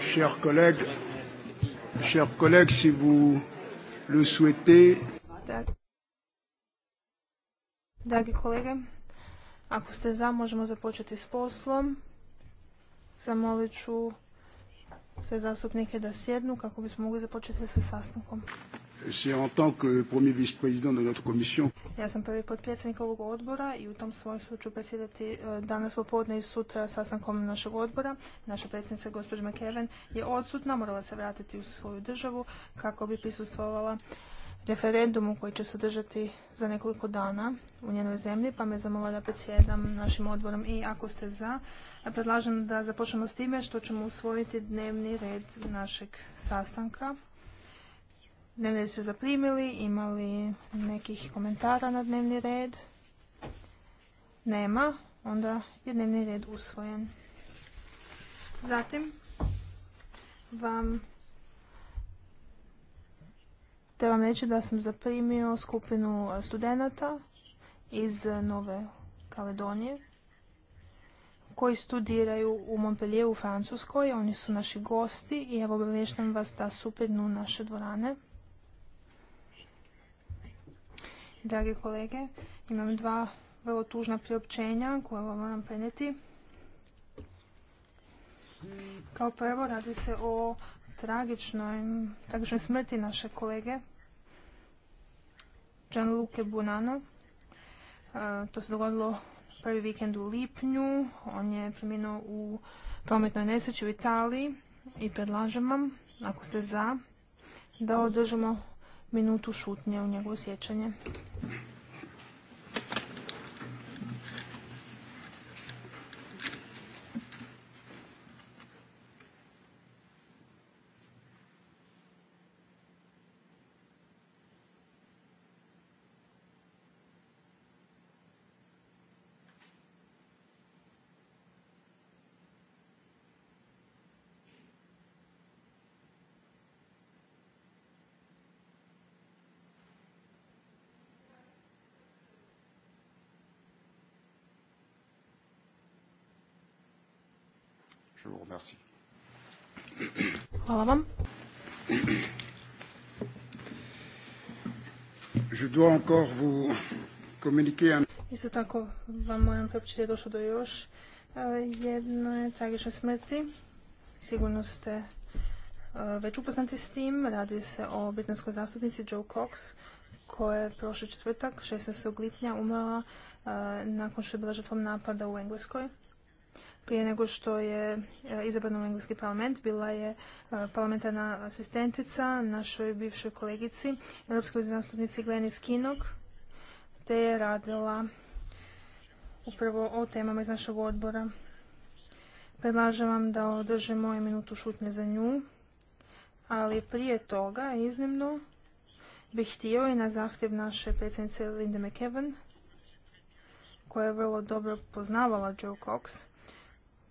Chers collègues, chers collègues, si vous le souhaitez. Dragi kolege, ako ste za, možemo započeti s poslom. Zamolit ću sve zastupnike da sjednu kako bismo mogli započeti sa sastankom. Si en tant que premier vice-président de notre commission ja sam prvi potpredsjednik ovog odbora i u tom svojstvu ću predsjedati e, danas popodne i sutra sastankom našeg odbora. Naša predsjednica gospođa McKeven je odsutna, morala se vratiti u svoju državu kako bi prisustvovala referendumu koji će se održati za nekoliko dana u njenoj zemlji, pa me zamola da predsjedam našim odborom i ako ste za, predlažem da započnemo s time što ćemo usvojiti dnevni red našeg sastanka. Dnevni red ste zaprimili, imali nekih komentara na dnevni red? Nema, onda je dnevni red usvojen. Zatim vam te vam reći da sam zaprimio skupinu studenata iz Nove Kaledonije koji studiraju u Montpellier u Francuskoj. Oni su naši gosti i evo obavještam vas da su naše dvorane. Dragi kolege, imam dva vrlo tužna priopćenja koje vam moram prenijeti. Kao prvo radi se o tragičnoj, smrti naše kolege luke Bonano. E, to se dogodilo prvi vikend u lipnju. On je preminuo u prometnoj nesreći u Italiji i predlažem vam, ako ste za, da održimo minutu šutnje u njegovo sjećanje. Hvala vam. Isto tako vam moram da je došlo do još e, jedne tragične smrti. Sigurno ste e, već upoznati s tim. Radi se o britanskoj zastupnici Joe Cox koja je prošli četvrtak 16. lipnja umrla e, nakon što je bila žrtvom napada u Engleskoj. Prije nego što je e, izabrano u Engleski parlament, bila je e, parlamentarna asistentica našoj bivšoj kolegici, europskoj zastupnici Gleni Skinog, te je radila upravo o temama iz našeg odbora. Predlažem vam da održimo moju minutu šutnje za nju, ali prije toga, iznimno, bih htio i na zahtjev naše predsjednice Linda McEvan, koja je vrlo dobro poznavala Joe Cox,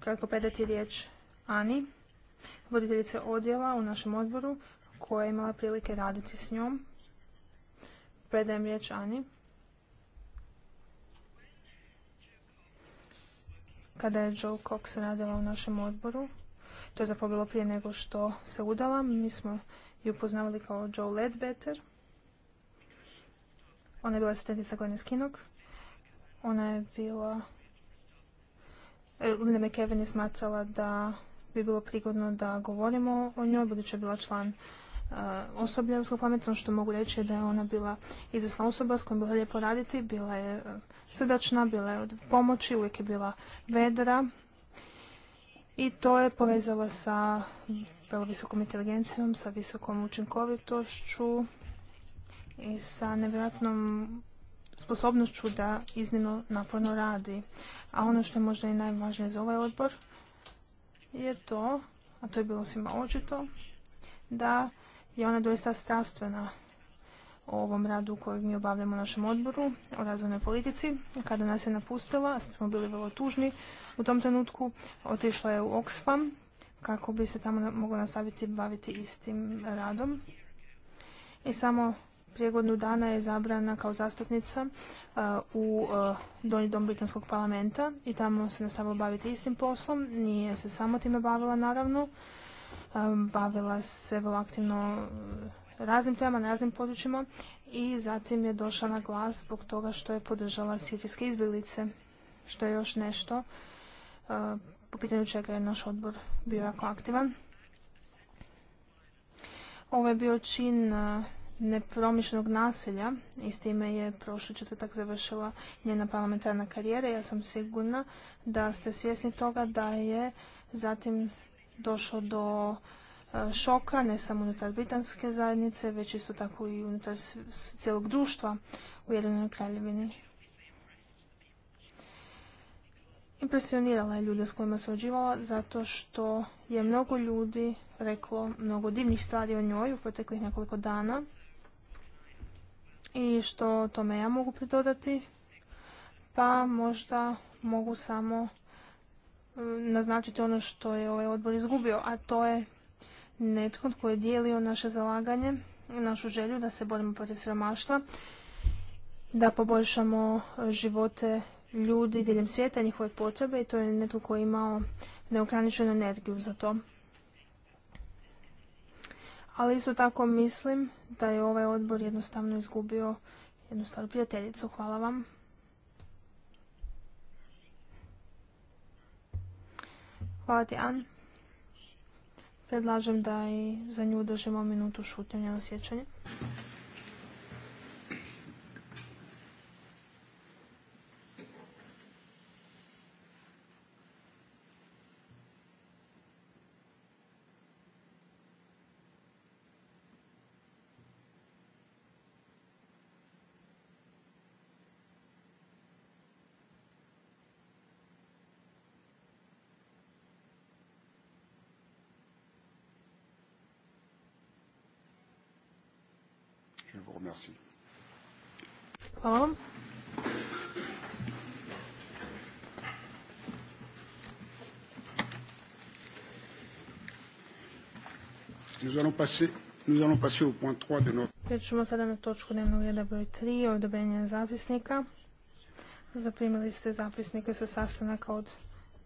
kratko predati riječ Ani, voditeljice odjela u našem odboru koja je imala prilike raditi s njom. Predajem riječ Ani. Kada je Joe Cox radila u našem odboru, to je zapravo bilo prije nego što se udala, mi smo ju poznavali kao Joe Ledbetter. Ona je bila asistentica Glenn Skinog. Ona je bila E, Linda McKeven je smatrala da bi bilo prigodno da govorimo o njoj, budući je bila član e, osoblja Europskog ono što mogu reći je da je ona bila izvrsna osoba s kojom bila lijepo raditi, bila je e, srdačna, bila je od pomoći, uvijek je bila vedra i to je povezala sa vrlo visokom inteligencijom, sa visokom učinkovitošću i sa nevjerojatnom sposobnošću da iznimno naporno radi. A ono što je možda i najvažnije za ovaj odbor je to, a to je bilo svima očito, da je ona doista strastvena o ovom radu kojeg mi obavljamo u našem odboru, o razvojnoj politici. Kada nas je napustila, smo bili vrlo tužni u tom trenutku, otišla je u Oxfam kako bi se tamo mogla nastaviti baviti istim radom. I samo prije godinu dana je zabrana kao zastupnica u Donji dom Britanskog parlamenta i tamo se nastavila baviti istim poslom. Nije se samo time bavila, naravno. Bavila se vrlo aktivno raznim temama, na raznim područjima i zatim je došla na glas zbog toga što je podržala sirijske izbjeglice, što je još nešto po pitanju čega je naš odbor bio jako aktivan. Ovo je bio čin nepromišljenog nasilja i s time je prošli četvrtak završila njena parlamentarna karijera. Ja sam sigurna da ste svjesni toga da je zatim došlo do e, šoka, ne samo unutar britanske zajednice, već isto tako i unutar cijelog društva u Jedinoj kraljevini. Impresionirala je ljude s kojima surađivala zato što je mnogo ljudi reklo mnogo divnih stvari o njoj u proteklih nekoliko dana. I što tome ja mogu pridodati? Pa možda mogu samo e, naznačiti ono što je ovaj odbor izgubio, a to je netko koji je dijelio naše zalaganje, našu želju da se borimo protiv siromaštva, da poboljšamo živote ljudi diljem svijeta, njihove potrebe i to je netko tko je imao neograničenu energiju za to ali isto tako mislim da je ovaj odbor jednostavno izgubio jednu staru prijateljicu. Hvala vam. Hvala ti, An. Predlažem da i za nju držimo minutu šutnja na Merci. Hvala vam. Nous allons passer, nous allons passer au point 3 de notre... sada na točku dnevnog reda broj 3, odobrenje zapisnika. Zaprimili ste zapisnike sa sastanaka od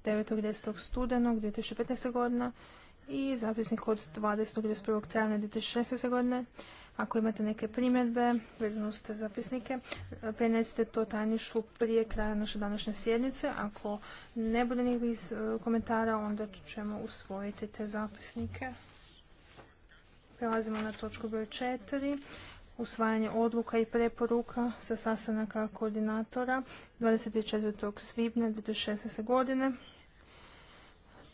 9. i 10. studenog 2015. godina i zapisnik od 20. i 21. travnja 2016. godine. Ako imate neke primjedbe vezano te zapisnike, prenesite to tajnišu prije kraja naše današnje sjednice. Ako ne bude nikakvih e, komentara, onda ćemo usvojiti te zapisnike. Prelazimo na točku broj 4. Usvajanje odluka i preporuka sa sastanaka koordinatora 24. svibnja 2016. godine.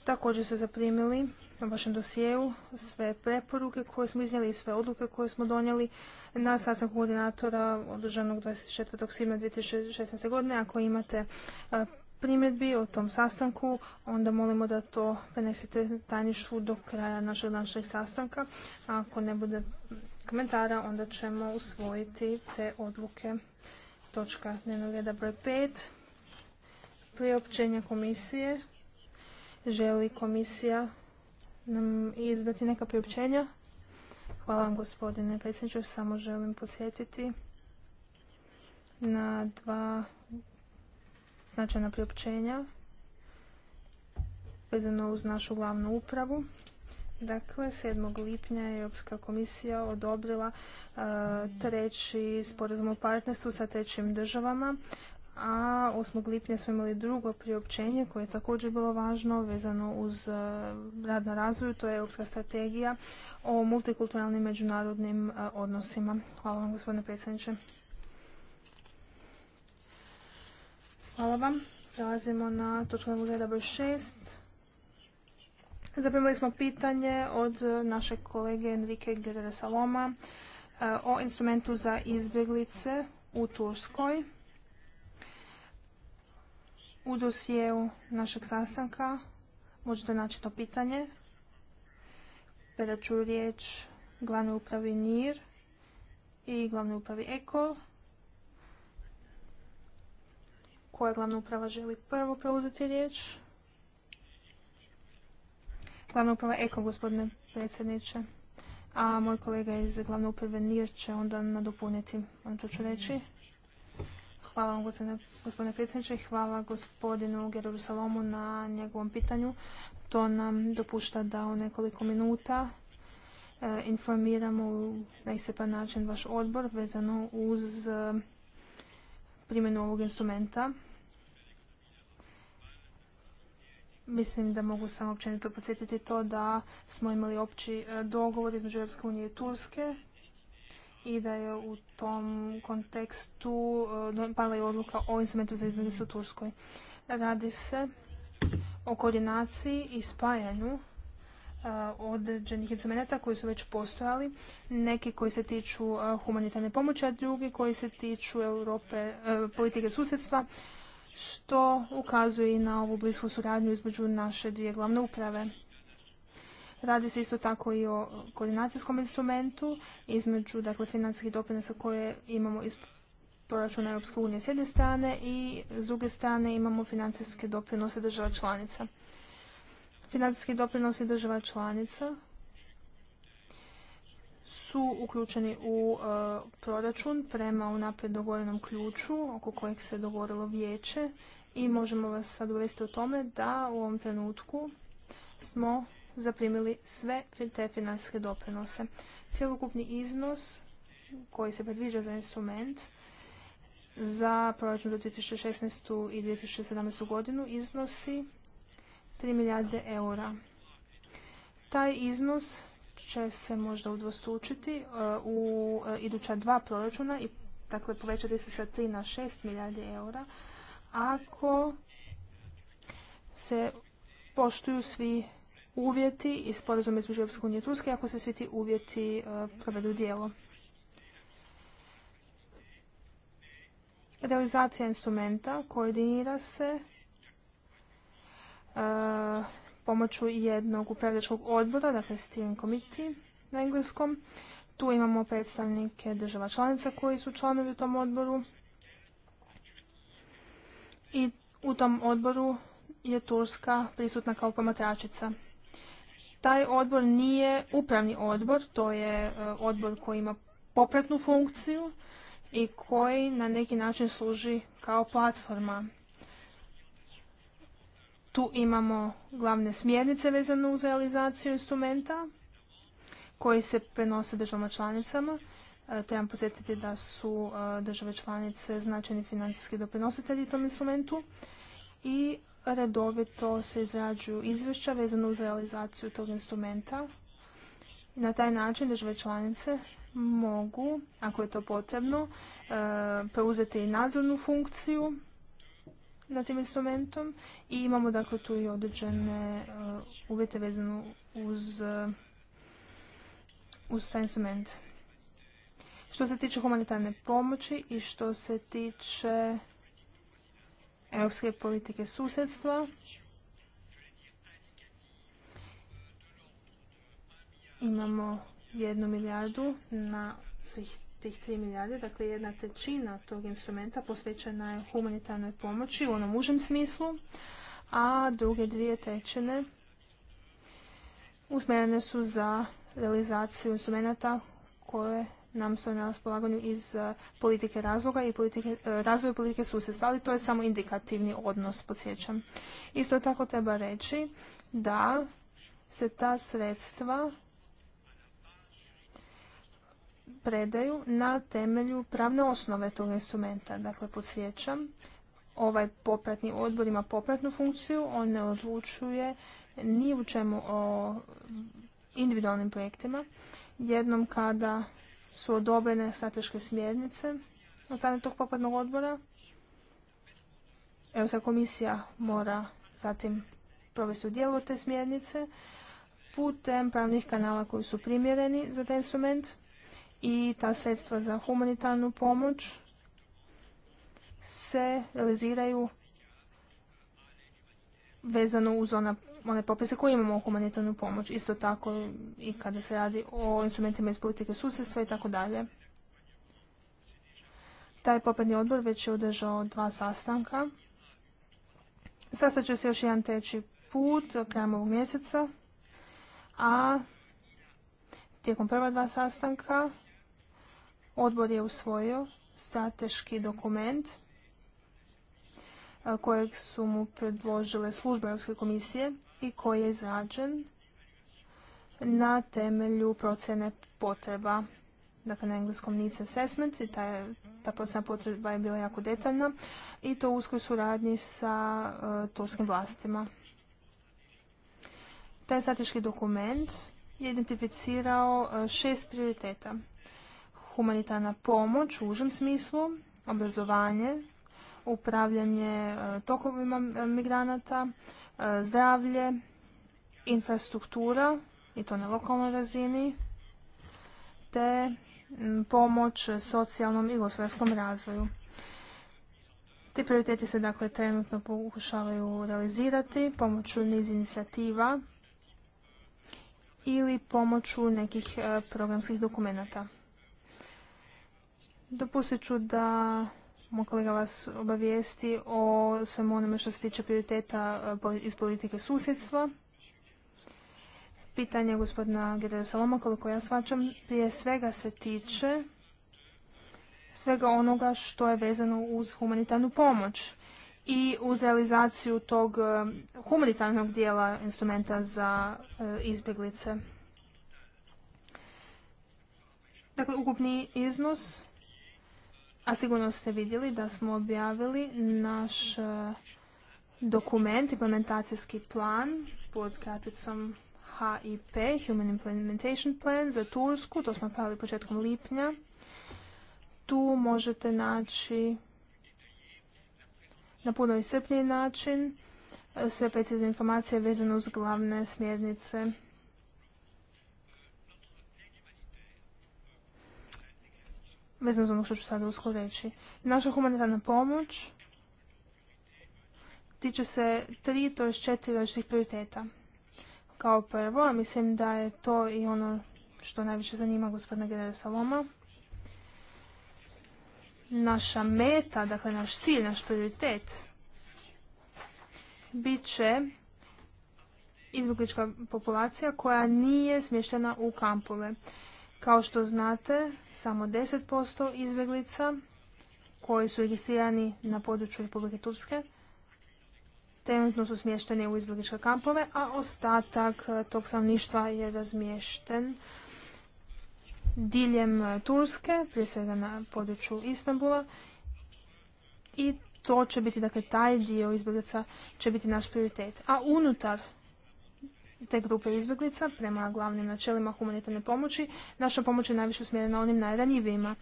Također su zaprimili na vašem dosijeu, sve preporuke koje smo iznijeli i sve odluke koje smo donijeli na sastanku koordinatora održanog 24. svibnja 2016. godine. Ako imate primjedbi o tom sastanku, onda molimo da to prenesete tajnišu do kraja našeg današnjeg sastanka. ako ne bude komentara, onda ćemo usvojiti te odluke. Točka dnevnog reda broj 5. Priopćenje komisije. Želi komisija nam izdati neka priopćenja? Hvala vam gospodine predsjedniče, samo želim podsjetiti na dva značajna priopćenja vezano uz našu glavnu upravu. Dakle, 7. lipnja je Europska komisija odobrila treći sporazum o partnerstvu sa trećim državama a 8. lipnja smo imali drugo priopćenje koje je također bilo važno vezano uz e, rad na razvoju, to je Europska strategija o multikulturalnim međunarodnim e, odnosima. Hvala vam gospodine predsjedniče. Hvala vam. Prelazimo na točku dnevnog reda broj 6. Zaprimili smo pitanje od e, našeg kolege Enrique Guerrero Saloma o instrumentu za izbjeglice u Turskoj. U dosijeu našeg sastanka možete naći to pitanje. Predat ću riječ glavnoj upravi NIR i glavnoj upravi EKOL. Koja glavna uprava želi prvo preuzeti riječ? Glavna uprava EKO, gospodine predsjedniče. A moj kolega iz glavne uprave NIR će onda nadopuniti ono što ću reći. Hvala vam gospodine, predsjedniče i hvala gospodinu Geroru Salomu na njegovom pitanju. To nam dopušta da u nekoliko minuta e, informiramo na isepan način vaš odbor vezano uz e, primjenu ovog instrumenta. Mislim da mogu samo općenito podsjetiti to da smo imali opći e, dogovor između Europske unije i Turske i da je u tom kontekstu e, pala i odluka o instrumentu za izbjeglice u Turskoj. Radi se o koordinaciji i spajanju e, određenih instrumenta koji su već postojali, neki koji se tiču e, humanitarne pomoći, a drugi koji se tiču Europe, politike susjedstva, što ukazuje i na ovu blisku suradnju između naše dvije glavne uprave. Radi se isto tako i o koordinacijskom instrumentu između dakle, financijskih doprinosa koje imamo iz proračuna Europske unije s jedne strane i s druge strane imamo financijske doprinose država članica. Financijski doprinosi država članica su uključeni u e, proračun prema unaprijed dogovorenom ključu oko kojeg se dogovorilo vijeće i možemo vas sad uvesti o tome da u ovom trenutku smo zaprimili sve te financijske doprinose. Cjelokupni iznos koji se predviđa za instrument za proračun za 2016. i 2017. godinu iznosi 3 milijarde eura. Taj iznos će se možda udvostručiti e, u e, iduća dva proračuna i dakle povećati se sa 3 na 6 milijardi eura ako se poštuju svi uvjeti i sporazum između Europske unije i Turske ako se svi ti uvjeti e, provedu dijelo. Realizacija instrumenta koordinira se e, pomoću jednog upravljačkog odbora, dakle steering committee na engleskom. Tu imamo predstavnike država članica koji su članovi u tom odboru. I u tom odboru je Turska prisutna kao promatračica taj odbor nije upravni odbor, to je e, odbor koji ima popratnu funkciju i koji na neki način služi kao platforma. Tu imamo glavne smjernice vezane uz realizaciju instrumenta koji se prenose državama članicama. E, trebam posjetiti da su e, države članice značajni financijski doprinositelji tom instrumentu i redovito se izrađuju izvješća vezano uz realizaciju tog instrumenta. Na taj način države članice mogu, ako je to potrebno, e, preuzeti i nadzornu funkciju nad tim instrumentom i imamo dakle tu i određene e, uvjete vezano uz, e, uz taj instrument. Što se tiče humanitarne pomoći i što se tiče europske politike susjedstva. Imamo jednu milijardu na svih tih tri milijarde, dakle jedna trećina tog instrumenta posvećena je humanitarnoj pomoći u onom užem smislu, a druge dvije trećine usmjerene su za realizaciju instrumenta koje nam su na raspolaganju iz e, politike razloga i politike, e, razvoja politike susjedstva, ali to je samo indikativni odnos, podsjećam. Isto tako treba reći da se ta sredstva predaju na temelju pravne osnove tog instrumenta. Dakle, podsjećam, ovaj popratni odbor ima popratnu funkciju, on ne odlučuje ni u čemu o individualnim projektima. Jednom kada su odobrene strateške smjernice od strane tog popadnog odbora. Europska komisija mora zatim provesti u dijelu te smjernice putem pravnih kanala koji su primjereni za taj instrument i ta sredstva za humanitarnu pomoć se realiziraju vezano uz ona one popise koje imamo humanitarnu pomoć. Isto tako i kada se radi o instrumentima iz politike susjedstva i tako dalje. Taj popredni odbor već je održao dva sastanka. Sastat će se još jedan treći put krajem ovog mjeseca, a tijekom prva dva sastanka odbor je usvojio strateški dokument e, kojeg su mu predložile službe Europske komisije i koji je izrađen na temelju procjene potreba. Dakle, na engleskom needs assessment i ta, procjena potreba je bila jako detaljna i to u uskoj suradnji sa e, turskim vlastima. Taj strateški dokument je identificirao e, šest prioriteta. Humanitarna pomoć u užem smislu, obrazovanje, upravljanje e, tokovima migranata, E, zdravlje, infrastruktura i to na lokalnoj razini, te pomoć socijalnom i gospodarskom razvoju. Ti prioriteti se dakle trenutno pokušavaju realizirati pomoću niz inicijativa ili pomoću nekih e, programskih dokumenata. Dopustit ću da moj kolega vas obavijesti o svemu onome što se tiče prioriteta e, iz politike susjedstva. Pitanje gospodina Gedele Saloma, koliko ja svačam, prije svega se tiče svega onoga što je vezano uz humanitarnu pomoć i uz realizaciju tog e, humanitarnog dijela instrumenta za e, izbjeglice. Dakle, ukupni iznos a sigurno ste vidjeli da smo objavili naš e, dokument, implementacijski plan pod kraticom HIP, Human Implementation Plan za Tursku, to smo pravili početkom lipnja. Tu možete naći na puno iscrpniji način e, sve precizne informacije vezane uz glavne smjernice vezano za ono što ću sad uskoro reći. Naša humanitarna pomoć tiče se tri, to je četiri različitih prioriteta. Kao prvo, a mislim da je to i ono što najviše zanima gospodina Genera Saloma. Naša meta, dakle naš cilj, naš prioritet, bit će izbjeglička populacija koja nije smještena u kampove. Kao što znate, samo 10% izbjeglica koji su registrirani na području Republike Turske trenutno su smješteni u izbjegličke kampove, a ostatak e, tog samništva je razmješten diljem e, Turske, prije svega na području Istanbula i to će biti, dakle, taj dio izbjeglica će biti naš prioritet. A unutar te grupe izbjeglica prema glavnim načelima humanitarne pomoći. Naša pomoć je najviše usmjerena onim najranjivijima.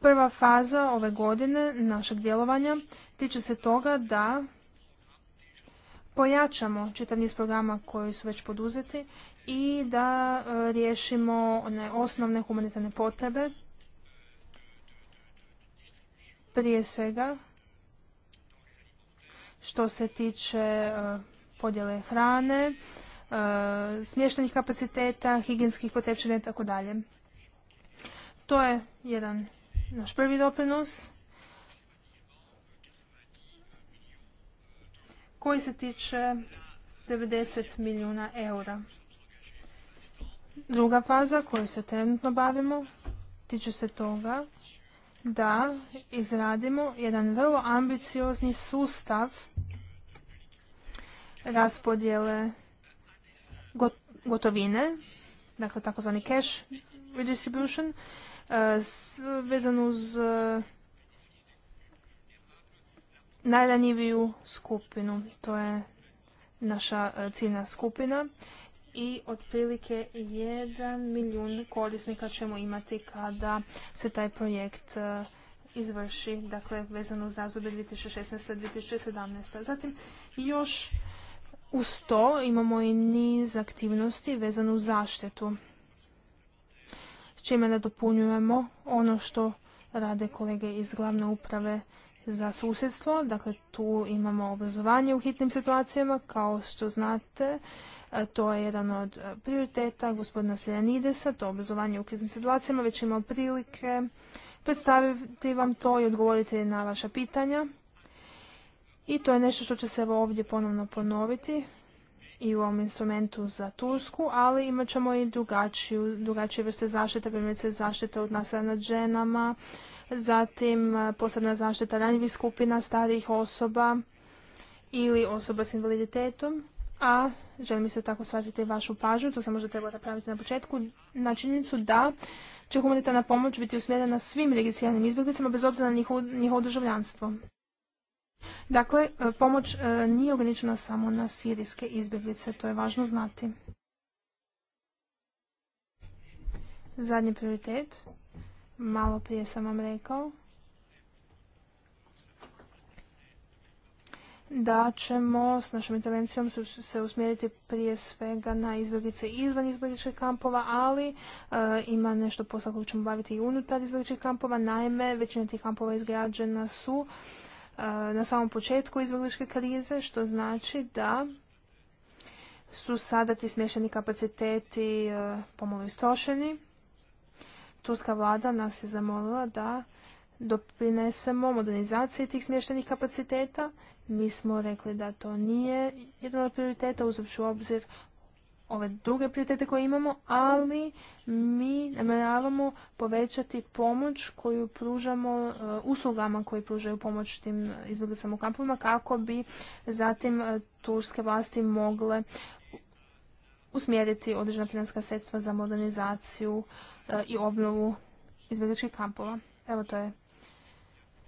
Prva faza ove godine našeg djelovanja tiče se toga da pojačamo čitav niz programa koji su već poduzeti i da e, riješimo one osnovne humanitarne potrebe. Prije svega što se tiče e, podjele hrane, Eh, smještenih kapaciteta, higijenskih potepšina i tako dalje. To je jedan naš prvi doprinos koji se tiče 90 milijuna eura. Druga faza koju se trenutno bavimo tiče se toga da izradimo jedan vrlo ambiciozni sustav raspodjele gotovine, dakle takozvani cash redistribution, e, vezan uz e, najranjiviju skupinu. To je naša e, ciljna skupina i otprilike jedan milijun korisnika ćemo imati kada se taj projekt izvrši, dakle vezano uz razdoblje 2016-2017. Zatim još uz to imamo i niz aktivnosti vezano uz zaštitu, s čime nadopunjujemo ono što rade kolege iz glavne uprave za susjedstvo. Dakle, tu imamo obrazovanje u hitnim situacijama. Kao što znate, e, to je jedan od prioriteta gospodina Sljanidesa, to obrazovanje u kriznim situacijama. Već imamo prilike predstaviti vam to i odgovoriti na vaša pitanja. I to je nešto što će se ovdje ponovno ponoviti i u ovom instrumentu za Tursku, ali imat ćemo i drugačiju, drugačije vrste zaštite, primjerice zaštite od nasilja nad ženama, zatim e, posebna zaštita ranjivih skupina, starijih osoba ili osoba s invaliditetom, a želim se tako shvatiti vašu pažnju, to sam možda trebala napraviti na početku, na činjenicu da će humanitarna pomoć biti usmjerena svim registriranim izbjeglicama bez obzira na njihovo državljanstvo. Dakle, e, pomoć e, nije ograničena samo na sirijske izbjeglice, to je važno znati. Zadnji prioritet, malo prije sam vam rekao, da ćemo s našom intervencijom se usmjeriti prije svega na izbjeglice izvan izbjegličkih kampova, ali e, ima nešto posla koje ćemo baviti i unutar izbjegličkih kampova. Naime, većina tih kampova izgrađena su Eh, na samom početku izvogličke krize, što znači da su sada ti smješani kapaciteti eh, pomalo istrošeni. Turska vlada nas je zamolila da doprinesemo modernizaciji tih smještenih kapaciteta. Mi smo rekli da to nije jedan od prioriteta, uzopću u obzir ove druge prioritete koje imamo, ali mi namjeravamo povećati pomoć koju pružamo e, uslugama koje pružaju pomoć tim izbjeglicama u kampovima kako bi zatim e, turske vlasti mogle usmjeriti određena financijska sredstva za modernizaciju e, i obnovu izbjegličkih kampova. Evo to je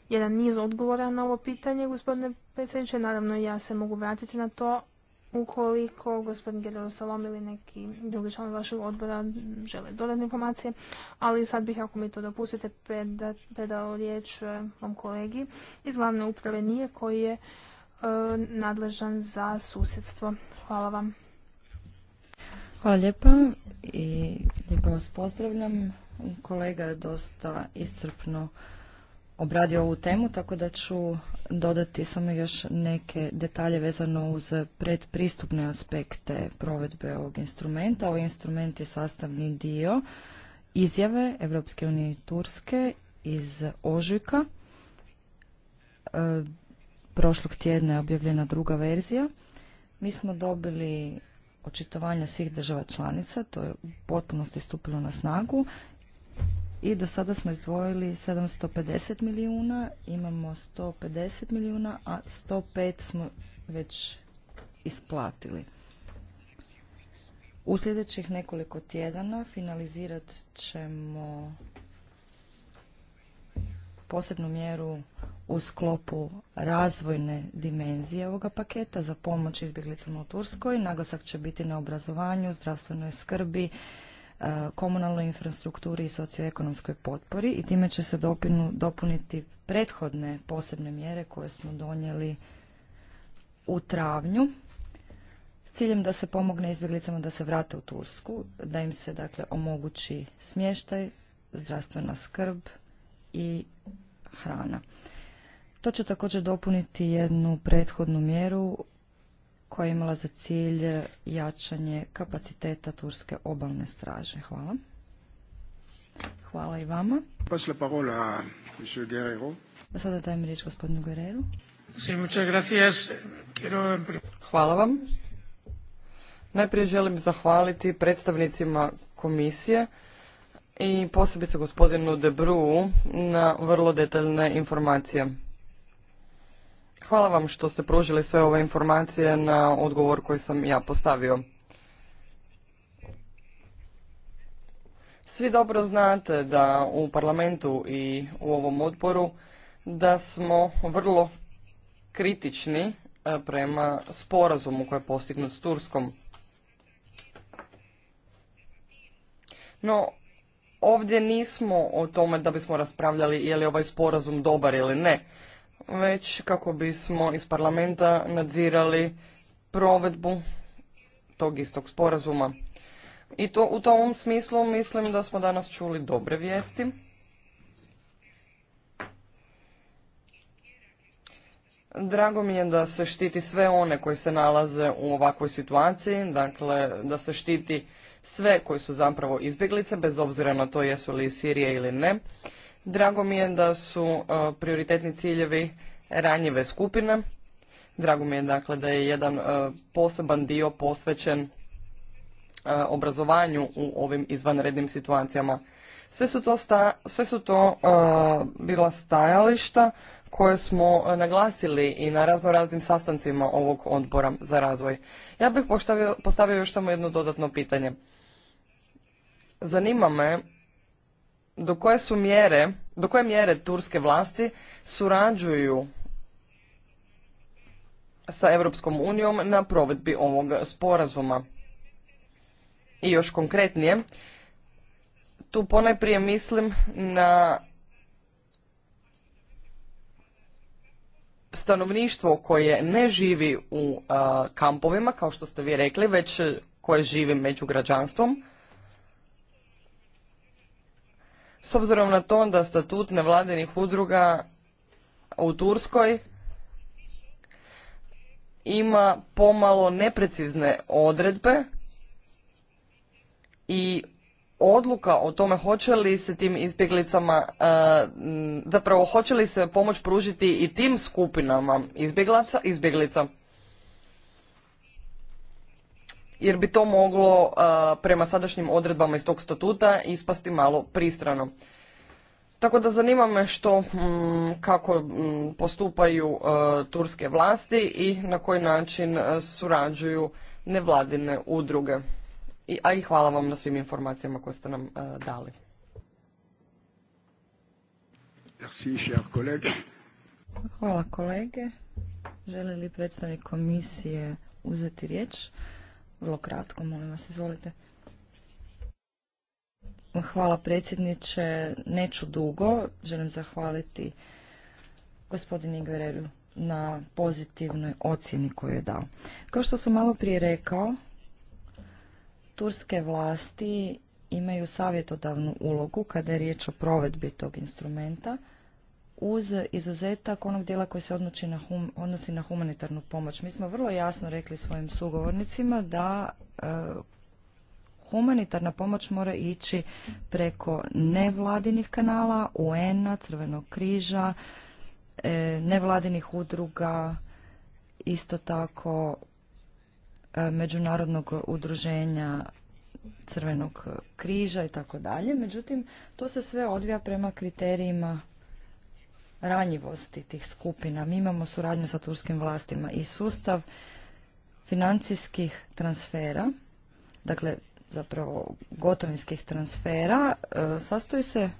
jedan niz odgovora na ovo pitanje, gospodine predsjedniče. Naravno, ja se mogu vratiti na to Ukoliko gospodin general Salom ili neki drugi član vašeg odbora žele dodatne informacije, ali sad bih, ako mi to dopustite, predao riječ e, mom kolegi iz glavne uprave Nije koji je e, nadležan za susjedstvo. Hvala vam. Hvala lijepa i lijepo vas pozdravljam. Kolega je dosta iscrpno obradio ovu temu, tako da ću dodati samo još neke detalje vezano uz predpristupne aspekte provedbe ovog instrumenta. Ovaj instrument je sastavni dio izjave Europske unije i Turske iz Ožujka. E, prošlog tjedna je objavljena druga verzija. Mi smo dobili očitovanja svih država članica, to je u potpunosti stupilo na snagu i do sada smo izdvojili 750 milijuna, imamo 150 milijuna, a 105 smo već isplatili. U sljedećih nekoliko tjedana finalizirat ćemo posebnu mjeru u sklopu razvojne dimenzije ovoga paketa za pomoć izbjeglicama u Turskoj. Naglasak će biti na obrazovanju, zdravstvenoj skrbi, E, komunalnoj infrastrukturi i socioekonomskoj potpori i time će se dopinu, dopuniti prethodne posebne mjere koje smo donijeli u travnju s ciljem da se pomogne izbjeglicama da se vrate u Tursku, da im se dakle omogući smještaj, zdravstvena skrb i hrana. To će također dopuniti jednu prethodnu mjeru koja je imala za cilj jačanje kapaciteta Turske obalne straže. Hvala. Hvala i vama. sada dajem riječ gospodinu Guerreru. Hvala vam. Najprije želim zahvaliti predstavnicima komisije i posebice gospodinu debru na vrlo detaljne informacije. Hvala vam što ste pružili sve ove informacije na odgovor koji sam ja postavio. Svi dobro znate da u parlamentu i u ovom odboru da smo vrlo kritični e, prema sporazumu koji je postignut s Turskom. No, ovdje nismo o tome da bismo raspravljali je li ovaj sporazum dobar ili ne već kako bismo iz parlamenta nadzirali provedbu tog istog sporazuma. I to u tom smislu mislim da smo danas čuli dobre vijesti. Drago mi je da se štiti sve one koji se nalaze u ovakvoj situaciji, dakle da se štiti sve koji su zapravo izbjeglice, bez obzira na to jesu li iz Sirije ili ne. Drago mi je da su e, prioritetni ciljevi ranjive skupine. Drago mi je dakle da je jedan e, poseban dio posvećen e, obrazovanju u ovim izvanrednim situacijama. Sve su to, sve su to bila stajališta koje smo naglasili i na razno raznim sastancima ovog odbora za razvoj. Ja bih postavio, postavio još samo jedno dodatno pitanje. Zanima me do koje su mjere, do koje mjere turske vlasti surađuju sa Europskom unijom na provedbi ovog sporazuma. I još konkretnije, tu ponajprije mislim na stanovništvo koje ne živi u kampovima, kao što ste vi rekli, već koje živi među građanstvom. S obzirom na to da statut nevladinih udruga u Turskoj ima pomalo neprecizne odredbe i odluka o tome hoće li se tim izbjeglicama, e, zapravo hoće li se pomoć pružiti i tim skupinama izbjeglica, jer bi to moglo prema sadašnjim odredbama iz tog statuta ispasti malo pristrano. Tako da zanima me što, mm, kako mm, postupaju turske vlasti i na koji način surađuju nevladine udruge. I, a i hvala vam na svim informacijama koje ste nam dali. Hvala kolege. Želi li predstavnik komisije uzeti riječ? vrlo kratko, molim vas, izvolite. Hvala predsjedniče, neću dugo, želim zahvaliti gospodinu Igoreru na pozitivnoj ocjeni koju je dao. Kao što sam malo prije rekao, turske vlasti imaju savjetodavnu ulogu kada je riječ o provedbi tog instrumenta, uz izuzetak onog dijela koji se odnosi na, odnosi na humanitarnu pomoć. Mi smo vrlo jasno rekli svojim sugovornicima da e, humanitarna pomoć mora ići preko nevladinih kanala, UN-a, Crvenog križa, e, nevladinih udruga, isto tako e, međunarodnog udruženja Crvenog križa i tako dalje. Međutim, to se sve odvija prema kriterijima ranjivosti tih skupina. Mi imamo suradnju sa turskim vlastima i sustav financijskih transfera, dakle zapravo gotovinskih transfera, e, sastoji se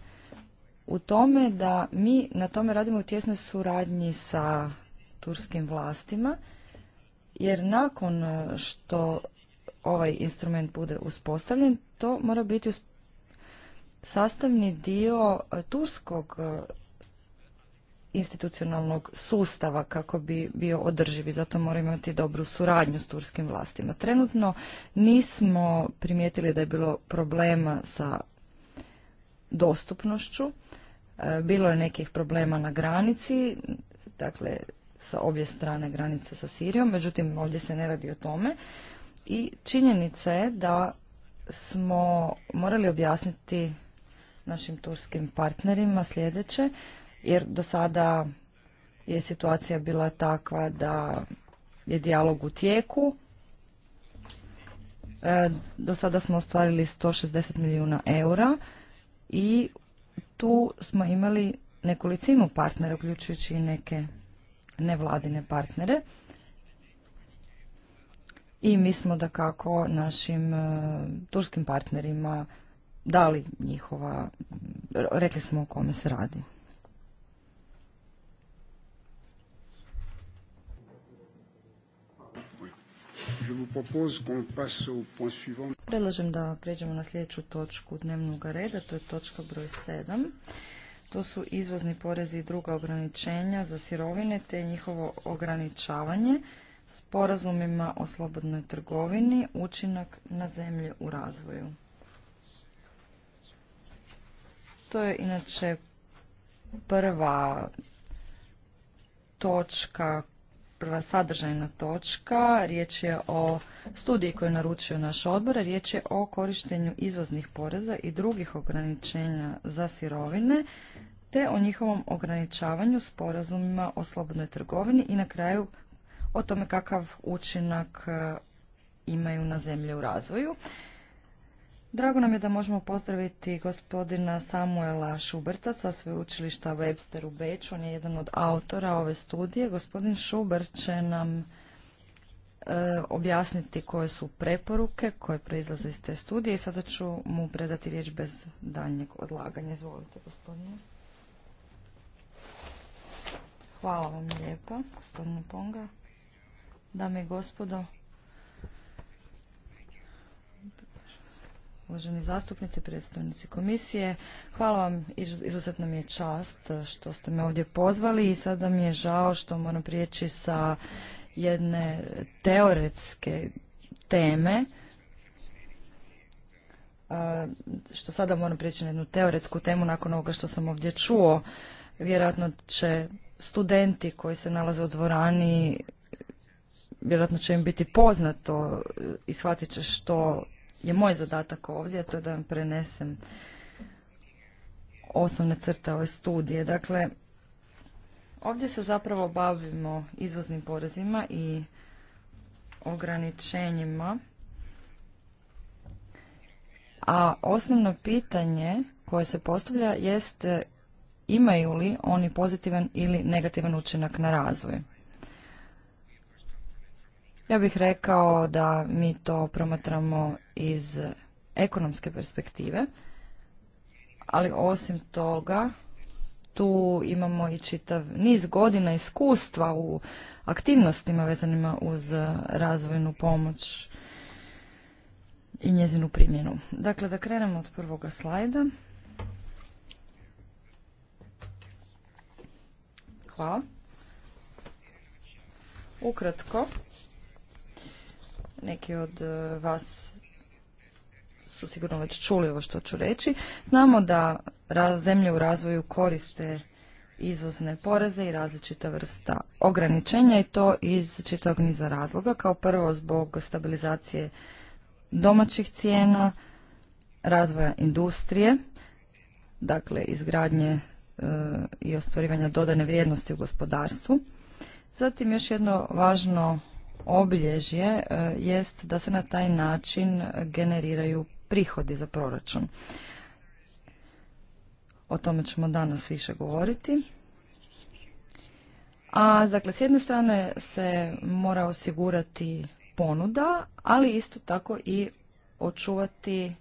u tome da mi na tome radimo u tjesnoj suradnji sa turskim vlastima, jer nakon e, što ovaj instrument bude uspostavljen, to mora biti sastavni dio e, turskog institucionalnog sustava kako bi bio održivi, zato mora imati dobru suradnju s turskim vlastima. Trenutno nismo primijetili da je bilo problema sa dostupnošću, e, bilo je nekih problema na granici, dakle sa obje strane granice sa Sirijom, međutim ovdje se ne radi o tome i činjenica je da smo morali objasniti našim turskim partnerima sljedeće, jer do sada je situacija bila takva da je dijalog u tijeku. E, do sada smo ostvarili 160 milijuna eura i tu smo imali nekolicinu partnera, uključujući i neke nevladine partnere. I mi smo da kako našim e, turskim partnerima dali njihova, rekli smo o kome se radi. Predlažem da pređemo na sljedeću točku dnevnog reda, to je točka broj 7. To su izvozni porezi i druga ograničenja za sirovine te njihovo ograničavanje sporazumima o slobodnoj trgovini, učinak na zemlje u razvoju. To je inače prva točka prva sadržajna točka. Riječ je o studiji koju je naručio naš odbor. Riječ je o korištenju izvoznih poreza i drugih ograničenja za sirovine te o njihovom ograničavanju sporazumima o slobodnoj trgovini i na kraju o tome kakav učinak e, imaju na zemlje u razvoju. Drago nam je da možemo pozdraviti gospodina Samuela Šuberta sa sveučilišta Webster u Beču. On je jedan od autora ove studije. Gospodin Šuber će nam e, objasniti koje su preporuke koje proizlaze iz te studije i sada ću mu predati riječ bez daljnjeg odlaganja. Izvolite, gospodine. Hvala vam lijepa, gospodine Ponga. Dame i gospodo, uvaženi zastupnici, predstavnici komisije. Hvala vam, izuzetna mi je čast što ste me ovdje pozvali i sada mi je žao što moram prijeći sa jedne teoretske teme što sada moram prijeći na jednu teoretsku temu nakon ovoga što sam ovdje čuo. Vjerojatno će studenti koji se nalaze u dvorani, vjerojatno će im biti poznato i shvatit će što je moj zadatak ovdje, to je da vam prenesem osnovne crte ove studije. Dakle, ovdje se zapravo bavimo izvoznim porezima i ograničenjima, a osnovno pitanje koje se postavlja jest imaju li oni pozitivan ili negativan učinak na razvoj. Ja bih rekao da mi to promatramo iz ekonomske perspektive, ali osim toga tu imamo i čitav niz godina iskustva u aktivnostima vezanima uz razvojnu pomoć i njezinu primjenu. Dakle, da krenemo od prvoga slajda. Hvala. Ukratko, neki od e, vas su sigurno već čuli ovo što ću reći. Znamo da zemlje u razvoju koriste izvozne poreze i različita vrsta ograničenja i to iz čitog niza razloga. Kao prvo zbog stabilizacije domaćih cijena, razvoja industrije, dakle izgradnje e, i ostvarivanja dodane vrijednosti u gospodarstvu. Zatim još jedno važno obilježje e, jest da se na taj način generiraju prihodi za proračun. O tome ćemo danas više govoriti. A dakle, s jedne strane se mora osigurati ponuda, ali isto tako i očuvati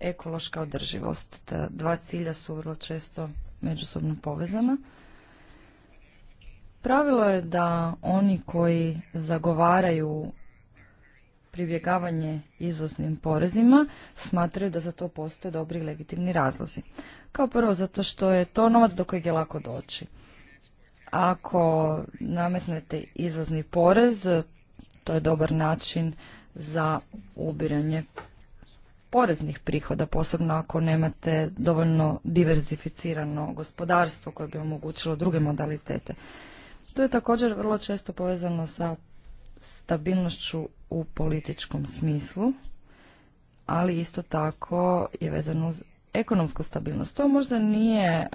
ekološka održivost. Ta dva cilja su vrlo često međusobno povezana. Pravilo je da oni koji zagovaraju pribjegavanje izvoznim porezima smatraju da za to postoje dobri i legitimni razlozi. Kao prvo zato što je to novac do kojeg je lako doći. Ako nametnete izvozni porez, to je dobar način za ubiranje poreznih prihoda, posebno ako nemate dovoljno diverzificirano gospodarstvo koje bi omogućilo druge modalitete. To je također vrlo često povezano sa stabilnošću u političkom smislu, ali isto tako je vezano uz ekonomsku stabilnost. To možda nije e,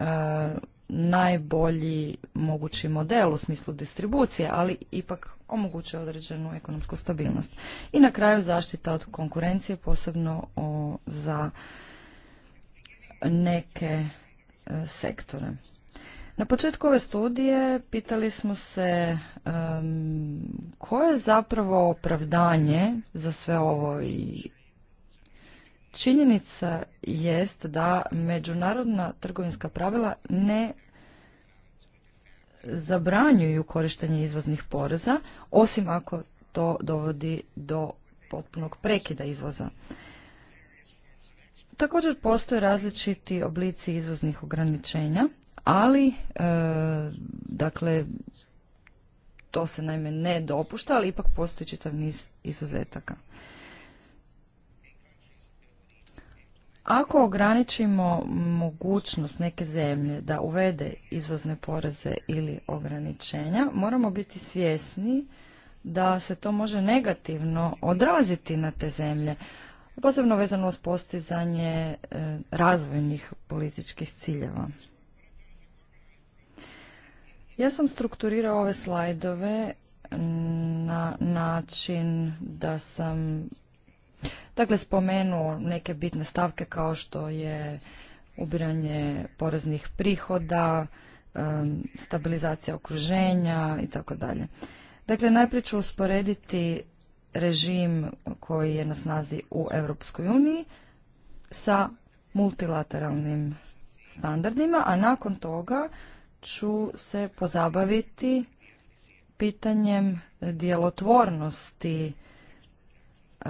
najbolji mogući model u smislu distribucije, ali ipak omogućuje određenu ekonomsku stabilnost. I na kraju zaštita od konkurencije, posebno za neke e, sektore. Na početku ove studije pitali smo se koje je zapravo opravdanje za sve ovo i činjenica jest da međunarodna trgovinska pravila ne zabranjuju korištenje izvoznih poreza, osim ako to dovodi do potpunog prekida izvoza. Također postoje različiti oblici izvoznih ograničenja ali e, dakle to se naime ne dopušta, ali ipak postoji čitav niz izuzetaka. Ako ograničimo mogućnost neke zemlje da uvede izvozne poreze ili ograničenja, moramo biti svjesni da se to može negativno odraziti na te zemlje, posebno vezano uz postizanje e, razvojnih političkih ciljeva. Ja sam strukturirao ove slajdove na način da sam dakle spomenuo neke bitne stavke kao što je ubiranje poreznih prihoda, stabilizacija okruženja i tako dalje. Dakle, najprije ću usporediti režim koji je na snazi u Europskoj uniji sa multilateralnim standardima, a nakon toga ću se pozabaviti pitanjem djelotvornosti, e,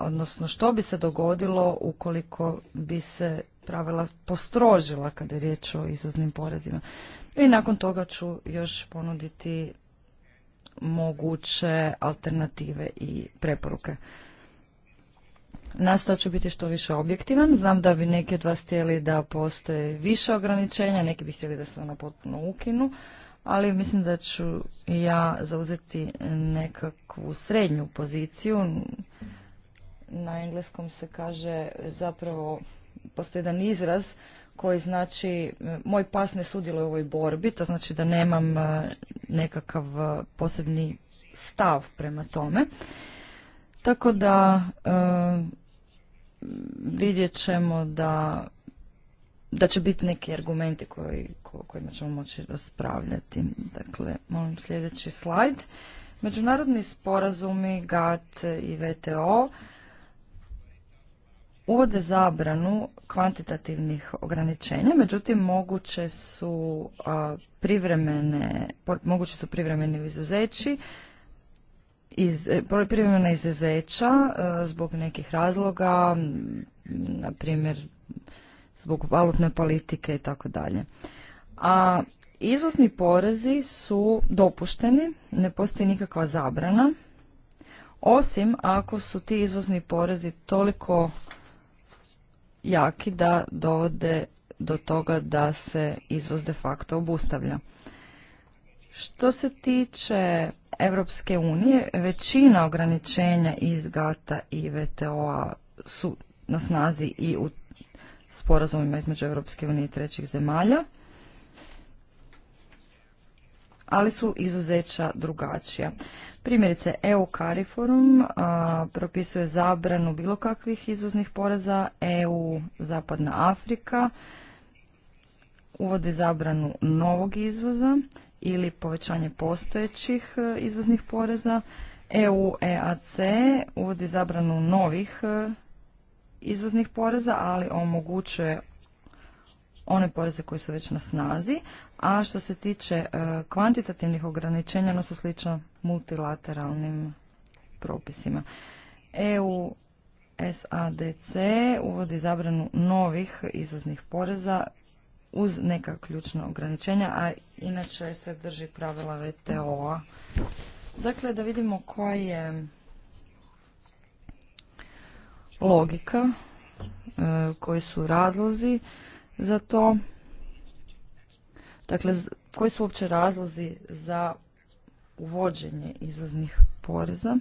odnosno što bi se dogodilo ukoliko bi se pravila postrožila kada je riječ o izvoznim porezima. I nakon toga ću još ponuditi moguće alternative i preporuke. Nastojat ću biti što više objektivan. Znam da bi neki od vas htjeli da postoje više ograničenja, neki bi htjeli da se ona potpuno ukinu, ali mislim da ću ja zauzeti nekakvu srednju poziciju. Na engleskom se kaže zapravo, postoji jedan izraz koji znači moj pas ne sudjeluje u ovoj borbi, to znači da nemam e, nekakav e, posebni stav prema tome. Tako da e, vidjet ćemo da da će biti neki argumenti koji, ko, kojima ćemo moći raspravljati. Dakle, molim sljedeći slajd. Međunarodni sporazumi GAT i VTO uvode zabranu kvantitativnih ograničenja, međutim moguće su privremene, moguće su privremeni izuzeći iz, e, privremena izuzeća e, zbog nekih razloga, na primjer zbog valutne politike i tako dalje. A izvozni porezi su dopušteni, ne postoji nikakva zabrana, osim ako su ti izvozni porezi toliko jaki da dovode do toga da se izvoz de facto obustavlja. Što se tiče Europske unije, većina ograničenja iz GATA i VTO-a su na snazi i u sporazumima između Europske unije i trećih zemalja, ali su izuzeća drugačija. Primjerice, EU Cariforum propisuje zabranu bilo kakvih izvoznih poreza, EU Zapadna Afrika uvodi zabranu novog izvoza ili povećanje postojećih e, izvoznih poreza. EU EAC uvodi zabranu novih e, izvoznih poreza, ali omogućuje one poreze koji su već na snazi. A što se tiče e, kvantitativnih ograničenja, ono su slično multilateralnim propisima. EU SADC uvodi zabranu novih izvoznih poreza uz neka ključna ograničenja, a inače se drži pravila VTO-a. Dakle, da vidimo koja je logika, e, koji su razlozi za to, dakle, koji su uopće razlozi za uvođenje izlaznih poreza.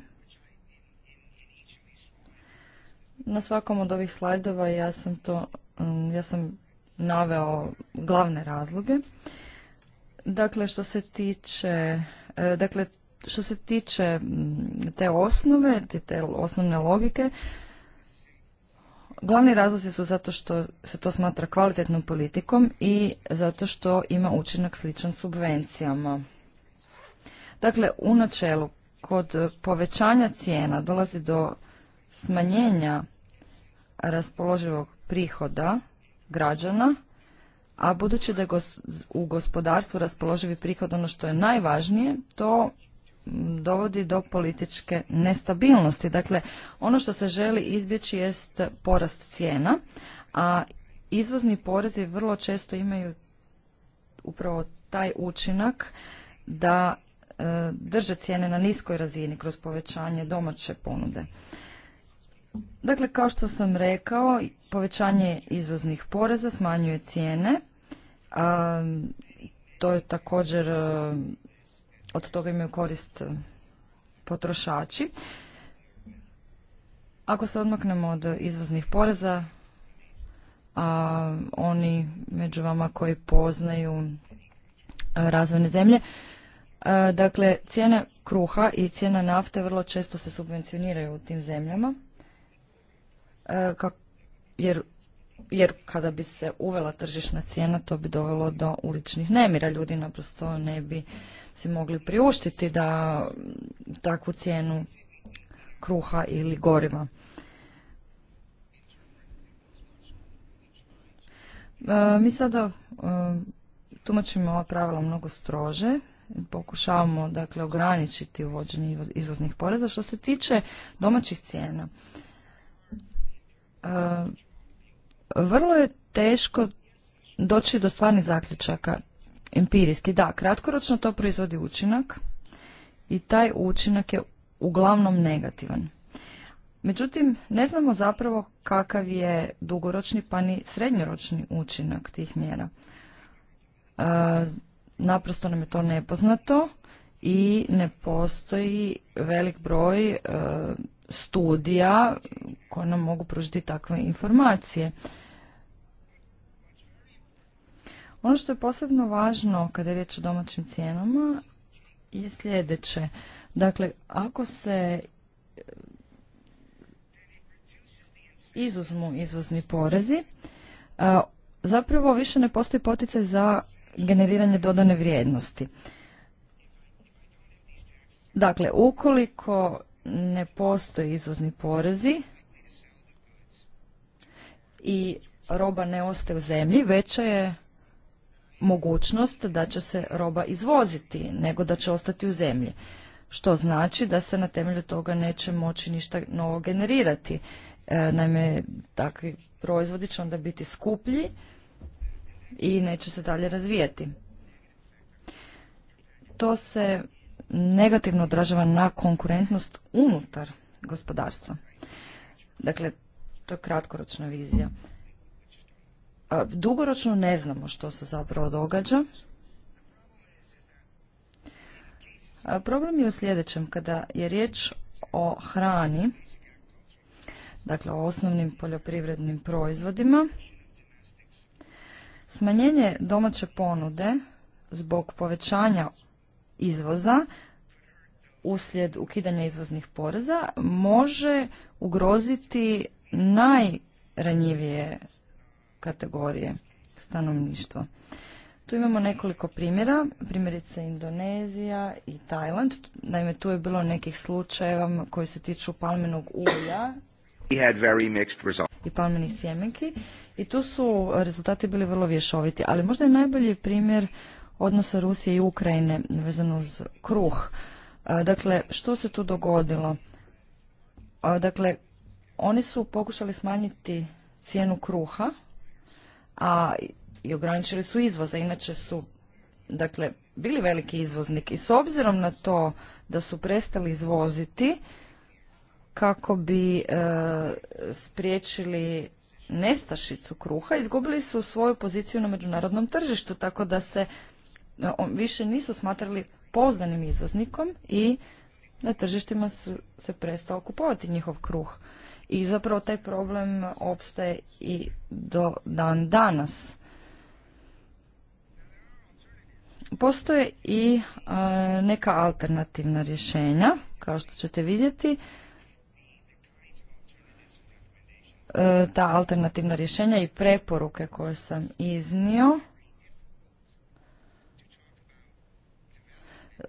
Na svakom od ovih slajdova ja sam to, mm, ja sam naveo glavne razloge. Dakle, što se tiče, e, dakle, što se tiče mm, te osnove, te, te osnovne logike, Glavni razlozi su zato što se to smatra kvalitetnom politikom i zato što ima učinak sličan subvencijama. Dakle, u načelu, kod povećanja cijena dolazi do smanjenja raspoloživog prihoda građana, a budući da je u gospodarstvu raspoloživi prihod ono što je najvažnije, to dovodi do političke nestabilnosti. Dakle, ono što se želi izbjeći jest porast cijena, a izvozni porezi vrlo često imaju upravo taj učinak da e, drže cijene na niskoj razini kroz povećanje domaće ponude. Dakle, kao što sam rekao, povećanje izvoznih poreza smanjuje cijene. to je također, e, od toga imaju korist potrošači. Ako se odmaknemo od izvoznih poreza, a oni među vama koji poznaju razvojne zemlje, e, dakle, cijene kruha i cijena nafte vrlo često se subvencioniraju u tim zemljama. E, jer jer kada bi se uvela tržišna cijena to bi dovelo do uličnih nemira. Ljudi naprosto ne bi si mogli priuštiti da takvu cijenu kruha ili goriva. E, mi sada e, tumačimo ova pravila mnogo strože. Pokušavamo dakle ograničiti uvođenje izvoznih poreza. Što se tiče domaćih cijena, E, vrlo je teško doći do stvarnih zaključaka empirijski. Da, kratkoročno to proizvodi učinak i taj učinak je uglavnom negativan. Međutim, ne znamo zapravo kakav je dugoročni pa ni srednjoročni učinak tih mjera. E, naprosto nam je to nepoznato i ne postoji velik broj e, studija koje nam mogu pružiti takve informacije. Ono što je posebno važno kada je riječ o domaćim cijenama je sljedeće. Dakle, ako se izuzmu izvozni porezi, zapravo više ne postoji poticaj za generiranje dodane vrijednosti. Dakle, ukoliko ne postoje izvozni porezi i roba ne ostaje u zemlji, veća je mogućnost da će se roba izvoziti nego da će ostati u zemlji. Što znači da se na temelju toga neće moći ništa novo generirati. E, naime, takvi proizvodi će onda biti skuplji i neće se dalje razvijati. To se negativno odražava na konkurentnost unutar gospodarstva. Dakle, to je kratkoročna vizija. Dugoročno ne znamo što se zapravo događa. Problem je u sljedećem, kada je riječ o hrani, dakle o osnovnim poljoprivrednim proizvodima, smanjenje domaće ponude zbog povećanja izvoza uslijed ukidanja izvoznih poreza može ugroziti najranjivije kategorije stanovništva. Tu imamo nekoliko primjera, primjerice Indonezija i Tajland. Naime, tu je bilo nekih slučajeva koji se tiču palmenog ulja i palmenih sjemenki i tu su rezultati bili vrlo vješoviti, ali možda je najbolji primjer odnosa Rusije i Ukrajine vezano uz kruh. E, dakle, što se tu dogodilo? E, dakle, oni su pokušali smanjiti cijenu kruha, a i ograničili su izvoze, inače su dakle bili veliki izvoznik i s obzirom na to da su prestali izvoziti kako bi e, spriječili nestašicu kruha, izgubili su svoju poziciju na međunarodnom tržištu, tako da se više nisu smatrali poznanim izvoznikom i na tržištima se prestao kupovati njihov kruh. I zapravo taj problem opstaje i do dan danas. Postoje i e, neka alternativna rješenja, kao što ćete vidjeti. E, ta alternativna rješenja i preporuke koje sam iznio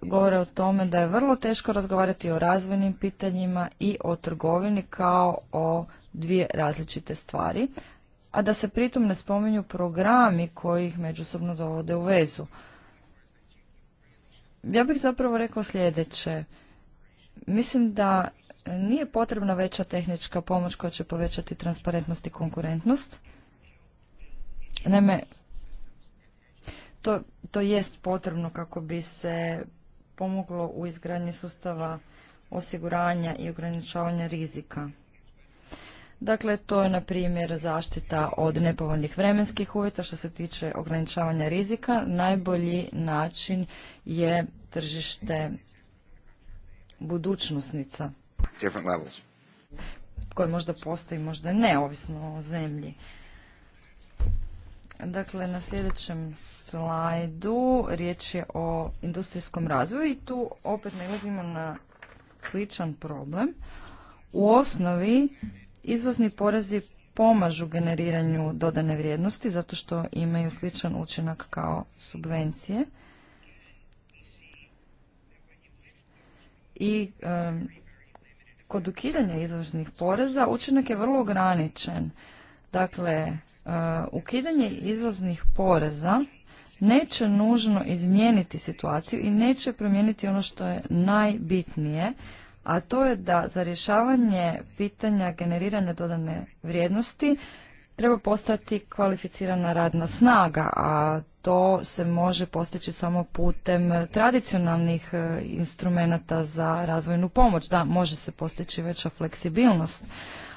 govore o tome da je vrlo teško razgovarati o razvojnim pitanjima i o trgovini kao o dvije različite stvari, a da se pritom ne spominju programi koji ih međusobno dovode u vezu. Ja bih zapravo rekao sljedeće. Mislim da nije potrebna veća tehnička pomoć koja će povećati transparentnost i konkurentnost. Naime, to, to jest potrebno kako bi se pomoglo u izgradnji sustava osiguranja i ograničavanja rizika. Dakle, to je na primjer zaštita od nepovoljnih vremenskih uvjeta što se tiče ograničavanja rizika. Najbolji način je tržište budućnosnica koje možda postoji, možda ne, ovisno o zemlji. Dakle, na sljedećem slajdu riječ je o industrijskom razvoju i tu opet nalazimo na sličan problem. U osnovi izvozni porezi pomažu generiranju dodane vrijednosti zato što imaju sličan učinak kao subvencije. I kod ukidanja izvoznih poreza učinak je vrlo ograničen. Dakle, ukidanje izvoznih poreza neće nužno izmijeniti situaciju i neće promijeniti ono što je najbitnije, a to je da za rješavanje pitanja generiranja dodane vrijednosti treba postati kvalificirana radna snaga, a to se može postići samo putem tradicionalnih e, instrumenata za razvojnu pomoć. Da, može se postići veća fleksibilnost,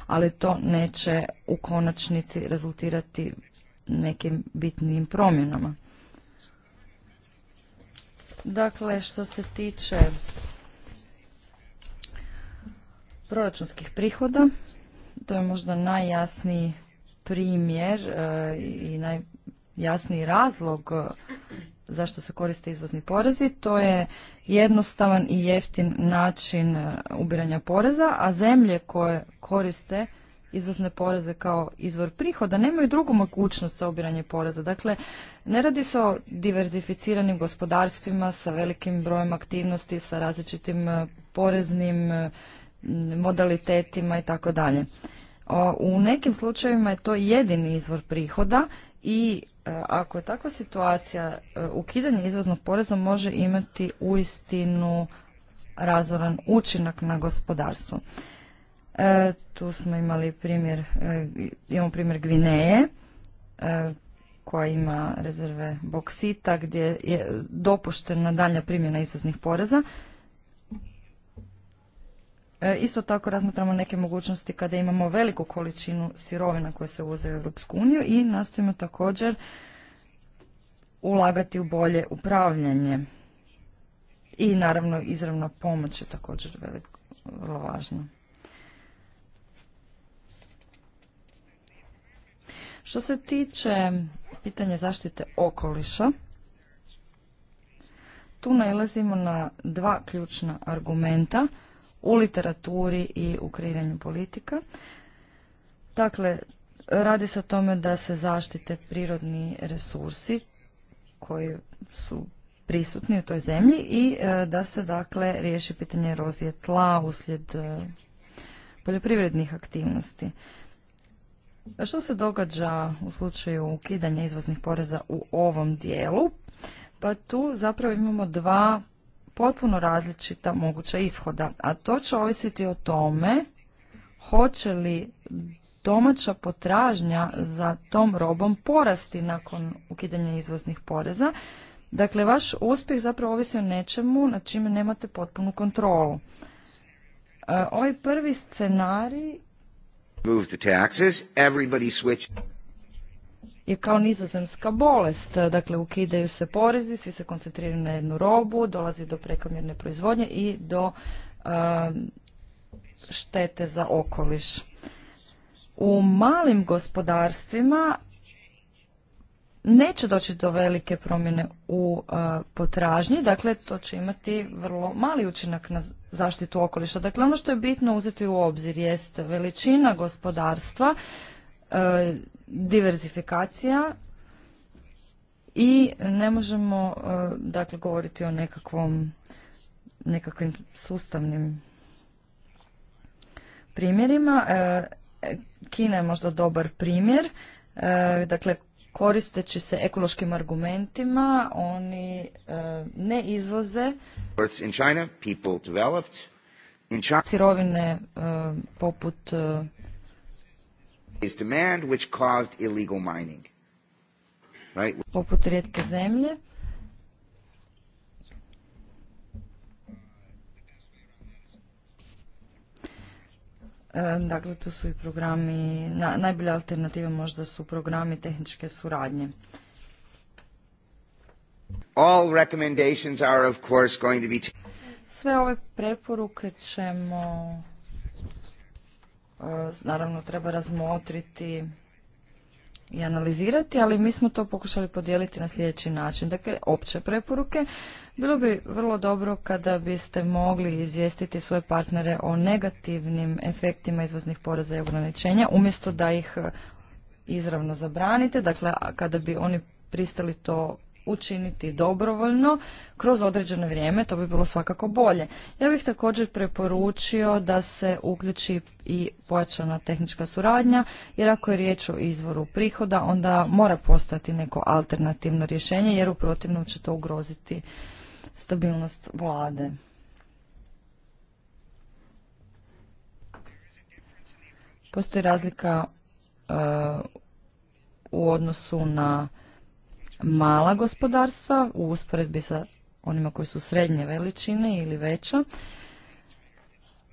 ali to neće u konačnici rezultirati nekim bitnijim promjenama. Dakle, što se tiče proračunskih prihoda, to je možda najjasniji primjer e, i najjasniji razlog e, zašto se koriste izvozni porezi. To je jednostavan i jeftin način e, ubiranja poreza, a zemlje koje koriste izvozne poreze kao izvor prihoda, nemaju drugu mogućnost za obiranje poreza. Dakle, ne radi se o diverzificiranim gospodarstvima sa velikim brojem aktivnosti, sa različitim e, poreznim e, modalitetima i tako dalje. U nekim slučajevima je to jedini izvor prihoda i e, ako je takva situacija, ukidanje izvoznog poreza može imati uistinu razoran učinak na gospodarstvo. E, tu smo imali primjer, e, imamo primjer Gvineje e, koja ima rezerve boksita gdje je dopuštena dalja primjena izvoznih poreza. E, isto tako razmatramo neke mogućnosti kada imamo veliku količinu sirovina koje se uvoze u Europsku uniju i nastojimo također ulagati u bolje upravljanje. I naravno izravna pomoć je također veliko, vrlo važna. Što se tiče pitanja zaštite okoliša, tu nalazimo na dva ključna argumenta u literaturi i u kreiranju politika. Dakle, radi se o tome da se zaštite prirodni resursi koji su prisutni u toj zemlji i e, da se dakle riješi pitanje erozije tla uslijed e, poljoprivrednih aktivnosti. Što se događa u slučaju ukidanja izvoznih poreza u ovom dijelu? Pa tu zapravo imamo dva potpuno različita moguća ishoda, a to će ovisiti o tome hoće li domaća potražnja za tom robom porasti nakon ukidanja izvoznih poreza. Dakle, vaš uspjeh zapravo ovisi o nečemu na čime nemate potpunu kontrolu. E, ovaj prvi scenarij move taxes, everybody je kao nizozemska bolest. Dakle, ukidaju se porezi, svi se koncentriraju na jednu robu, dolazi do prekomjerne proizvodnje i do um, štete za okoliš. U malim gospodarstvima neće doći do velike promjene u e, potražnji, dakle to će imati vrlo mali učinak na zaštitu okoliša. Dakle, ono što je bitno uzeti u obzir jest veličina gospodarstva, e, diverzifikacija i ne možemo e, dakle govoriti o nekakvom nekakvim sustavnim primjerima. Kina je možda dobar primjer. Dakle, koristeći se ekološkim argumentima, oni e, ne izvoze sirovine e, poput e, poput rijetke zemlje E, dakle, to su i programi, na, najbolja alternativa možda su programi tehničke suradnje. All recommendations are of course going to be... Sve ove preporuke ćemo, e, naravno treba razmotriti i analizirati, ali mi smo to pokušali podijeliti na sljedeći način. Dakle, opće preporuke. Bilo bi vrlo dobro kada biste mogli izvijestiti svoje partnere o negativnim efektima izvoznih poreza i ograničenja, umjesto da ih e, izravno zabranite. Dakle, kada bi oni pristali to učiniti dobrovoljno kroz određeno vrijeme, to bi bilo svakako bolje. Ja bih također preporučio da se uključi i pojačana tehnička suradnja, jer ako je riječ o izvoru prihoda, onda mora postati neko alternativno rješenje, jer u protivnom će to ugroziti stabilnost vlade. Postoji razlika e, u odnosu na mala gospodarstva u usporedbi sa onima koji su srednje veličine ili veća.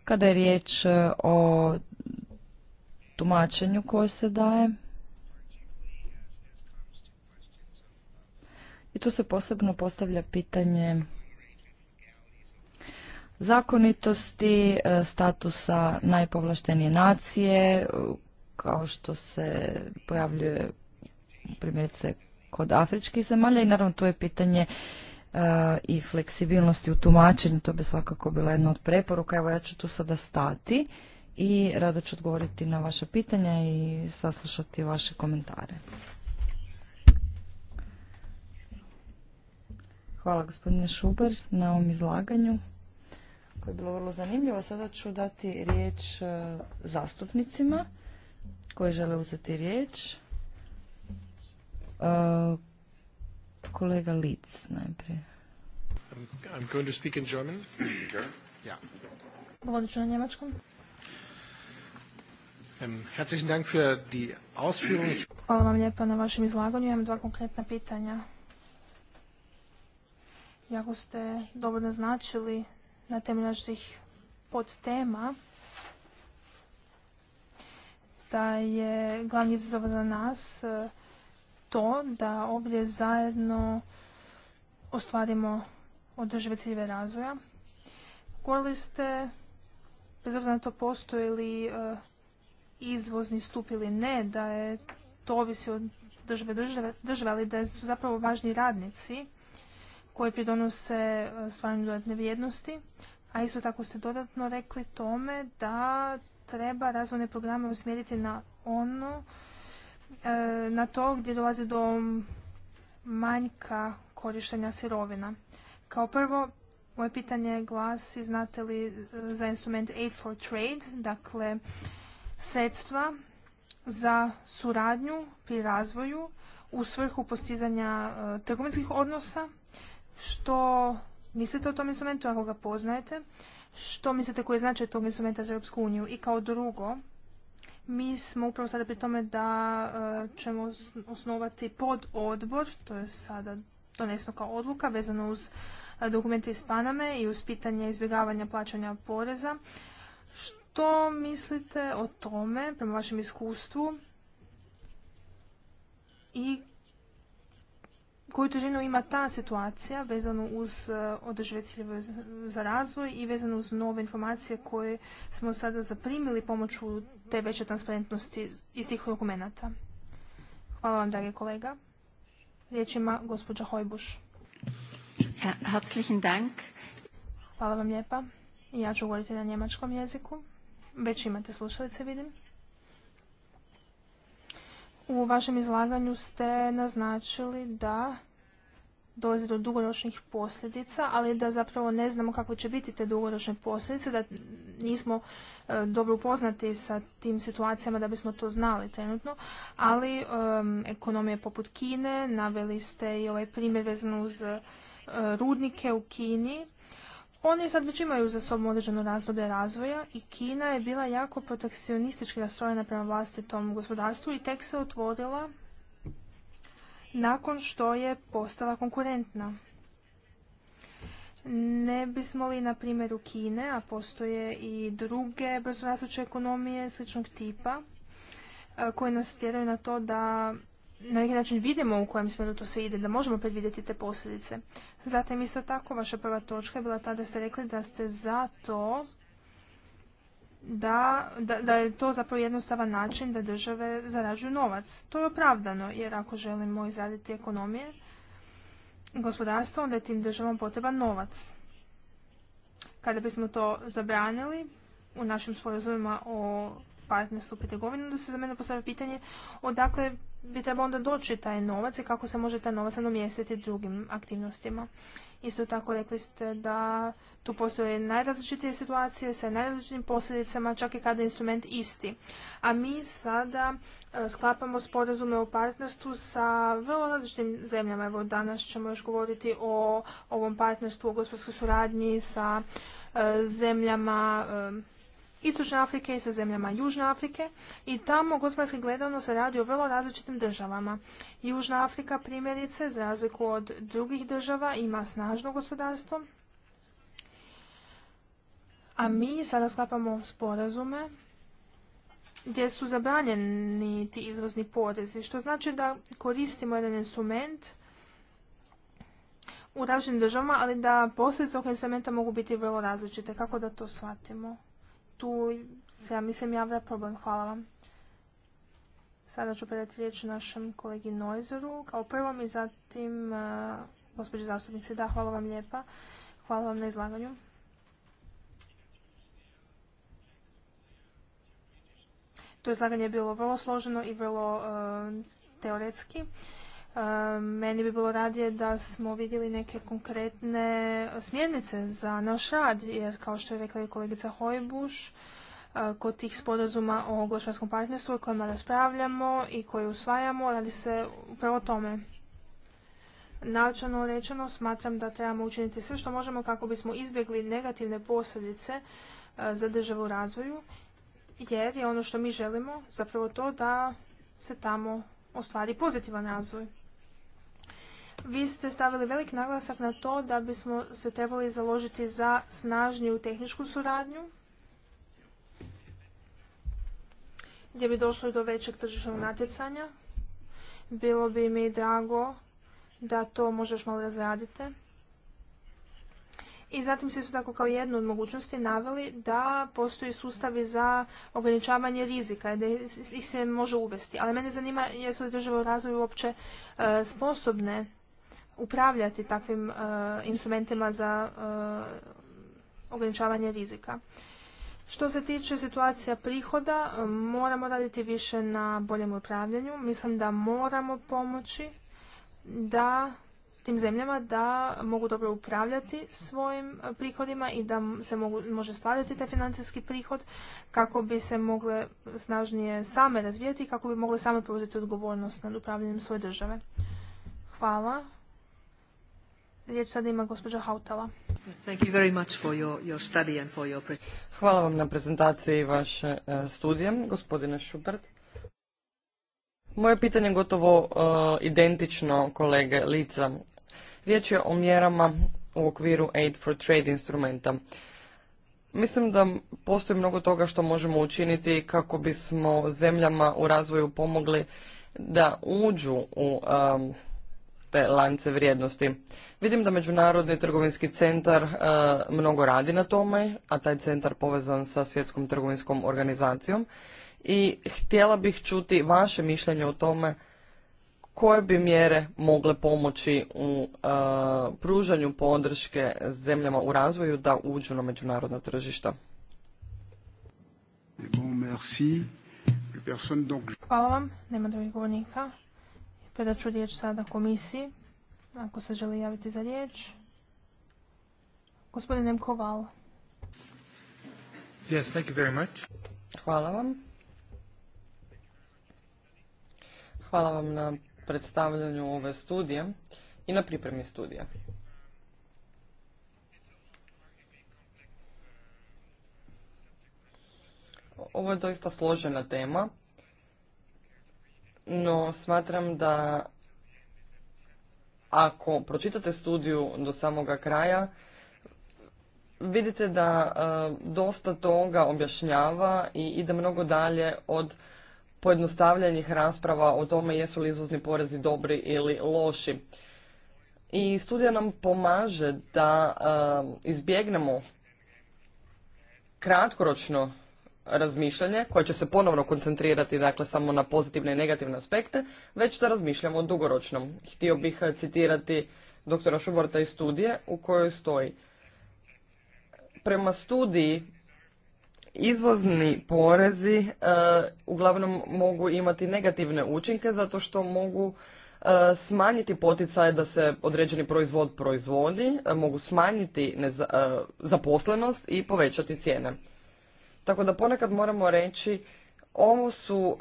Kada je riječ e, o tumačenju koje se daje, i tu se posebno postavlja pitanje zakonitosti, e, statusa najpovlaštenije nacije, e, kao što se pojavljuje primjerice kod afričkih zemalja i naravno to je pitanje e, i fleksibilnosti u tumačenju, to bi svakako bila jedna od preporuka. Evo ja ću tu sada stati i rado ću odgovoriti na vaše pitanja i saslušati vaše komentare. Hvala gospodine Šuber na ovom izlaganju koje je bilo vrlo zanimljivo. Sada ću dati riječ e, zastupnicima koji žele uzeti riječ. Uh, kolega Litz najprije. I'm going to speak in German. Sure. Yeah. ću na njemačkom. Um, herzlichen Dank für die Ausführung. Hvala vam lijepa na vašem izlaganju. Imam dva konkretna pitanja. Jako ste dobro naznačili na temelju naših podtema da je glavni izazov za nas to da ovdje zajedno ostvarimo održive ciljeve razvoja. Govorili ste, bez obzira na to postoji li e, izvozni stup ili ne, da je to ovisi od države države, države ali da su zapravo važni radnici koji pridonose e, stvaranju dodatne vrijednosti, a isto tako ste dodatno rekli tome da treba razvojne programe usmjeriti na ono E, na to gdje dolazi do manjka korištenja sirovina. Kao prvo, moje pitanje glasi, znate li e, za instrument Aid for Trade, dakle sredstva za suradnju pri razvoju u svrhu postizanja e, trgovinskih odnosa, što mislite o tom instrumentu, ako ga poznajete, što mislite koji je značaj tog instrumenta za Europsku uniju i kao drugo, mi smo upravo sada pri tome da e, ćemo osnovati pod odbor, to je sada donesno kao odluka vezano uz e, dokumente iz Paname i uz pitanje izbjegavanja plaćanja poreza. Što mislite o tome, prema vašem iskustvu, i koju težinu ima ta situacija vezano uz e, održive ciljeve za razvoj i vezano uz nove informacije koje smo sada zaprimili pomoću te veće transparentnosti iz tih dokumenata. Hvala vam, dragi kolega. Riječ ima gospođa Hojbuš. Hvala vam lijepa. Ja ću govoriti na njemačkom jeziku. Već imate slušalice, vidim. U vašem izlaganju ste naznačili da dolazi do dugoročnih posljedica, ali da zapravo ne znamo kako će biti te dugoročne posljedice, da nismo e, dobro upoznati sa tim situacijama da bismo to znali trenutno, ali e, ekonomije poput Kine, naveli ste i ovaj primjer vezan uz e, rudnike u Kini, oni sad već imaju za sobom određeno razdoblje razvoja i Kina je bila jako protekcionistički rastrojena prema vlastitom gospodarstvu i tek se otvorila nakon što je postala konkurentna. Ne bismo li na primjeru Kine, a postoje i druge brzorastuće ekonomije sličnog tipa, koje nas tjeraju na to da na neki način vidimo u kojem smjeru to sve ide, da možemo predvidjeti te posljedice. Zatim isto tako vaša prva točka je bila ta da ste rekli da ste za to da, da, da je to zapravo jednostavan način da države zarađuju novac. To je opravdano jer ako želimo izraditi ekonomije, gospodarstvo, onda je tim državom potreban novac. Kada bismo to zabranili u našim sporazumima o partnerstvu trgovini da se za mene postavlja pitanje odakle bi trebao onda doći taj novac i kako se može taj novac namjestiti drugim aktivnostima. Isto tako rekli ste da tu postoje najrazličitije situacije sa najrazličitim posljedicama, čak i kada je instrument isti. A mi sada e, sklapamo sporazume o partnerstvu sa vrlo različitim zemljama. Evo danas ćemo još govoriti o ovom partnerstvu, u gospodarskoj suradnji sa e, zemljama e, Istočne Afrike i sa zemljama Južne Afrike i tamo gospodarski gledano se radi o vrlo različitim državama. Južna Afrika primjerice, za razliku od drugih država, ima snažno gospodarstvo, a mi sada sklapamo sporazume gdje su zabranjeni ti izvozni porezi, što znači da koristimo jedan instrument u različitim državama, ali da posljedice ovog instrumenta mogu biti vrlo različite. Kako da to shvatimo? tu se, ja mislim, javlja problem. Hvala vam. Sada ću predati riječ našem kolegi Noizoru kao prvom i zatim uh, gospođi zastupnici. Da, hvala vam lijepa. Hvala vam na izlaganju. To izlaganje je bilo vrlo složeno i vrlo eh, teoretski meni bi bilo radije da smo vidjeli neke konkretne smjernice za naš rad, jer kao što je rekla i kolegica Hojbuš, e, kod tih sporazuma o gospodarskom partnerstvu o kojima raspravljamo i koje usvajamo, radi se upravo o tome. Načelno rečeno smatram da trebamo učiniti sve što možemo kako bismo izbjegli negativne posljedice e, za državu razvoju, jer je ono što mi želimo zapravo to da se tamo ostvari pozitivan razvoj vi ste stavili velik naglasak na to da bismo se trebali založiti za snažniju tehničku suradnju, gdje bi došlo do većeg tržišnog natjecanja. Bilo bi mi drago da to možda još malo razradite. I zatim se su tako kao jednu od mogućnosti naveli da postoji sustavi za ograničavanje rizika, i da ih se može uvesti. Ali mene zanima jesu li države u razvoju uopće e, sposobne upravljati takvim e, instrumentima za e, ograničavanje rizika. Što se tiče situacija prihoda, moramo raditi više na boljem upravljanju. Mislim da moramo pomoći da tim zemljama da mogu dobro upravljati svojim e, prihodima i da se mogu, može stvarati taj financijski prihod kako bi se mogle snažnije same razvijeti i kako bi mogle same preuzeti odgovornost nad upravljanjem svoje države. Hvala. Riječ sada ima gospođa Hautala. Hvala vam na prezentaciji vaše e, studije, gospodine Schubert. Moje pitanje je gotovo e, identično kolege Lica. Riječ je o mjerama u okviru Aid for Trade instrumenta. Mislim da postoji mnogo toga što možemo učiniti kako bismo zemljama u razvoju pomogli da uđu u e, te lance vrijednosti. Vidim da Međunarodni trgovinski centar e, mnogo radi na tome, a taj centar povezan sa svjetskom trgovinskom organizacijom i htjela bih čuti vaše mišljenje o tome koje bi mjere mogle pomoći u e, pružanju podrške zemljama u razvoju da uđu na međunarodna tržišta. Hvala vam, nema drugih govornika. Predat ću riječ sada komisiji, ako se želi javiti za riječ. Gospodin Nemkoval. Yes, thank you very much. Hvala vam. Hvala vam na predstavljanju ove studije i na pripremi studija. Ovo je doista složena tema no smatram da ako pročitate studiju do samoga kraja, vidite da e, dosta toga objašnjava i ide mnogo dalje od pojednostavljenih rasprava o tome jesu li izvozni porezi dobri ili loši. I studija nam pomaže da e, izbjegnemo kratkoročno razmišljanje koje će se ponovno koncentrirati dakle samo na pozitivne i negativne aspekte, već da razmišljamo o dugoročnom. Htio bih eh, citirati doktora Šuborta iz studije u kojoj stoji prema studiji izvozni porezi eh, uglavnom mogu imati negativne učinke zato što mogu eh, smanjiti poticaje da se određeni proizvod proizvodi, mogu smanjiti zaposlenost i povećati cijene. Tako da ponekad moramo reći ovo su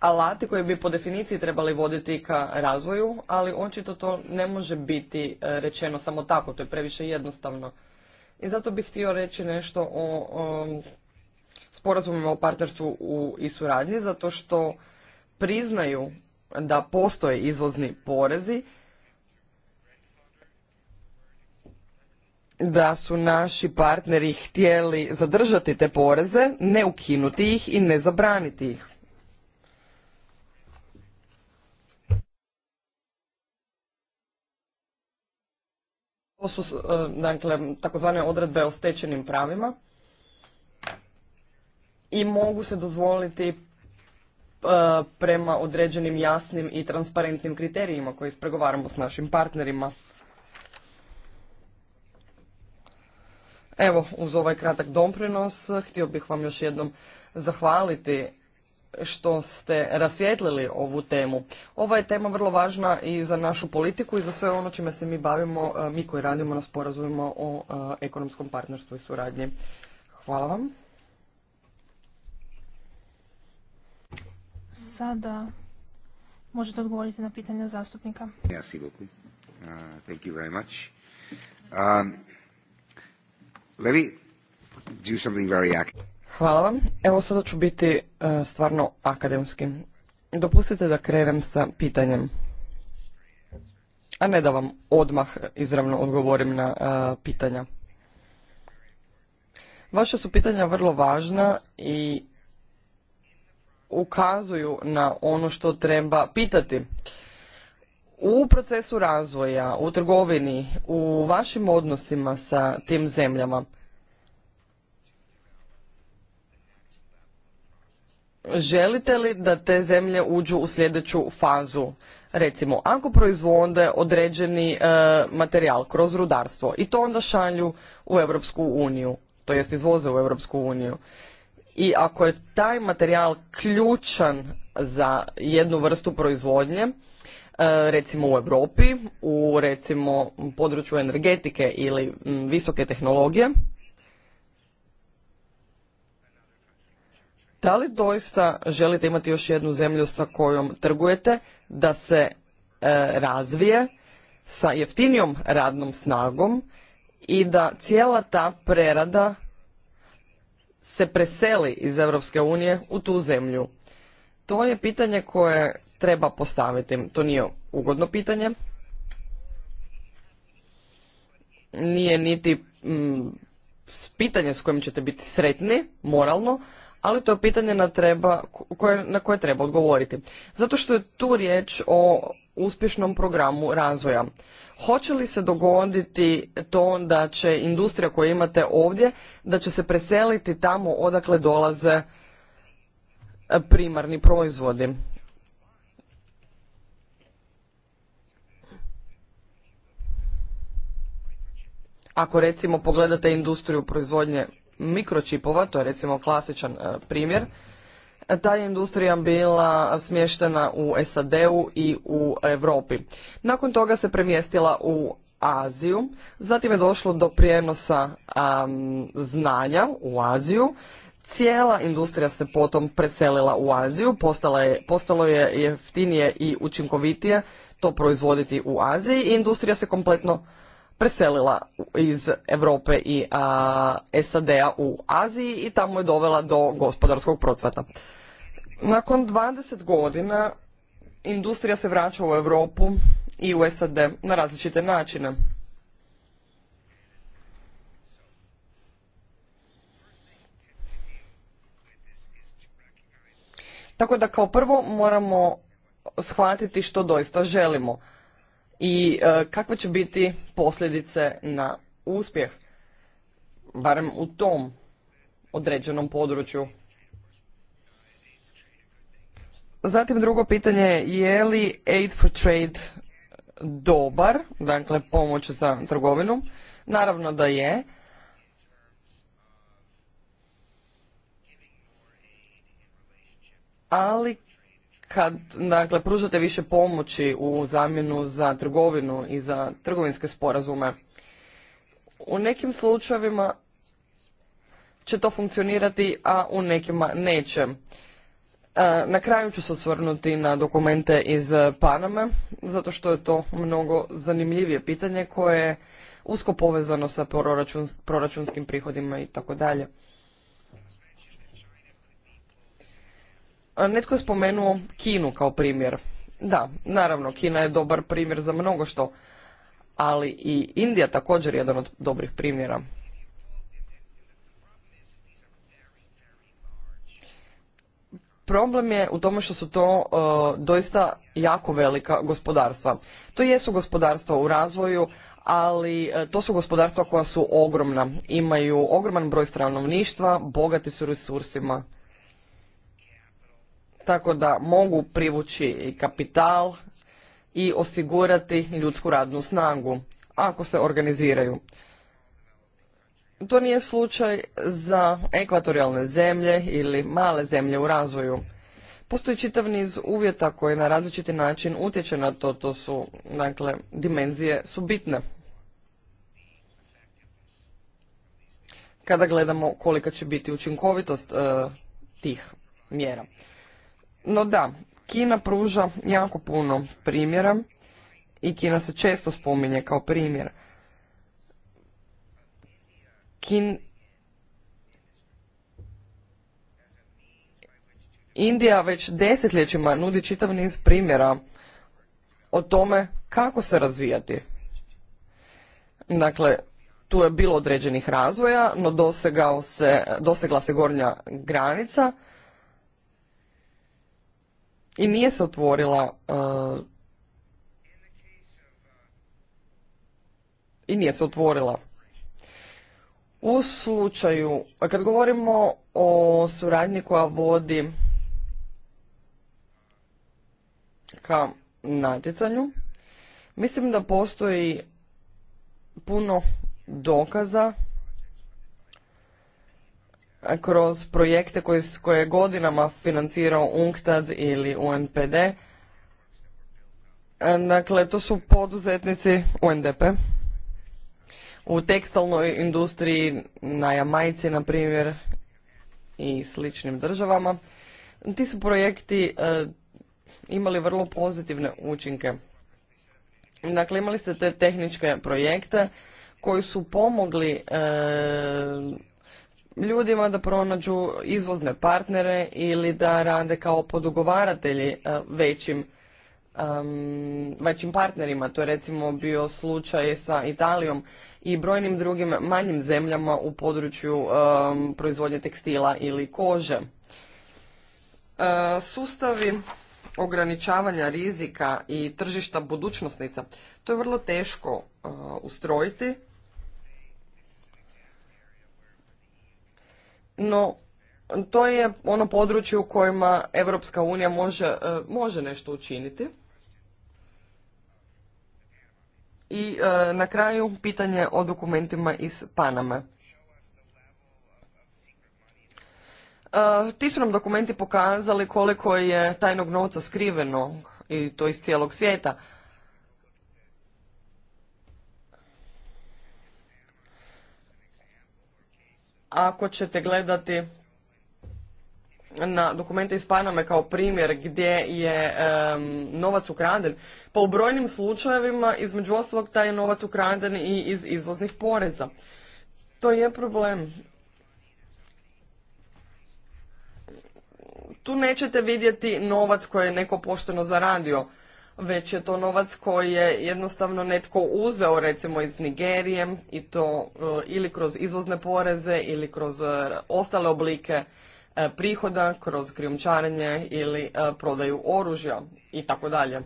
alati koji bi po definiciji trebali voditi ka razvoju, ali očito to ne može biti e, rečeno samo tako, to je previše jednostavno. I zato bih htio reći nešto o, o sporazumima o partnerstvu u, i suradnji, zato što priznaju da postoje izvozni porezi da su naši partneri htjeli zadržati te poreze, ne ukinuti ih i ne zabraniti ih. To su e, dakle, takozvane odredbe o stečenim pravima i mogu se dozvoliti e, prema određenim jasnim i transparentnim kriterijima koje ispregovaramo s našim partnerima. Evo, uz ovaj kratak doprinos, htio bih vam još jednom zahvaliti što ste rasvjetlili ovu temu. Ova je tema vrlo važna i za našu politiku i za sve ono čime se mi bavimo, e, mi koji radimo na sporazumima o e, ekonomskom partnerstvu i suradnji. Hvala vam. Sada možete odgovoriti na pitanje zastupnika. Hvala uh, thank um, Hvala vam. Evo sada ću biti e, stvarno akademski. Dopustite da krenem sa pitanjem. A ne da vam odmah izravno odgovorim na e, pitanja. Vaša su pitanja vrlo važna i ukazuju na ono što treba pitati u procesu razvoja, u trgovini, u vašim odnosima sa tim zemljama, želite li da te zemlje uđu u sljedeću fazu? Recimo, ako proizvode određeni e, materijal kroz rudarstvo i to onda šalju u Europsku uniju, to jest izvoze u Europsku uniju. I ako je taj materijal ključan za jednu vrstu proizvodnje, E, recimo u Europi, u recimo području energetike ili visoke tehnologije, da li doista želite imati još jednu zemlju sa kojom trgujete da se e, razvije sa jeftinijom radnom snagom i da cijela ta prerada se preseli iz Europske unije u tu zemlju. To je pitanje koje treba postaviti. To nije ugodno pitanje. Nije niti mm, pitanje s kojim ćete biti sretni, moralno, ali to je pitanje na, treba, koje, na koje treba odgovoriti. Zato što je tu riječ o uspješnom programu razvoja. Hoće li se dogoditi to da će industrija koju imate ovdje, da će se preseliti tamo odakle dolaze primarni proizvodi? Ako recimo pogledate industriju proizvodnje mikročipova, to je recimo klasičan e, primjer, ta je industrija bila smještena u SAD-u i u Europi. Nakon toga se premjestila u Aziju, zatim je došlo do prijenosa znanja u Aziju, cijela industrija se potom preselila u Aziju, postala je, postalo je jeftinije i učinkovitije to proizvoditi u Aziji i industrija se kompletno preselila iz Europe i SAD-a u Aziji i tamo je dovela do gospodarskog procvata. Nakon 20 godina industrija se vraća u Europu i u SAD na različite načine. Tako da kao prvo moramo shvatiti što doista želimo i e, kakve će biti posljedice na uspjeh, barem u tom određenom području. Zatim drugo pitanje je, li aid for trade dobar, dakle pomoć za trgovinu? Naravno da je. Ali kad dakle, pružate više pomoći u zamjenu za trgovinu i za trgovinske sporazume, u nekim slučajevima će to funkcionirati, a u nekima neće. E, na kraju ću se osvrnuti na dokumente iz Paname, zato što je to mnogo zanimljivije pitanje koje je usko povezano sa proračunskim prihodima i tako dalje. Netko je spomenuo Kinu kao primjer. Da, naravno, Kina je dobar primjer za mnogo što, ali i Indija također je jedan od dobrih primjera. Problem je u tome što su to e, doista jako velika gospodarstva. To jesu gospodarstva u razvoju, ali e, to su gospodarstva koja su ogromna. Imaju ogroman broj stanovništva, bogati su resursima tako da mogu privući i kapital i osigurati ljudsku radnu snagu ako se organiziraju. To nije slučaj za ekvatorijalne zemlje ili male zemlje u razvoju. Postoji čitav niz uvjeta koji na različiti način utječe na to, to su, dakle, dimenzije su bitne. Kada gledamo kolika će biti učinkovitost eh, tih mjera. No da, Kina pruža jako puno primjera i Kina se često spominje kao primjer. Kin... Indija već desetljećima nudi čitav niz primjera o tome kako se razvijati. Dakle, tu je bilo određenih razvoja, no dosegao se, dosegla se gornja granica – i nije se otvorila e, i nije se otvorila. U slučaju, kad govorimo o suradnji koja vodi ka natjecanju, mislim da postoji puno dokaza kroz projekte koje, koje je godinama financirao UNCTAD ili UNPD. E, dakle, to su poduzetnici UNDP. U tekstalnoj industriji na Jamajci, na primjer, i sličnim državama. Ti su projekti e, imali vrlo pozitivne učinke. Dakle, imali ste te tehničke projekte koji su pomogli e, ljudima da pronađu izvozne partnere ili da rade kao podugovaratelji e, većim, većim partnerima. To je recimo bio slučaj sa Italijom i brojnim drugim manjim zemljama u području proizvodnje tekstila ili kože. E, sustavi ograničavanja rizika i tržišta budućnosnica, to je vrlo teško e, ustrojiti no to je ono područje u kojima Europska unija može, e, može nešto učiniti. I e, na kraju pitanje o dokumentima iz Paname. E, ti su nam dokumenti pokazali koliko je tajnog novca skriveno i to iz cijelog svijeta. Ako ćete gledati na dokumente iz Paname kao primjer gdje je novac ukraden, pa u brojnim slučajevima između ostalog taj je novac ukraden i iz izvoznih poreza. To je problem. Tu nećete vidjeti novac koji je neko pošteno zaradio već je to novac koji je jednostavno netko uzeo recimo iz Nigerije i to e, ili kroz izvozne poreze ili kroz e, ostale oblike e, prihoda, kroz krijumčarenje ili prodaju oružja i tako dalje.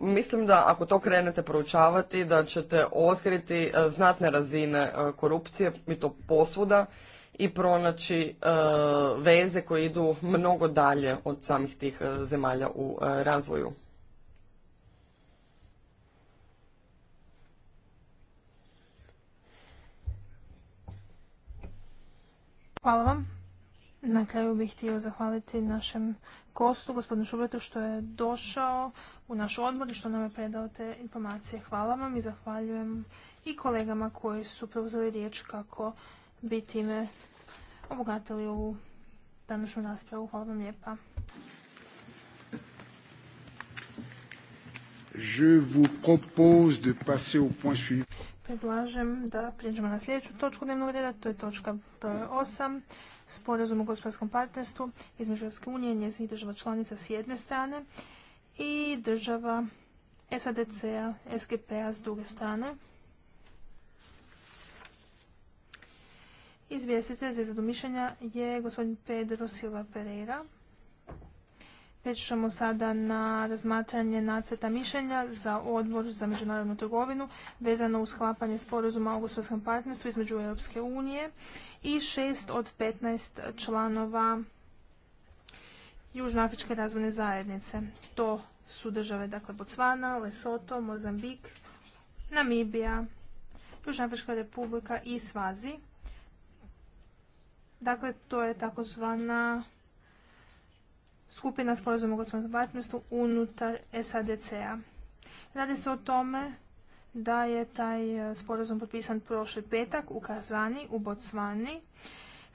Mislim da ako to krenete proučavati da ćete otkriti znatne razine korupcije i to posvuda i pronaći e, veze koje idu mnogo dalje od samih tih e, zemalja u e, razvoju. Hvala vam. Na kraju bih htio zahvaliti našem kostu, gospodinu Šubretu, što je došao u naš odbor i što nam je predao te informacije. Hvala vam i zahvaljujem i kolegama koji su preuzeli riječ kako biti time obogatili ovu današnju raspravu. Hvala vam lijepa. Je vous propose de passer au point suivant. Predlažem da prijeđemo na sljedeću točku dnevnog reda, to je točka broj 8, sporazum o gospodarskom partnerstvu između Evropske unije i njezinih država članica s jedne strane i država SADC-a, SGP-a s druge strane. Izvjestitelj za izradu mišljenja je gospodin Pedro Silva Pereira. ćemo sada na razmatranje nacrta mišljenja za odbor za međunarodnu trgovinu vezano u sklapanje sporazuma o gospodarskom partnerstvu između Europske unije i šest od petnaest članova Južnoafričke razvojne zajednice. To su države dakle Botswana, Lesoto, Mozambik, Namibija, Južnoafrička republika i Svazi Dakle, to je takozvana skupina sporazuma o gospodarskom partnerstvu unutar SADC-a. Radi se o tome da je taj e, sporazum potpisan prošli petak u Kazani, u Bocvani.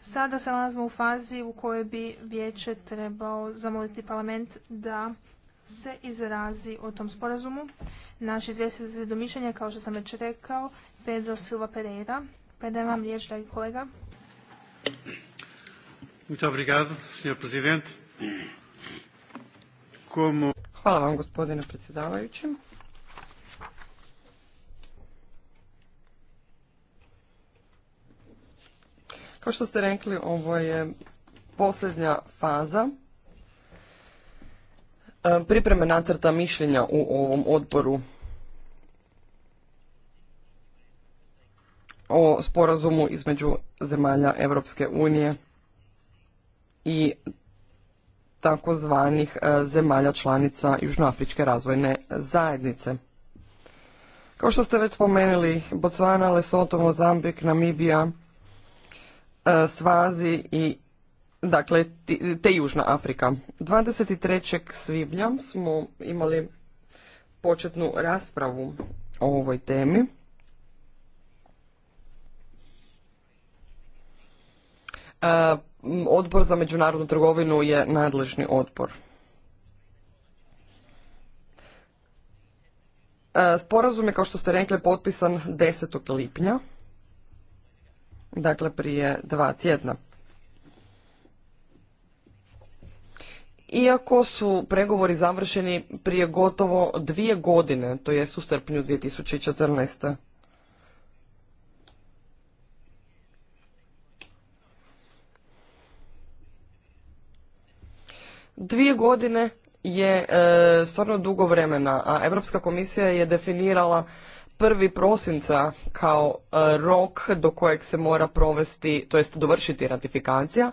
Sada se nalazimo u fazi u kojoj bi vijeće trebao zamoliti parlament da se izrazi o tom sporazumu. Naš izvjestitelj za domišljanje, kao što sam već rekao, Pedro Silva Pereira. Predajem vam riječ, dragi kolega. Muito Hvala vam, gospodine predsjedavajući. Kao što ste rekli, ovo je posljednja faza e, pripreme nacrta mišljenja u ovom odboru o sporazumu između zemalja Europske unije i takozvanih e, zemalja članica Južnoafričke razvojne zajednice. Kao što ste već spomenuli, Botswana, Lesotho, Mozambik, Namibija, e, Svazi i dakle te Južna Afrika. 23. svibnja smo imali početnu raspravu o ovoj temi. E, odbor za međunarodnu trgovinu je nadležni odbor. E, sporazum je, kao što ste rekli, potpisan 10. lipnja, dakle prije dva tjedna. Iako su pregovori završeni prije gotovo dvije godine, to jest u srpnju 2014. Dvije godine je e, stvarno dugo vremena, a Europska komisija je definirala prvi prosinca kao e, rok do kojeg se mora provesti, to jest dovršiti ratifikacija.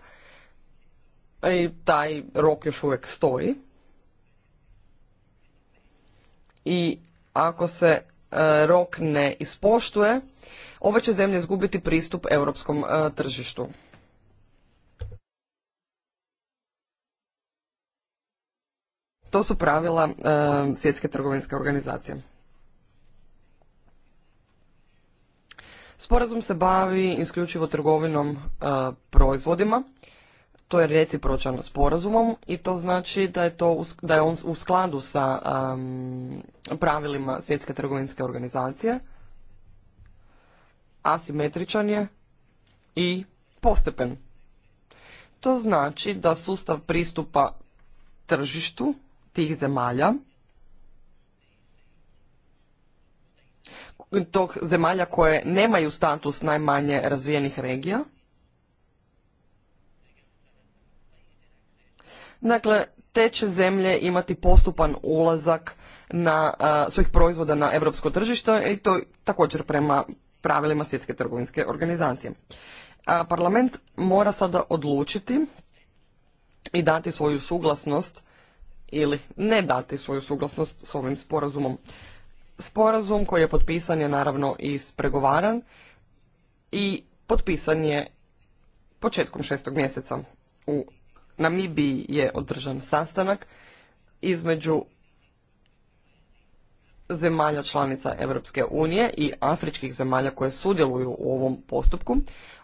I taj rok još uvijek stoji. I ako se e, rok ne ispoštuje, ove će zemlje izgubiti pristup europskom tržištu. To su pravila e, Svjetske trgovinske organizacije. Sporazum se bavi isključivo trgovinom e, proizvodima, to je recipročan sporazumom i to znači da je, to, da je on u skladu sa pravilima Svjetske trgovinske organizacije, asimetričan je i postepen. To znači da sustav pristupa tržištu tih zemalja, tog zemalja koje nemaju status najmanje razvijenih regija. Dakle, te će zemlje imati postupan ulazak na svojih proizvoda na europsko tržište i to također prema pravilima Svjetske trgovinske organizacije. A parlament mora sada odlučiti i dati svoju suglasnost ili ne dati svoju suglasnost s ovim sporazumom. Sporazum koji je potpisan je naravno ispregovaran i potpisan je početkom šestog mjeseca. U Namibiji je održan sastanak između zemalja članica Europske unije i afričkih zemalja koje sudjeluju u ovom postupku.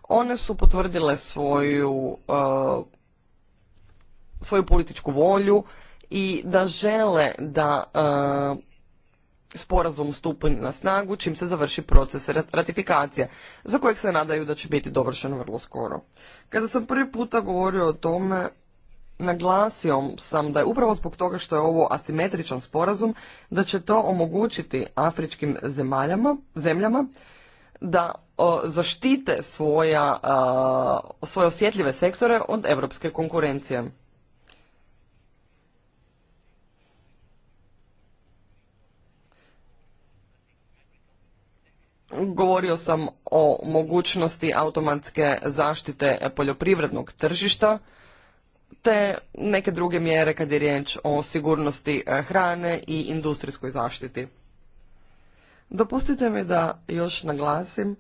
One su potvrdile svoju, uh, svoju političku volju i da žele da e, sporazum stupi na snagu čim se završi proces ratifikacije, za kojeg se nadaju da će biti dovršen vrlo skoro. Kada sam prvi puta govorio o tome, naglasio sam da je upravo zbog toga što je ovo asimetričan sporazum, da će to omogućiti afričkim zemljama da zaštite svoja, svoje osjetljive sektore od europske konkurencije. Govorio sam o mogućnosti automatske zaštite poljoprivrednog tržišta te neke druge mjere kad je riječ o sigurnosti e, hrane i industrijskoj zaštiti. Dopustite mi da još naglasim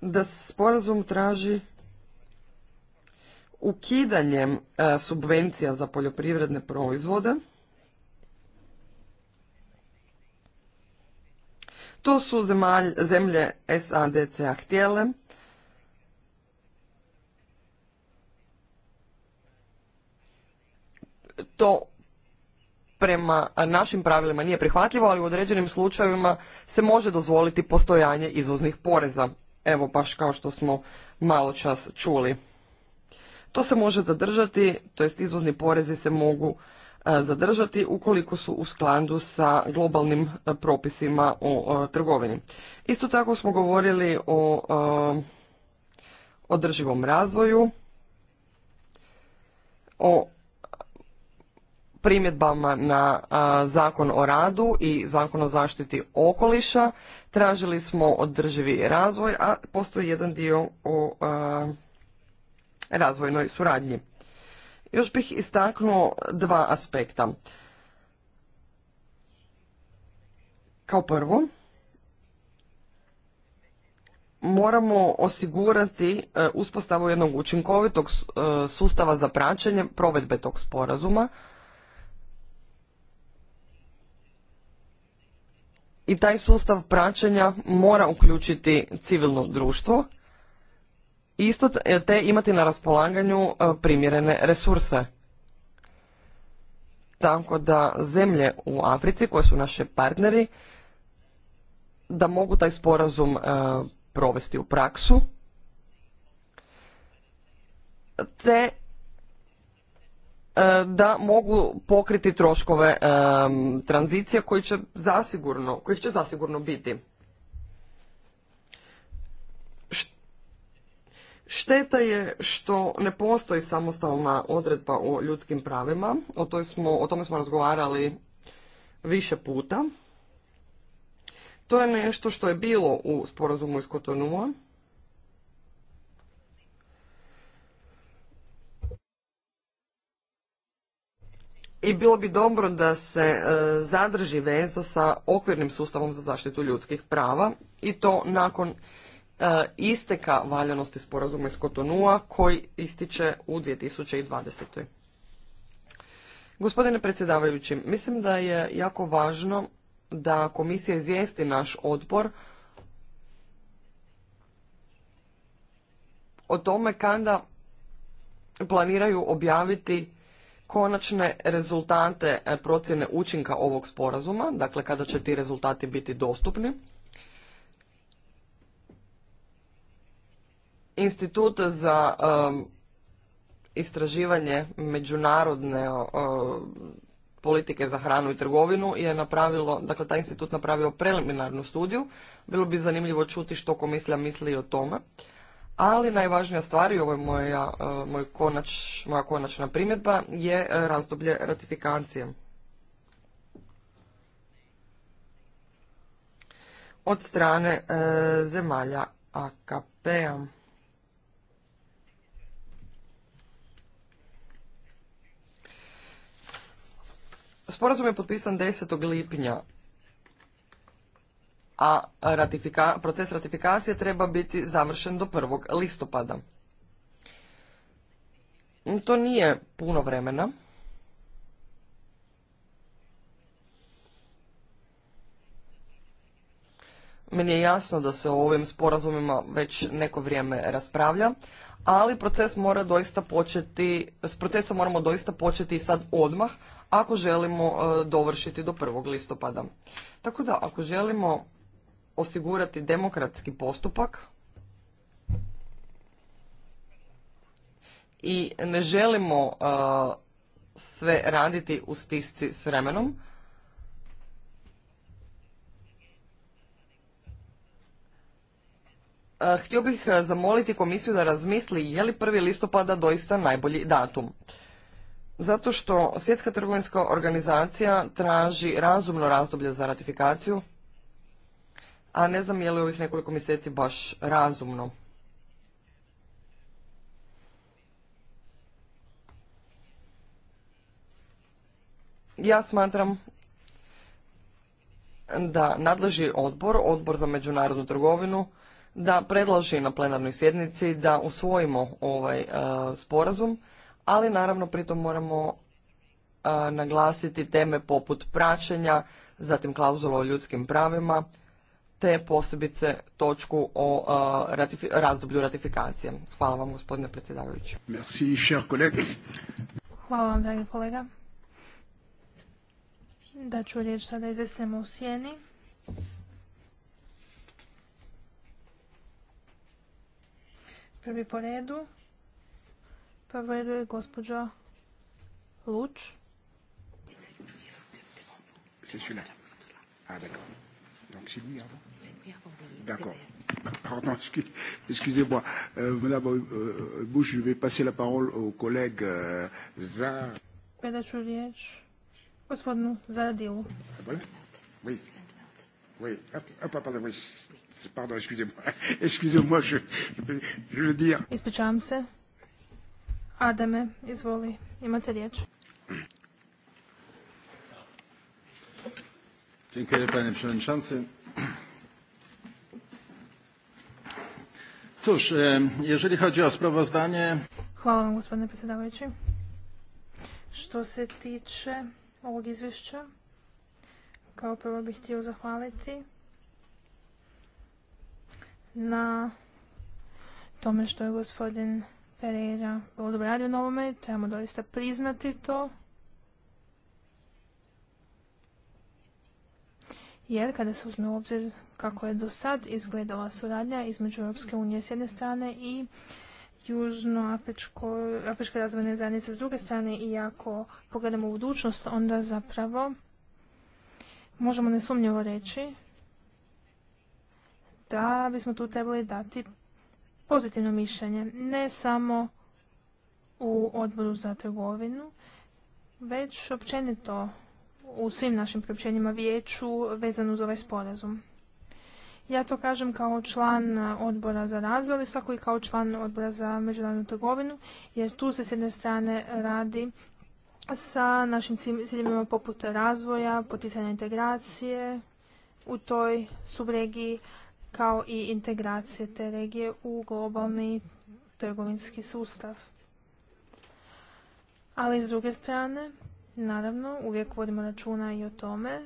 da se sporazum traži ukidanjem e, subvencija za poljoprivredne proizvode To su zemlje SADC-a htjele. To prema našim pravilima nije prihvatljivo, ali u određenim slučajevima se može dozvoliti postojanje izvoznih poreza. Evo baš kao što smo malo čas čuli. To se može zadržati, to jest izvozni porezi se mogu E, zadržati ukoliko su u sklandu sa globalnim e, propisima o e, trgovini. Isto tako smo govorili o održivom razvoju, o primjedbama na zakon o radu i zakon o zaštiti okoliša. Tražili smo održivi razvoj, a postoji jedan dio o razvojnoj suradnji. Još bih istaknuo dva aspekta. Kao prvo, moramo osigurati e, uspostavu jednog učinkovitog e, sustava za praćenje provedbe tog sporazuma i taj sustav praćenja mora uključiti civilno društvo isto e, te imati na raspolaganju e, primjerene resurse. Tako da zemlje u Africi koje su naše partneri da mogu taj sporazum e, provesti u praksu te da mogu pokriti troškove tranzicije koji će zasigurno, će zasigurno biti. Šteta je što ne postoji samostalna odredba o ljudskim pravima, o, toj smo, o tome smo razgovarali više puta. To je nešto što je bilo u sporazumu iz Kotonua. I bilo bi dobro da se e, zadrži veza sa okvirnim sustavom za zaštitu ljudskih prava i to nakon E, isteka valjanosti sporazuma iz Kotonua koji ističe u 2020. Gospodine predsjedavajući, mislim da je jako važno da komisija izvijesti naš odbor o tome kada planiraju objaviti konačne rezultate procjene učinka ovog sporazuma, dakle kada će ti rezultati biti dostupni instituta za um, istraživanje međunarodne politike za hranu i trgovinu je napravilo, dakle taj institut napravio preliminarnu studiju. Bilo bi zanimljivo čuti što komisija misli o tome. Ali najvažnija stvar i ovo je moja, moj konač, moja konačna primjedba je razdoblje ratifikacije. Od strane e, zemalja AKP-a. Sporazum je potpisan 10. lipnja, a proces ratifikacije treba biti završen do 1. listopada. To nije puno vremena. Meni je jasno da se o ovim sporazumima već neko vrijeme raspravlja, ali proces mora doista početi, s procesom moramo doista početi sad odmah, ako želimo e, dovršiti do 1. listopada. Tako da ako želimo osigurati demokratski postupak i ne želimo e, sve raditi u stisci s vremenom, e, htio bih zamoliti komisiju da razmisli je li 1. listopada doista najbolji datum. Zato što Svjetska trgovinska organizacija traži razumno razdoblje za ratifikaciju, a ne znam je li ovih nekoliko mjeseci baš razumno. Ja smatram da nadleži odbor, odbor za međunarodnu trgovinu, da predlaži na plenarnoj sjednici da usvojimo ovaj e, sporazum ali naravno pritom moramo naglasiti teme poput praćenja, zatim klauzula o ljudskim pravima, te posebice točku o razdoblju ratifikacije. Hvala vam gospodine predsjedavajući. Merci, Hvala vam dragi kolega. Da ću riječ sada izvestimo u sjeni. Prvi po redu Prvo pa redu je gospođa Luč. C'est celui-là. Ah, d'accord. Donc c'est lui avant C'est lui avant. D'accord. Pardon, excusez-moi. Euh, Madame euh, Bush, je vais passer la parole au collègue euh, Zar. Predat ću riječ gospodinu Zaradilu. Ah, Oui. Oui. Hop, hop, hop, oui. Pardon, excusez-moi. Excusez-moi, je, je, je veux dire. Ispričavam se. Adame, izvoli, imate riječ. Dziękuję panie przewodniczący. Cóż, e, jeżeli chodzi o sprawozdanie... Hvala vam gospodine predsjedavajući. Što se tiče ovog izvješća, kao prvo bih htio zahvaliti na tome što je gospodin Pereira vrlo dobro radio na ovome, trebamo doista priznati to. Jer kada se uzme u obzir kako je do sad izgledala suradnja između Europske unije s jedne strane i Južnoafričke razvojne zajednice s druge strane i ako pogledamo u budućnost, onda zapravo možemo nesumnjivo reći da bismo tu trebali dati pozitivno mišljenje, ne samo u odboru za trgovinu, već općenito u svim našim priopćenjima vijeću vezano uz ovaj sporazum. Ja to kažem kao član odbora za razvoj, ali svako i kao član odbora za međunarodnu trgovinu, jer tu se s jedne strane radi sa našim ciljima poput razvoja, poticanja integracije u toj subregiji, kao i integracije te regije u globalni trgovinski sustav. Ali s druge strane, naravno, uvijek vodimo računa i o tome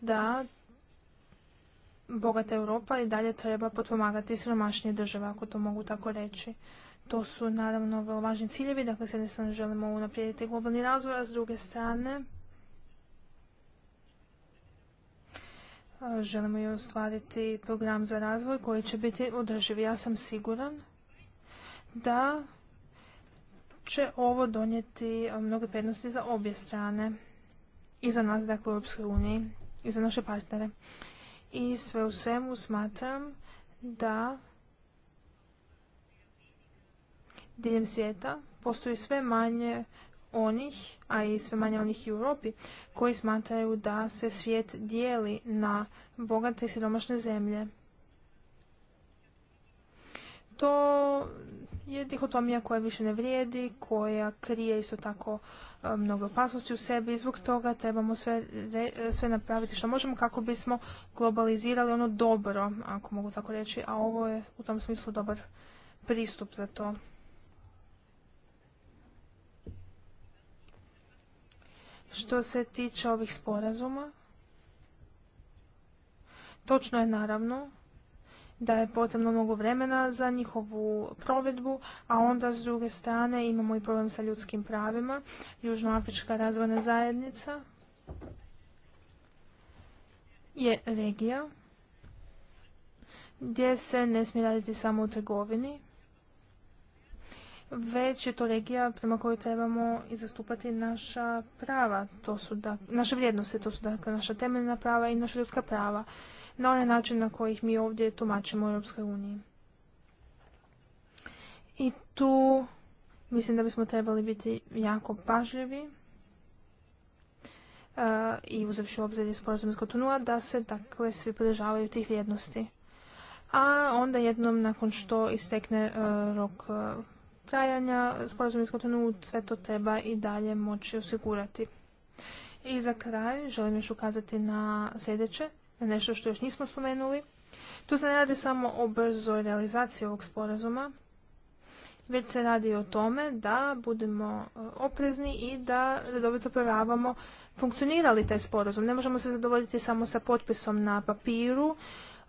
da bogata Europa i dalje treba potpomagati siromašnije države, ako to mogu tako reći. To su naravno vrlo važni ciljevi, dakle s jedne strane želimo unaprijediti globalni razvoj, a s druge strane želimo joj ostvariti program za razvoj koji će biti održiv. Ja sam siguran da će ovo donijeti mnoge prednosti za obje strane i za nas, dakle, u Europskoj uniji i za naše partnere. I sve u svemu smatram da diljem svijeta postoji sve manje onih, a i sve manje onih u Europi, koji smatraju da se svijet dijeli na bogate i siromašne zemlje. To je dihotomija koja više ne vrijedi, koja krije isto tako e, mnogo opasnosti u sebi i zbog toga trebamo sve, e, sve napraviti što možemo kako bismo globalizirali ono dobro, ako mogu tako reći, a ovo je u tom smislu dobar pristup za to. Što se tiče ovih sporazuma, točno je naravno da je potrebno mnogo vremena za njihovu provedbu, a onda s druge strane imamo i problem sa ljudskim pravima. Južnoafrička razvojna zajednica je regija gdje se ne smije raditi samo u trgovini, već je to regija prema kojoj trebamo i zastupati naša prava, to su da, naše vrijednosti, to su dakle naša temeljna prava i naša ljudska prava, na onaj način na koji mi ovdje tumačimo u Europskoj uniji. I tu mislim da bismo trebali biti jako pažljivi e, i uzavši u obzir sporazum iz da se dakle svi pridržavaju tih vrijednosti. A onda jednom nakon što istekne e, rok e, trajanja sporazum iz Kotonu, sve to treba i dalje moći osigurati. I za kraj želim još ukazati na sljedeće, na nešto što još nismo spomenuli. Tu se ne radi samo o brzoj realizaciji ovog sporazuma, već se radi o tome da budemo e, oprezni i da redovito provjeravamo funkcionira li taj sporazum. Ne možemo se zadovoljiti samo sa potpisom na papiru.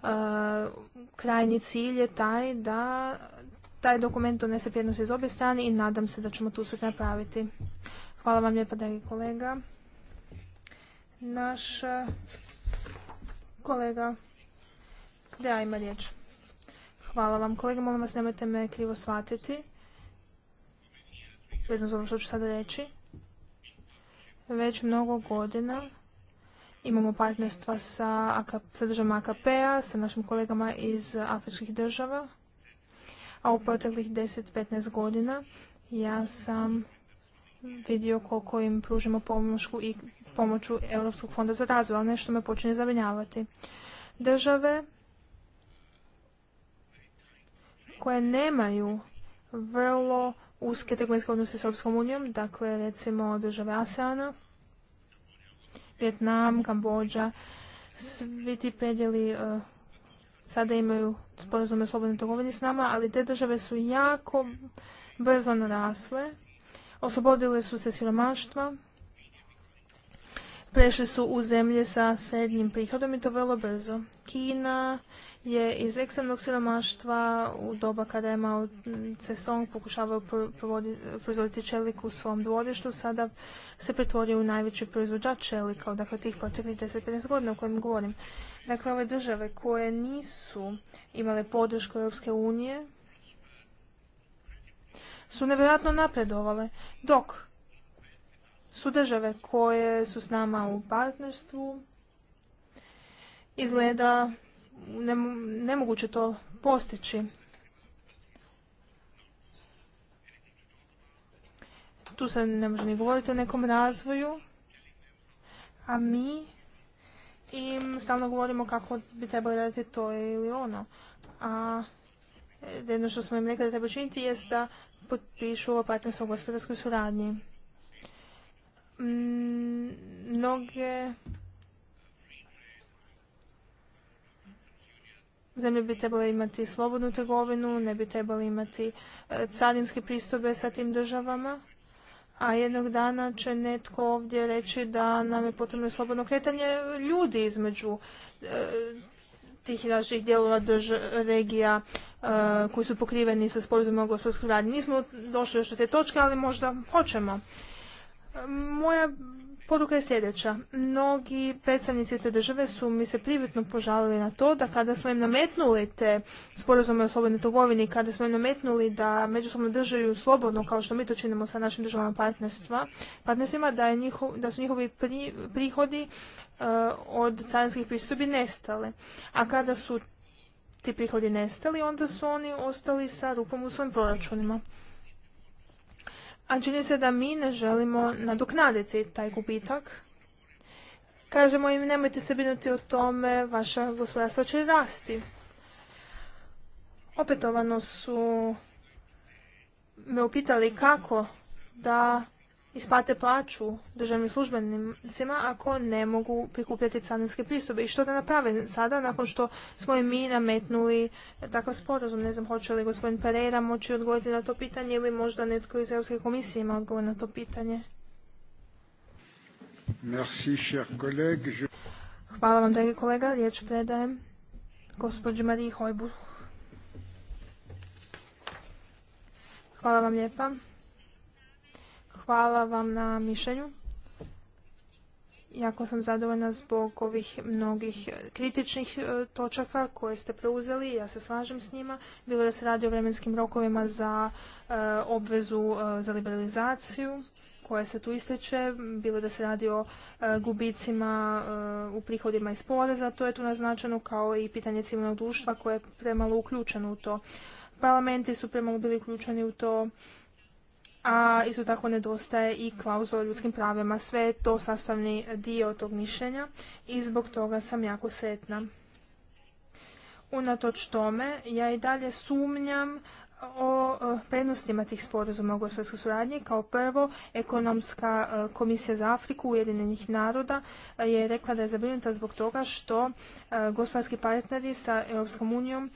Krajni e, krajnji cilj je taj da taj dokument donese prijednost iz obje strane i nadam se da ćemo tu sve napraviti. Hvala vam lijepa, dragi kolega. Naš e, kolega da ima riječ. Hvala vam. Kolega, molim vas, nemojte me krivo shvatiti. Bez zovem ono što ću sada reći. Već mnogo godina imamo partnerstva sa, državom AKP-a, sa našim kolegama iz afričkih država a u proteklih 10-15 godina ja sam vidio koliko im pružimo pomoću i pomoću Europskog fonda za razvoj, ali nešto me počinje zabrinjavati. Države koje nemaju vrlo uske trgovinske odnose s Europskom unijom, dakle recimo države ASEANA, Vjetnam, Kambođa, svi ti predjeli eh, sada imaju sporozume o slobodnoj trgovini s nama, ali te države su jako brzo narasle, oslobodile su se siromaštva, prešli su u zemlje sa srednjim prihodom i to vrlo brzo. Kina je iz ekstremnog siromaštva u doba kada je Mao Tse-song pokušavao proizvoditi čelik u svom dvorištu, sada se pretvorio u najveći proizvođač čelika, dakle tih proteklih 10-15 godina o kojim govorim. Dakle, ove države koje nisu imale podršku Europske unije su nevjerojatno napredovale, dok su države koje su s nama u partnerstvu izgleda nemoguće to postići. Tu se ne može ni govoriti o nekom razvoju, a mi im stalno govorimo kako bi trebali raditi to ili ono. A jedno što smo im rekli da treba činiti jest da potpišu ovo partnerstvo gospodarskoj suradnji. Mm, mnoge zemlje bi trebale imati slobodnu trgovinu, ne bi trebali imati e, carinske pristobe sa tim državama a jednog dana će netko ovdje reći da nam je potrebno slobodno kretanje ljudi između e, tih naših dijelova regija e, koji su pokriveni sa sporazumom gospodarskog gospodarskoj Nismo došli još do te točke, ali možda hoćemo. E, moja Poruka je sljedeća. Mnogi predstavnici te države su mi se privjetno požalili na to da kada smo im nametnuli te sporazume o slobodnoj trgovini, kada smo im nametnuli da međusobno držaju slobodno, kao što mi to činimo sa našim državama partnerstva, partnerstvima, da, je da su njihovi prihodi e, od carinskih pristupi nestali. A kada su ti prihodi nestali, onda su oni ostali sa rupom u svojim proračunima a čini se da mi ne želimo nadoknaditi taj gubitak. Kažemo im nemojte se brinuti o tome, vaša gospodarstva će rasti. Opetovano su me upitali kako da isplate plaću državnim službenicima ako ne mogu prikupljati carinske pristupe. I što da naprave sada nakon što smo i mi nametnuli takav sporazum? Ne znam, hoće li gospodin Pereira moći odgovoriti na to pitanje ili možda netko iz Europske komisije ima odgovor na to pitanje? Hvala vam, dragi kolega. Riječ predajem gospođi Mariji Hojbuh. Hvala vam lijepa. Hvala vam na mišljenju. Jako sam zadovoljna zbog ovih mnogih kritičnih e, točaka koje ste preuzeli, ja se slažem s njima. Bilo da se radi o vremenskim rokovima za e, obvezu e, za liberalizaciju koja se tu ističe, bilo da se radi o gubicima u prihodima iz poreza, to je tu naznačeno kao i pitanje civilnog društva koje je premalo uključeno u to. Parlamenti su premalo bili uključeni u to, a isto tako nedostaje i klauzula o ljudskim pravima. Sve je to sastavni dio tog mišljenja i zbog toga sam jako sretna. Unatoč tome, ja i dalje sumnjam o e, prednostima tih sporazuma o gospodarskoj suradnji. Kao prvo, ekonomska e, komisija za Afriku Ujedinjenih naroda e, je rekla da je zabrinuta zbog toga što gospodarski partneri sa Europskom unijom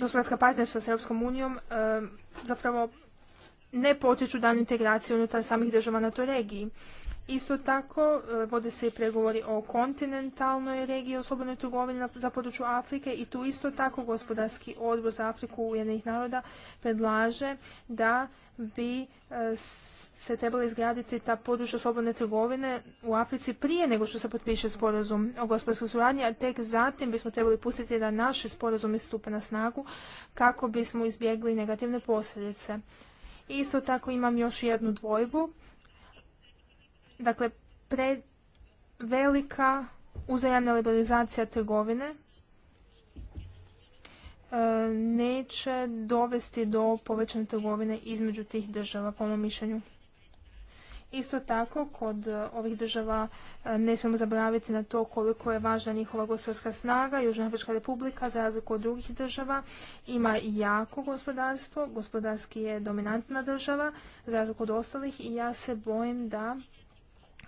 gospodarska partnerstva sa Europskom unijom zapravo ne potiču dan integraciju unutar samih država na toj regiji. Isto tako e, vode se i pregovori o kontinentalnoj regiji o slobodnoj trgovini za području Afrike i tu isto tako gospodarski odbor za Afriku Ujedinjenih naroda predlaže da bi e, se trebalo izgraditi ta područja slobodne trgovine u Africi prije nego što se potpiše sporazum o gospodarskoj suradnji, a tek zatim bismo trebali pustiti da naši sporazumi stupe na snagu kako bismo izbjegli negativne posljedice. Isto tako imam još jednu dvojbu Dakle, velika uzajamna liberalizacija trgovine e, neće dovesti do povećane trgovine između tih država, po mom mišljenju. Isto tako, kod e, ovih država e, ne smijemo zaboraviti na to koliko je važna njihova gospodarska snaga. Južna republika, za razliku od drugih država, ima jako gospodarstvo. Gospodarski je dominantna država, za razliku od ostalih. I ja se bojim da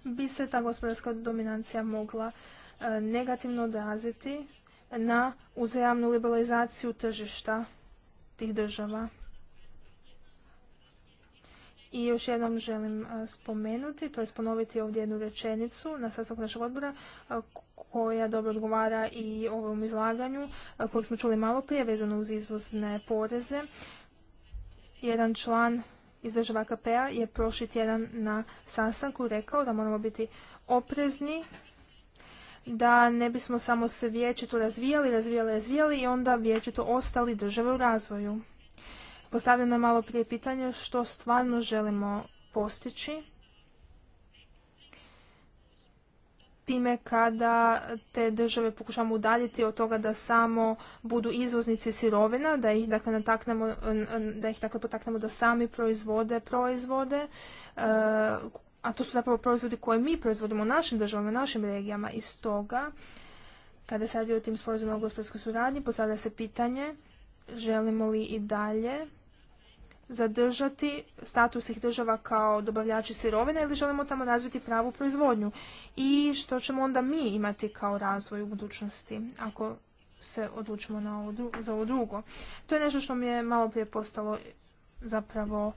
bi se ta gospodarska dominancija mogla e, negativno odraziti na uzajamnu liberalizaciju tržišta tih država. I još jednom želim e, spomenuti, to je ponoviti ovdje jednu rečenicu na sastavku našeg odbora e, koja dobro odgovara i ovom izlaganju kojeg smo čuli malo prije vezano uz izvozne poreze. Jedan član iz država AKP-a je prošli tjedan na sastanku rekao da moramo biti oprezni da ne bismo samo se vječito razvijali, razvijali, razvijali i onda vječito ostali države u razvoju. Postavljeno je malo prije pitanje što stvarno želimo postići time kada te države pokušamo udaljiti od toga da samo budu izvoznici sirovina, da ih dakle nataknemo, da ih dakle potaknemo da sami proizvode proizvode, e, a to su zapravo proizvodi koje mi proizvodimo u našim državama, u našim regijama. I stoga, kada se radi o tim sporazumima o gospodarskoj suradnji, postavlja se pitanje želimo li i dalje zadržati status ih država kao dobavljači sirovine ili želimo tamo razviti pravu proizvodnju i što ćemo onda mi imati kao razvoj u budućnosti ako se odlučimo na za ovo drugo. To je nešto što mi je malo prije postalo zapravo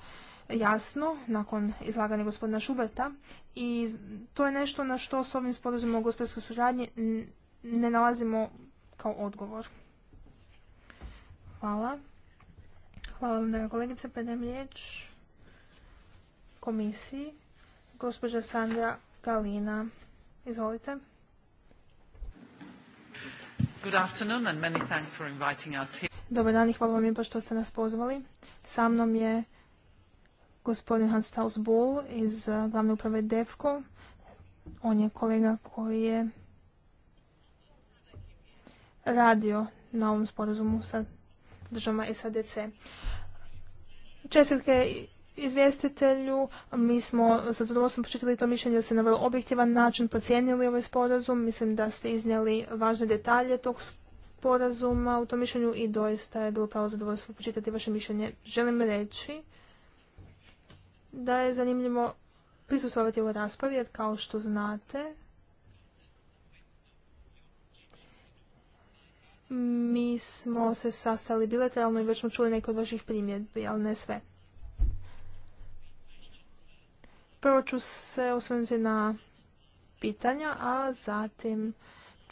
jasno nakon izlaganja gospodina Šuberta i to je nešto na što s ovim sporazumom o gospodarskoj suradnji ne nalazimo kao odgovor. Hvala. Hvala vam, kolegice. Predajem riječ komisiji. Gospođa Sandra Galina. Izvolite. Dobar dan i hvala vam pa što ste nas pozvali. Sa mnom je gospodin Hans Taus Bull iz eh, glavne uprave DEFCO. On je kolega koji je radio na ovom sporazumu sa državama SADC. Čestitke izvjestitelju. Mi smo sa zadovoljstvom počitili to mišljenje da se na vrlo objektivan način procijenili ovaj sporazum. Mislim da ste iznijeli važne detalje tog sporazuma u tom mišljenju i doista je bilo pravo zadovoljstvo počitati vaše mišljenje. Želim reći da je zanimljivo prisustovati u raspravi jer kao što znate Mi smo se sastali bilateralno i već smo čuli neke od vaših primjedbi, ali ne sve. Prvo ću se osvrnuti na pitanja, a zatim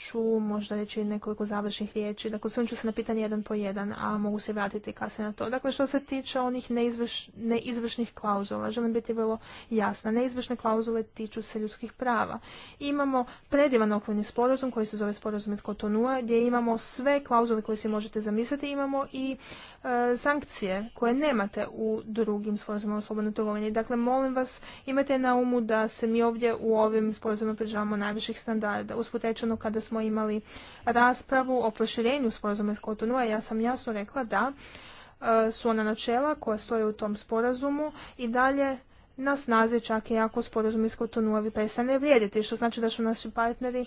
ću možda reći nekoliko završnih riječi. Dakle, sve ću se na pitanje jedan po jedan, a mogu se vratiti kasnije na to. Dakle, što se tiče onih neizvrš, neizvršnih klauzula, želim biti vrlo jasna. Neizvršne klauzule tiču se ljudskih prava. Imamo predivan okvirni sporazum koji se zove sporazum iz Kotonua, gdje imamo sve klauzule koje si možete zamisliti. Imamo i e, sankcije koje nemate u drugim sporazumima o slobodnoj trgovini. Dakle, molim vas, imajte na umu da se mi ovdje u ovim sporazumima pridržavamo najviših standarda. Usput kada smo imali raspravu o proširenju sporazuma iz Kotonova. ja sam jasno rekla da e, su ona načela koja stoje u tom sporazumu i dalje na snazi čak i ako sporazum iz Kotonuovi prestane vrijediti, što znači da su naši partneri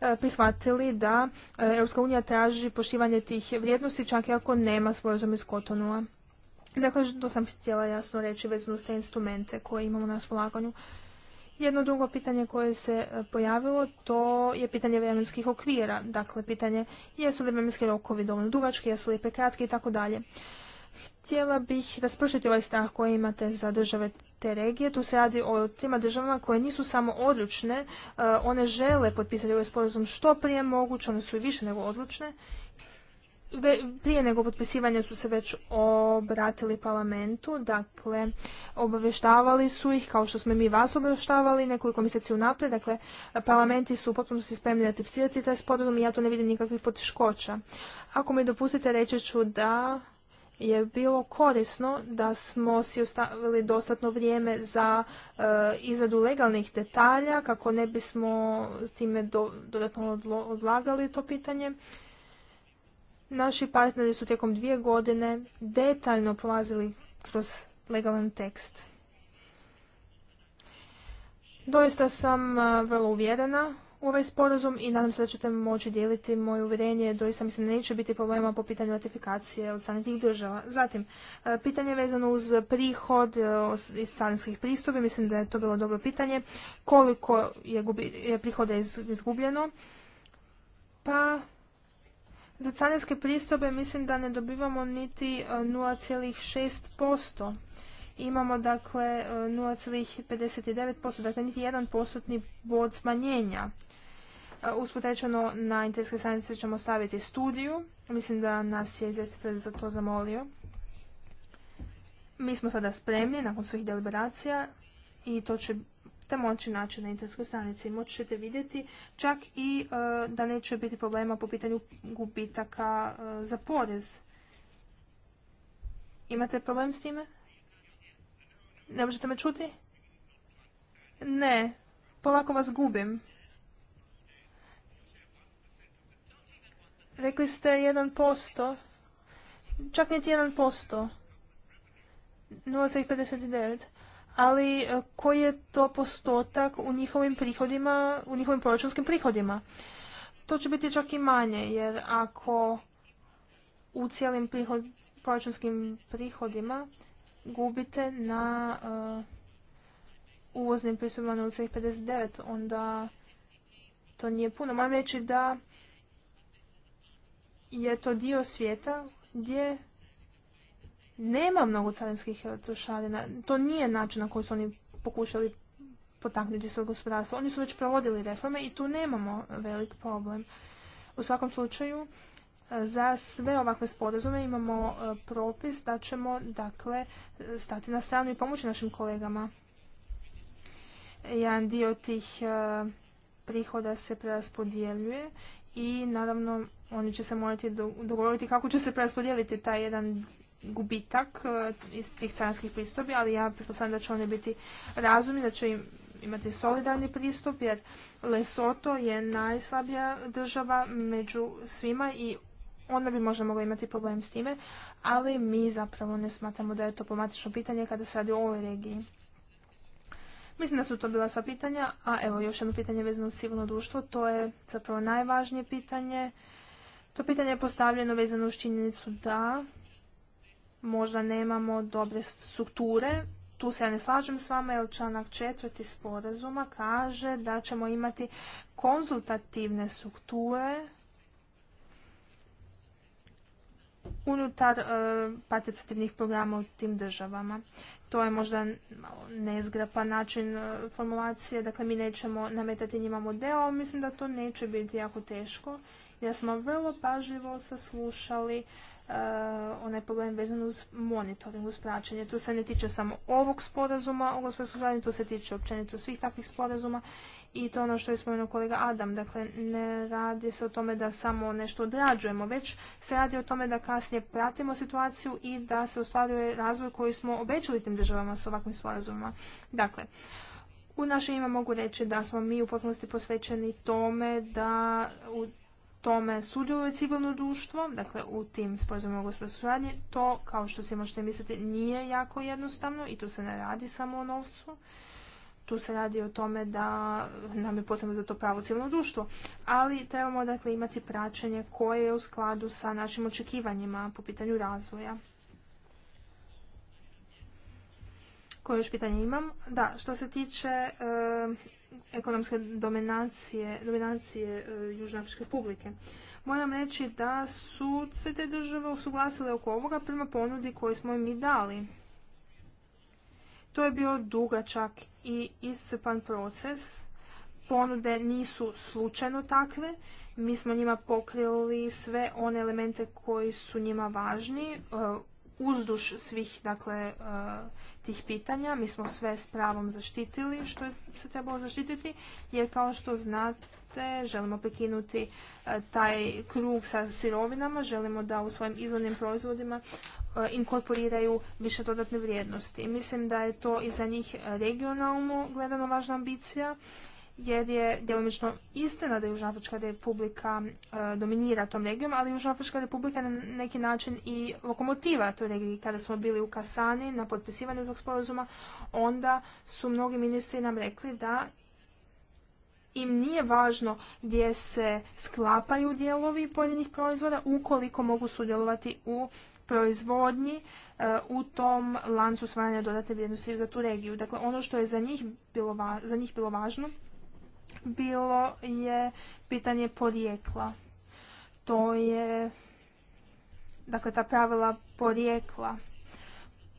e, prihvatili da e, Europska unija traži poštivanje tih vrijednosti čak i ako nema sporazum iz Kotonua. Dakle, to sam htjela jasno reći vezano uz te instrumente koje imamo na raspolaganju. Jedno drugo pitanje koje se e, pojavilo, to je pitanje vremenskih okvira. Dakle, pitanje jesu li vremenski rokovi dovoljno dugački, jesu li prekratki i tako dalje. Htjela bih raspršiti ovaj strah koji imate za države te regije. Tu se radi o tima državama koje nisu samo odlučne, e, one žele potpisati ovaj sporazum što prije moguće, one su i više nego odlučne prije nego potpisivanja su se već obratili parlamentu, dakle obavještavali su ih kao što smo mi vas obavještavali nekoliko mjeseci unaprijed, dakle parlamenti su potpuno se spremni ratificirati taj sporazum i ja tu ne vidim nikakvih poteškoća. Ako mi dopustite reći ću da je bilo korisno da smo si ostavili dostatno vrijeme za e, izradu legalnih detalja kako ne bismo time dodatno odlagali to pitanje Naši partneri su tijekom dvije godine detaljno prolazili kroz legalan tekst. Doista sam vrlo uvjerena u ovaj sporazum i nadam se da ćete moći dijeliti moje uvjerenje. Doista mislim da neće biti problema po pitanju ratifikacije od strane tih država. Zatim, pitanje vezano uz prihod e, iz stranskih pristupi. Mislim da je to bilo dobro pitanje. Koliko je, je prihoda izgubljeno? Pa za carinske pristobe mislim da ne dobivamo niti 0,6%. E, Imamo dakle 0,59%, e, dakle niti jedan postotni bod smanjenja. E, usput na intereske stranice ćemo staviti studiju. Mislim da nas je izvjestitelj za to zamolio. Mi smo sada spremni nakon svih deliberacija i to će te moći naći na internetskoj stranici. Moći ćete vidjeti čak i e, da neće biti problema po pitanju gubitaka e, za porez. Imate problem s time? Ne možete me čuti? Ne, polako vas gubim. Rekli ste 1%, čak niti 1%, 0,59% ali e, koji je to postotak u njihovim prihodima, u njihovim proračunskim prihodima? To će biti čak i manje, jer ako u cijelim prihod, proračunskim prihodima gubite na uh, uvoznim pristojbama 0,59, onda to nije puno. Mam reći da je to dio svijeta gdje nema mnogo carinskih e, trošarina. To nije način na koji su oni pokušali potaknuti svoje gospodarstvo. Oni su već provodili reforme i tu nemamo velik problem. U svakom slučaju, e, za sve ovakve sporazume imamo e, propis da ćemo dakle stati na stranu i pomoći našim kolegama. Jedan dio tih prihoda se preraspodijeljuje i naravno oni će se morati dogovoriti kako će se preraspodijeliti taj jedan gubitak e, iz tih carinskih pristupi, ali ja pretpostavljam da će oni biti razumni, da će imati solidarni pristup, jer Lesoto je najslabija država među svima i onda bi možda mogla imati problem s time, ali mi zapravo ne smatramo da je to pomatično pitanje kada se radi o ovoj regiji. Mislim da su to bila sva pitanja, a evo još jedno pitanje vezano uz civilno društvo, to je zapravo najvažnije pitanje. To pitanje je postavljeno vezano uz činjenicu da možda nemamo dobre strukture. Tu se ja ne slažem s vama jer članak četvrti sporazuma kaže da ćemo imati konzultativne strukture unutar e, participativnih programa u tim državama. To je možda malo nezgrapan način e, formulacije, dakle mi nećemo nametati njima model, ali mislim da to neće biti jako teško, jer smo vrlo pažljivo saslušali uh, onaj problem vezan uz monitoring, uz praćenje. Tu se ne tiče samo ovog sporazuma o gospodarskom tu se tiče općenito svih takvih sporazuma i to ono što je spomenuo kolega Adam. Dakle, ne radi se o tome da samo nešto odrađujemo, već se radi o tome da kasnije pratimo situaciju i da se ostvaruje razvoj koji smo obećali tim državama s ovakvim sporazumima. Dakle, u našem ime mogu reći da smo mi u potpunosti posvećeni tome da u tome sudjeluje civilno društvo, dakle u tim sporazumima o gospodarskoj suradnji, to kao što se možete misliti nije jako jednostavno i tu se ne radi samo o novcu. Tu se radi o tome da nam je potrebno za to pravo civilno društvo, ali trebamo dakle imati praćenje koje je u skladu sa našim očekivanjima po pitanju razvoja. Koje još pitanje imam? Da, što se tiče ekonomske dominacije, dominacije e, Južnoafričke publike. Moram reći da su se te države usuglasile oko ovoga prema ponudi koju smo im i dali. To je bio dugačak i iscrpan proces. Ponude nisu slučajno takve. Mi smo njima pokrili sve one elemente koji su njima važni e, uzduš svih dakle e, tih pitanja. Mi smo sve s pravom zaštitili što je se trebalo zaštititi jer kao što znate želimo prekinuti e, taj krug sa sirovinama, želimo da u svojim izvornim proizvodima e, inkorporiraju više dodatne vrijednosti. Mislim da je to i za njih regionalno gledano važna ambicija jer je djelomično istina da Južna Afrička republika e, dominira tom regijom, ali Južna Afrička republika na neki način i lokomotiva toj regiji. Kada smo bili u Kasani na potpisivanju tog sporazuma, onda su mnogi ministri nam rekli da im nije važno gdje se sklapaju dijelovi pojedinih proizvoda ukoliko mogu sudjelovati u proizvodnji e, u tom lancu stvaranja dodatne vrijednosti za tu regiju. Dakle, ono što je za njih bilo, za njih bilo važno bilo je pitanje porijekla. To je dakle ta pravila porijekla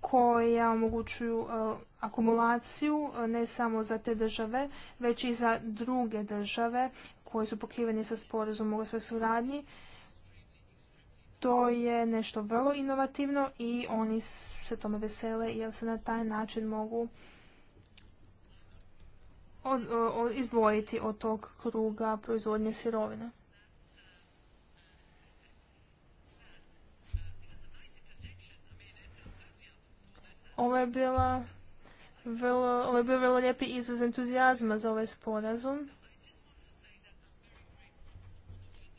koja omogućuju e, akumulaciju e, ne samo za te države, već i za druge države koje su pokrivene sa sporazumom o gospodarskoj suradnji. To je nešto vrlo inovativno i oni se tome vesele jer se na taj način mogu izdvojiti od tog kruga proizvodnje sirovina. Ovo je bila vrlo, ovo je bio vrlo lijepi izraz entuzijazma za ovaj sporazum.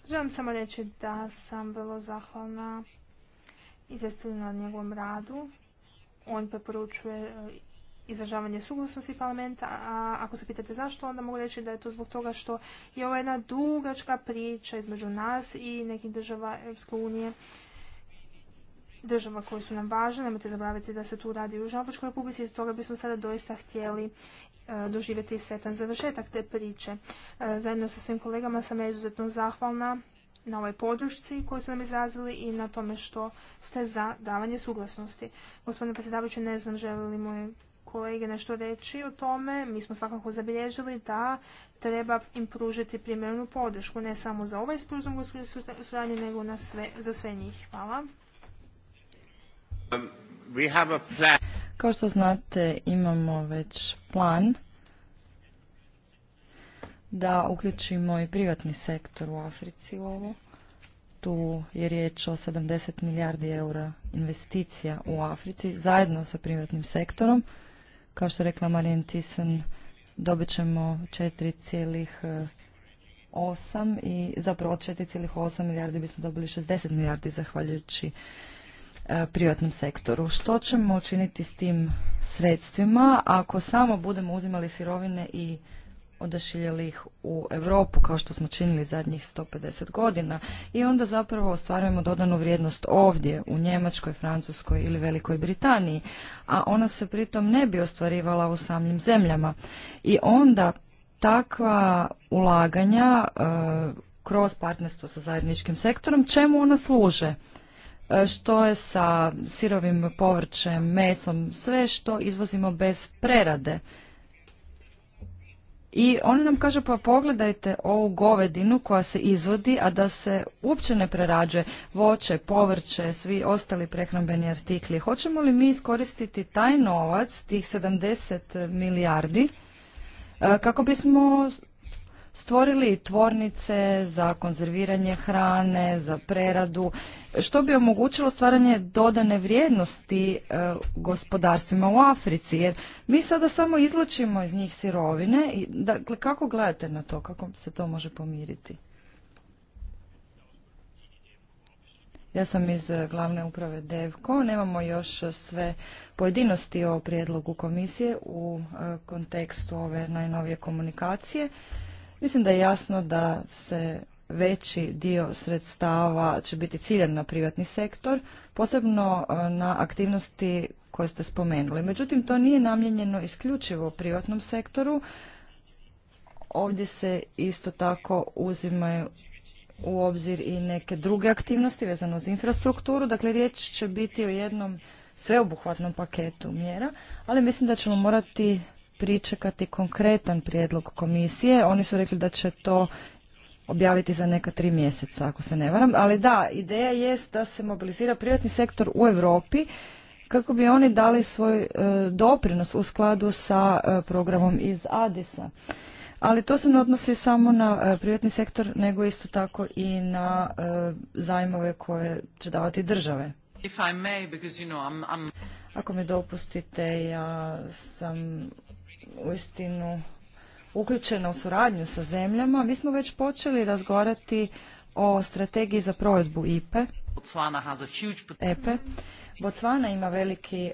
Želim samo reći da sam vrlo zahvalna izvjestitelju na njegovom radu. On preporučuje izražavanje suglasnosti parlamenta, a ako se pitate zašto, onda mogu reći da je to zbog toga što je ovo jedna dugačka priča između nas i nekih država Europske unije, država koje su nam važne, nemojte zaboraviti da se tu radi u Žalbačkoj republici, i toga bismo sada doista htjeli e, doživjeti setan završetak te priče. E, zajedno sa svim kolegama sam ja izuzetno zahvalna na ovoj podršci koju su nam izrazili i na tome što ste za davanje suglasnosti. Gospodine predsjedavajući, ne znam želi li kolege nešto reći o tome. Mi smo svakako zabilježili da treba im pružiti primjernu podršku, ne samo za ovaj spruzom gospodine suradnje, nego za sve njih. Hvala. Kao što znate, imamo već plan da uključimo i privatni sektor u Africi u ovo. Tu je riječ o 70 milijardi eura investicija u Africi zajedno sa privatnim sektorom. Kao što je rekla Marijan Tisan, dobit ćemo 4,8 i zapravo od 4,8 milijardi bismo dobili 60 milijardi zahvaljujući e, privatnom sektoru. Što ćemo učiniti s tim sredstvima ako samo budemo uzimali sirovine i ih u Europu kao što smo činili zadnjih 150 godina i onda zapravo ostvarujemo dodanu vrijednost ovdje u Njemačkoj, Francuskoj ili Velikoj Britaniji, a ona se pritom ne bi ostvarivala u samim zemljama. I onda takva ulaganja e, kroz partnerstvo sa zajedničkim sektorom, čemu ona služe? E, što je sa sirovim povrćem, mesom, sve što izvozimo bez prerade i ona nam kaže pa pogledajte ovu govedinu koja se izvodi, a da se uopće ne prerađuje voće, povrće, svi ostali prehrambeni artikli. Hoćemo li mi iskoristiti taj novac, tih 70 milijardi, e, kako bismo stvorili tvornice za konzerviranje hrane, za preradu, što bi omogućilo stvaranje dodane vrijednosti e, gospodarstvima u Africi. Jer mi sada samo izločimo iz njih sirovine. I, dakle, kako gledate na to? Kako se to može pomiriti? Ja sam iz e, glavne uprave DEVKO. Nemamo još sve pojedinosti o prijedlogu komisije u e, kontekstu ove najnovije komunikacije. Mislim da je jasno da se veći dio sredstava će biti ciljen na privatni sektor, posebno e, na aktivnosti koje ste spomenuli. Međutim, to nije namijenjeno isključivo privatnom sektoru. Ovdje se isto tako uzimaju u obzir i neke druge aktivnosti vezano uz infrastrukturu. Dakle, riječ će biti o jednom sveobuhvatnom paketu mjera, ali mislim da ćemo morati pričekati konkretan prijedlog komisije. Oni su rekli da će to objaviti za neka tri mjeseca, ako se ne varam. Ali da, ideja jest da se mobilizira privatni sektor u Europi kako bi oni dali svoj e, doprinos u skladu sa e, programom iz Adisa. Ali to se ne odnosi samo na e, privatni sektor, nego isto tako i na zajmove koje će davati države. Ako mi dopustite, ja sam uistinu uključena u suradnju sa zemljama. Mi smo već počeli razgovarati o strategiji za provedbu IPE. EPE. E e. Botswana ima veliki e,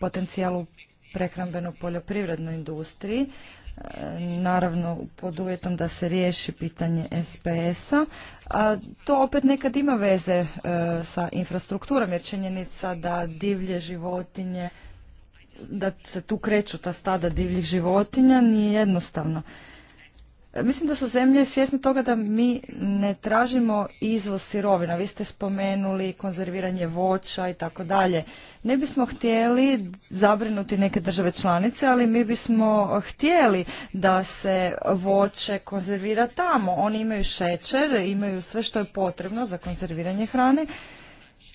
potencijal u prehrambeno poljoprivrednoj industriji, naravno pod uvjetom da se riješi pitanje SPS-a. To opet nekad ima veze sa infrastrukturom, jer činjenica da divlje životinje da se tu kreću ta stada divljih životinja nije jednostavno. Mislim da su zemlje svjesne toga da mi ne tražimo izvoz sirovina. Vi ste spomenuli konzerviranje voća i tako dalje. Ne bismo htjeli zabrinuti neke države članice, ali mi bismo htjeli da se voće konzervira tamo. Oni imaju šećer, imaju sve što je potrebno za konzerviranje hrane.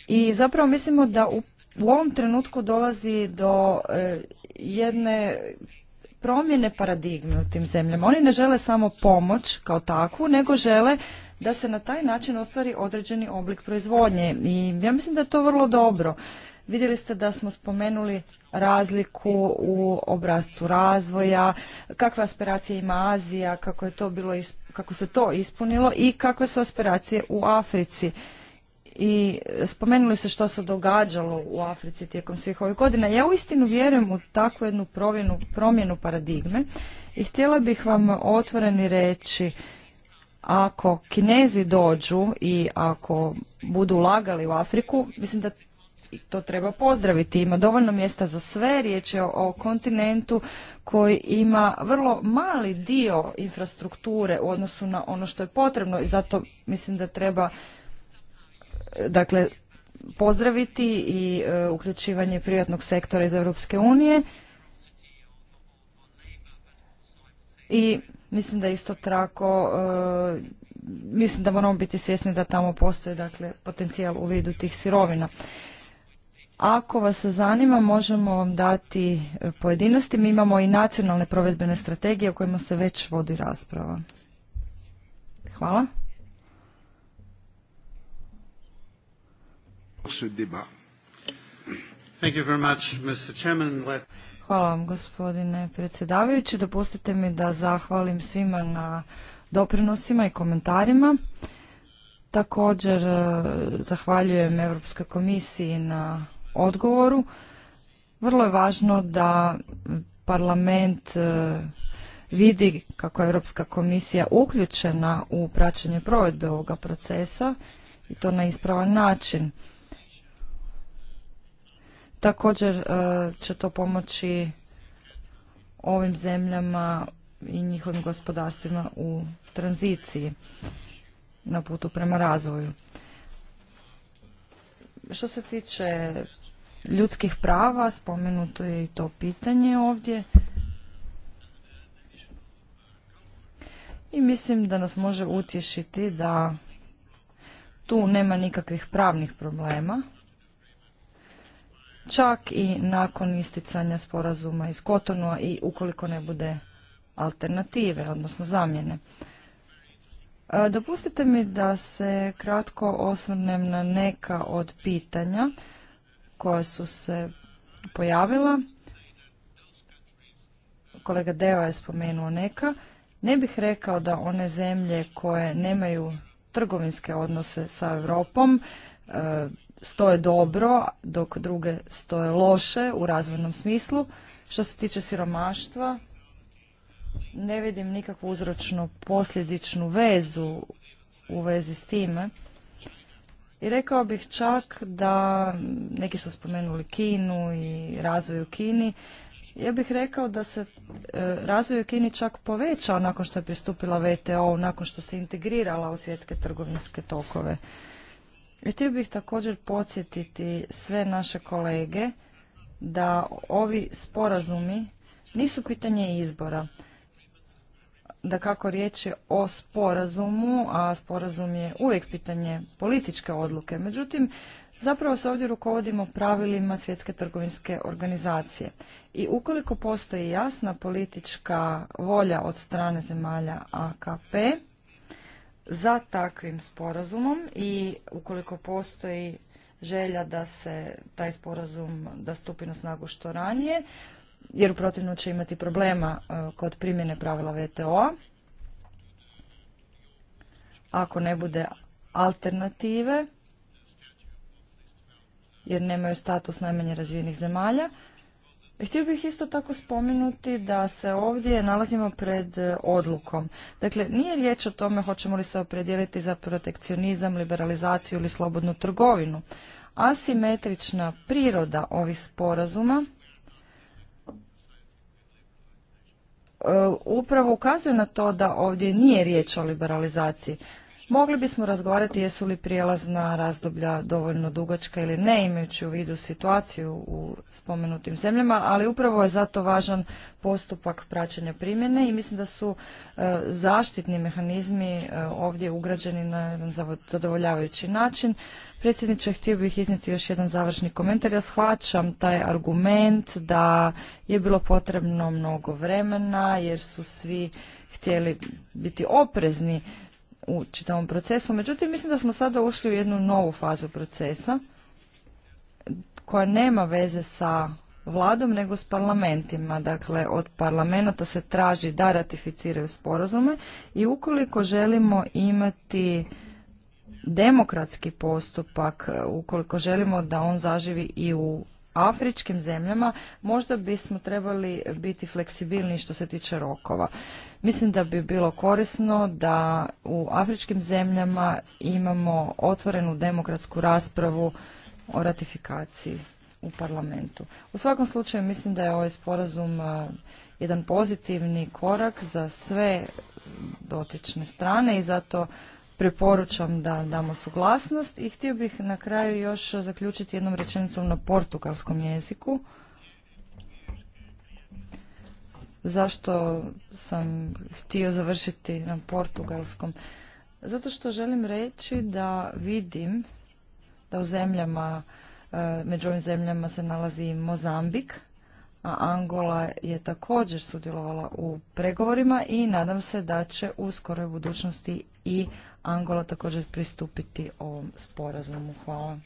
I zapravo mislimo da u u ovom trenutku dolazi do e, jedne promjene paradigme u tim zemljama. Oni ne žele samo pomoć kao takvu, nego žele da se na taj način ostvari određeni oblik proizvodnje. I ja mislim da je to vrlo dobro. Vidjeli ste da smo spomenuli razliku u obrazcu razvoja, kakve aspiracije ima Azija, kako, je to bilo, kako se to ispunilo i kakve su aspiracije u Africi i spomenuli ste što se događalo u Africi tijekom svih ovih godina. Ja uistinu vjerujem u takvu jednu promjenu, promjenu paradigme i htjela bih vam otvoreni reći ako Kinezi dođu i ako budu ulagali u Afriku, mislim da to treba pozdraviti. Ima dovoljno mjesta za sve, riječ je o, o kontinentu koji ima vrlo mali dio infrastrukture u odnosu na ono što je potrebno i zato mislim da treba dakle pozdraviti i e, uključivanje privatnog sektora iz Europske unije. I mislim da isto tako e, mislim da moramo biti svjesni da tamo postoji dakle potencijal u vidu tih sirovina. Ako vas zanima, možemo vam dati e, pojedinosti. Mi imamo i nacionalne provedbene strategije o kojima se već vodi rasprava. Hvala. Hvala vam gospodine predsjedavajući. Dopustite mi da zahvalim svima na doprinosima i komentarima. Također e, zahvaljujem Europskoj komisiji na odgovoru. Vrlo je važno da parlament e, vidi kako je Europska komisija uključena u praćenje provedbe ovoga procesa i to na ispravan način. Također e, će to pomoći ovim zemljama i njihovim gospodarstvima u tranziciji na putu prema razvoju. Što se tiče ljudskih prava, spomenuto je i to pitanje ovdje. I mislim da nas može utješiti da tu nema nikakvih pravnih problema čak i nakon isticanja sporazuma iz Kotonua i ukoliko ne bude alternative, odnosno zamjene. E, dopustite mi da se kratko osvrnem na neka od pitanja koja su se pojavila. Kolega Deva je spomenuo neka. Ne bih rekao da one zemlje koje nemaju trgovinske odnose sa Europom e, stoje dobro, dok druge stoje loše u razvojnom smislu. Što se tiče siromaštva, ne vidim nikakvu uzročno posljedičnu vezu u vezi s time. I rekao bih čak da, neki su spomenuli Kinu i razvoj u Kini, ja bih rekao da se e, razvoj u Kini čak povećao nakon što je pristupila VTO, nakon što se integrirala u svjetske trgovinske tokove. Htio bih također podsjetiti sve naše kolege da ovi sporazumi nisu pitanje izbora. Da kako riječ je o sporazumu, a sporazum je uvijek pitanje političke odluke. Međutim, zapravo se ovdje rukovodimo pravilima Svjetske trgovinske organizacije. I ukoliko postoji jasna politička volja od strane zemalja AKP, za takvim sporazumom i ukoliko postoji želja da se taj sporazum da stupi na snagu što ranije, jer u protivnom će imati problema e, kod primjene pravila VTO-a. Ako ne bude alternative, jer nemaju status najmanje razvijenih zemalja, Htio bih isto tako spomenuti da se ovdje nalazimo pred e, odlukom. Dakle, nije riječ o tome hoćemo li se opredijeliti za protekcionizam, liberalizaciju ili slobodnu trgovinu. Asimetrična priroda ovih sporazuma e, upravo ukazuje na to da ovdje nije riječ o liberalizaciji. Mogli bismo razgovarati jesu li prijelazna razdoblja dovoljno dugačka ili ne, imajući u vidu situaciju u spomenutim zemljama, ali upravo je zato važan postupak praćenja primjene i mislim da su e, zaštitni mehanizmi e, ovdje ugrađeni na jedan zadovoljavajući način. Predsjedniče, htio bih iznijeti još jedan završni komentar. Ja shvaćam taj argument da je bilo potrebno mnogo vremena jer su svi htjeli biti oprezni u čitavom procesu. Međutim, mislim da smo sada ušli u jednu novu fazu procesa koja nema veze sa vladom nego s parlamentima. Dakle, od parlamenta se traži da ratificiraju sporazume i ukoliko želimo imati demokratski postupak, ukoliko želimo da on zaživi i u afričkim zemljama, možda bismo trebali biti fleksibilni što se tiče rokova. Mislim da bi bilo korisno da u afričkim zemljama imamo otvorenu demokratsku raspravu o ratifikaciji u parlamentu. U svakom slučaju mislim da je ovaj sporazum e, jedan pozitivni korak za sve dotične strane i zato preporučam da damo suglasnost i htio bih na kraju još zaključiti jednom rečenicom na portugalskom jeziku. Zašto sam htio završiti na portugalskom? Zato što želim reći da vidim da u zemljama, e, među ovim zemljama se nalazi Mozambik, a Angola je također sudjelovala u pregovorima i nadam se da će u skoroj budućnosti i Angola također pristupiti ovom sporazumu. Hvala.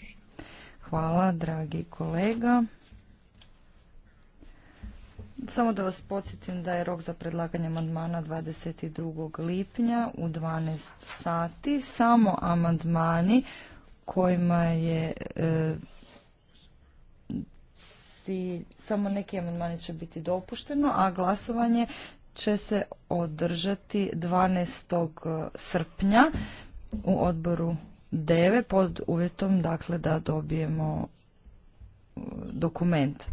Hvala, dragi kolega. Samo da vas podsjetim da je rok za predlaganje amandmana 22. lipnja u 12 sati. Samo amandmani kojima je e, samo neki amandmani će biti dopušteno, a glasovanje će se održati 12. E, srpnja u odboru DEVE pod uvjetom dakle da dobijemo e, dokument.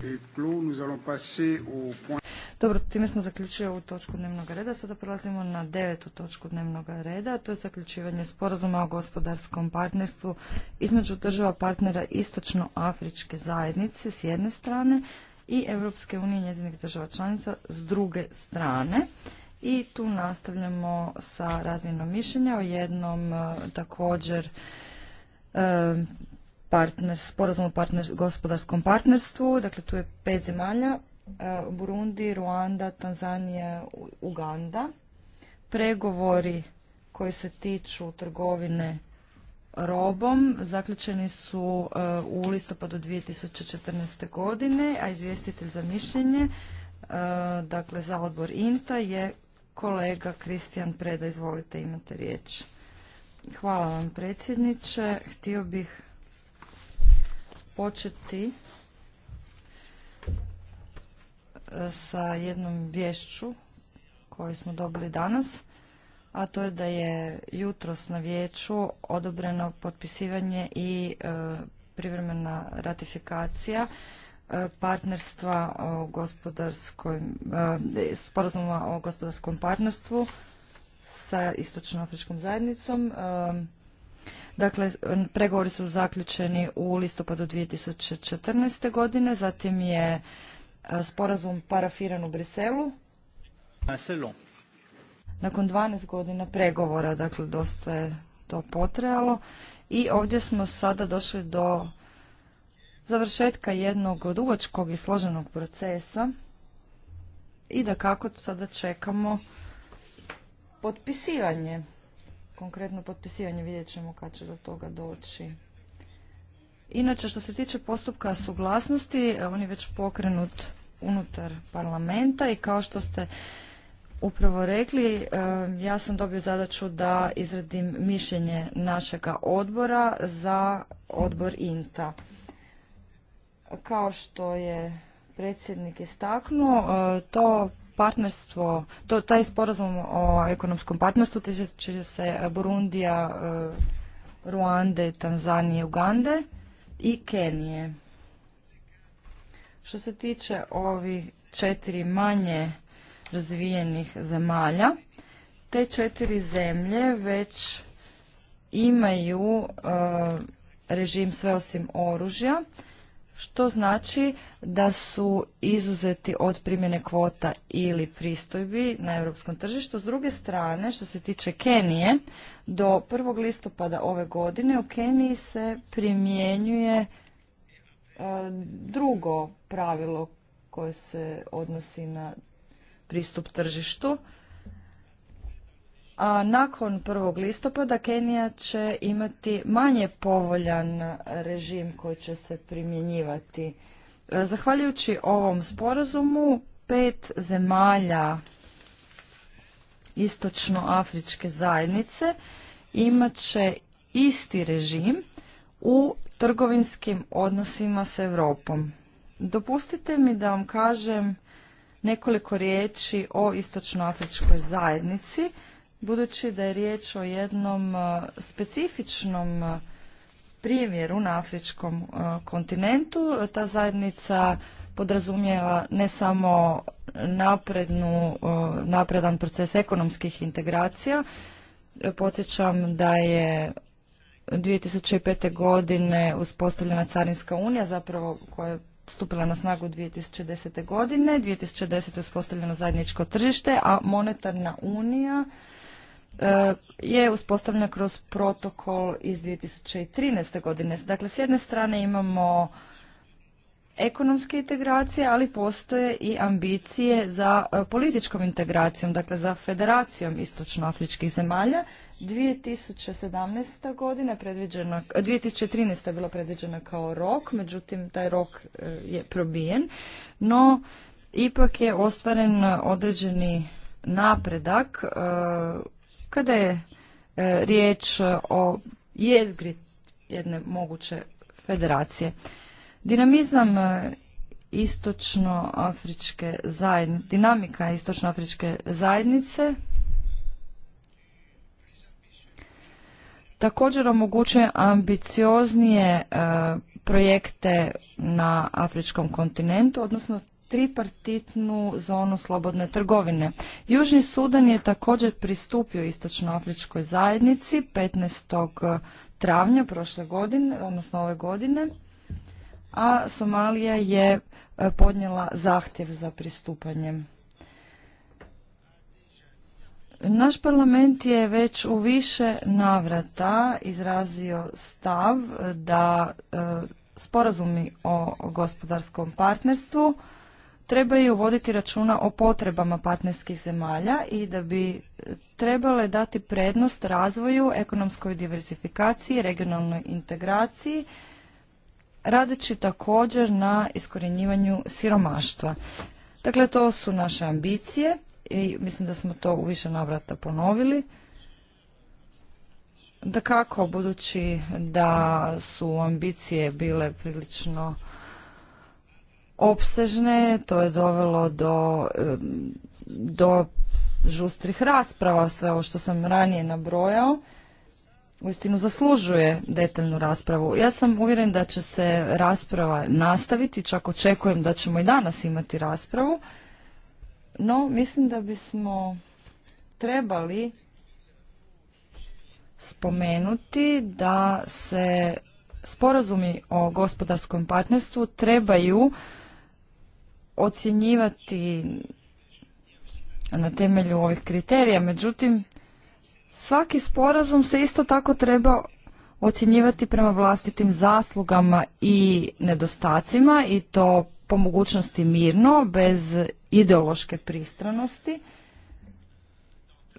Dobro, time smo zaključili ovu točku dnevnog reda. Sada prelazimo na devetu točku dnevnog reda. To je zaključivanje sporazuma o gospodarskom partnerstvu između država partnera istočnoafričke zajednice s jedne strane i Europske unije i njezinih država članica s druge strane. I tu nastavljamo sa razmjenom mišljenja o jednom e, također e, partner, gospodarskom partnerstvu. Dakle, tu je pet zemalja. E, Burundi, Ruanda, Tanzanija, Uganda. Pregovori koji se tiču trgovine robom zaključeni su e, u listopadu 2014. godine, a izvjestitelj za mišljenje, e, dakle za odbor INTA je kolega Kristijan Preda. Izvolite, imate riječ. Hvala vam predsjedniče. Htio bih početi e, sa jednom vješću koju smo dobili danas a to je da je jutros na vijeću odobreno potpisivanje i e, privremena ratifikacija e, partnerstva o e, sporazuma o gospodarskom partnerstvu sa Istočnoafričkom zajednicom. Dakle, pregovori su zaključeni u listopadu 2014. godine, zatim je sporazum parafiran u Briselu nakon 12 godina pregovora, dakle dosta je to potrajalo i ovdje smo sada došli do završetka jednog dugačkog i složenog procesa i da kako sada čekamo potpisivanje, konkretno potpisivanje, vidjet ćemo kad će do toga doći. Inače, što se tiče postupka suglasnosti, on je već pokrenut unutar parlamenta i kao što ste upravo rekli, e, ja sam dobio zadaću da izradim mišljenje našega odbora za odbor INTA. Kao što je predsjednik istaknuo, e, to partnerstvo, to, taj sporazum o ekonomskom partnerstvu tiče se Burundija, e, Ruande, Tanzanije, Ugande i Kenije. Što se tiče ovih četiri manje razvijenih zemalja. Te četiri zemlje već imaju uh, režim sve osim oružja, što znači da su izuzeti od primjene kvota ili pristojbi na europskom tržištu. S druge strane, što se tiče Kenije, do 1. listopada ove godine u Keniji se primjenjuje uh, drugo pravilo koje se odnosi na pristup tržištu. A nakon 1. listopada Kenija će imati manje povoljan režim koji će se primjenjivati. E, zahvaljujući ovom sporazumu, pet zemalja istočnoafričke zajednice imat će isti režim u trgovinskim odnosima s Europom. Dopustite mi da vam kažem nekoliko riječi o istočnoafričkoj zajednici, budući da je riječ o jednom e, specifičnom e, primjeru na afričkom e, kontinentu. Ta zajednica podrazumijeva ne samo naprednu, napredan proces ekonomskih integracija. Podsjećam da je 2005. godine uspostavljena Carinska unija, zapravo koja je stupila na snagu 2010. godine. 2010. je uspostavljeno zajedničko tržište, a monetarna unija e, je uspostavljena kroz protokol iz 2013. godine. Dakle, s jedne strane imamo ekonomske integracije, ali postoje i ambicije za e, političkom integracijom, dakle za federacijom istočnoafričkih zemalja. 2017. godina predviđena, 2013. je bila predviđena kao rok, međutim taj rok e, je probijen, no ipak je ostvaren određeni napredak e, kada je e, riječ o jezgri jedne moguće federacije. Dinamizam istočnoafričke zajednice, dinamika istočnoafričke zajednice Također omogućuje ambicioznije e, projekte na afričkom kontinentu, odnosno tripartitnu zonu slobodne trgovine. Južni Sudan je također pristupio istočnoafričkoj zajednici 15. travnja prošle godine, odnosno ove godine, a Somalija je e, podnijela zahtjev za pristupanjem. Naš parlament je već u više navrata izrazio stav da e, sporazumi o gospodarskom partnerstvu trebaju voditi računa o potrebama partnerskih zemalja i da bi trebale dati prednost razvoju, ekonomskoj diversifikaciji, regionalnoj integraciji, radeći također na iskorjenjivanju siromaštva. Dakle, to su naše ambicije i mislim da smo to u više navrata ponovili. Da kako, budući da su ambicije bile prilično opsežne, to je dovelo do, do žustrih rasprava, sve ovo što sam ranije nabrojao istinu zaslužuje detaljnu raspravu. Ja sam uvjeren da će se rasprava nastaviti, čak očekujem da ćemo i danas imati raspravu. No, mislim da bismo trebali spomenuti da se sporazumi o gospodarskom partnerstvu trebaju ocjenjivati na temelju ovih kriterija. Međutim, svaki sporazum se isto tako treba ocjenjivati prema vlastitim zaslugama i nedostacima i to po mogućnosti mirno, bez ideološke pristranosti,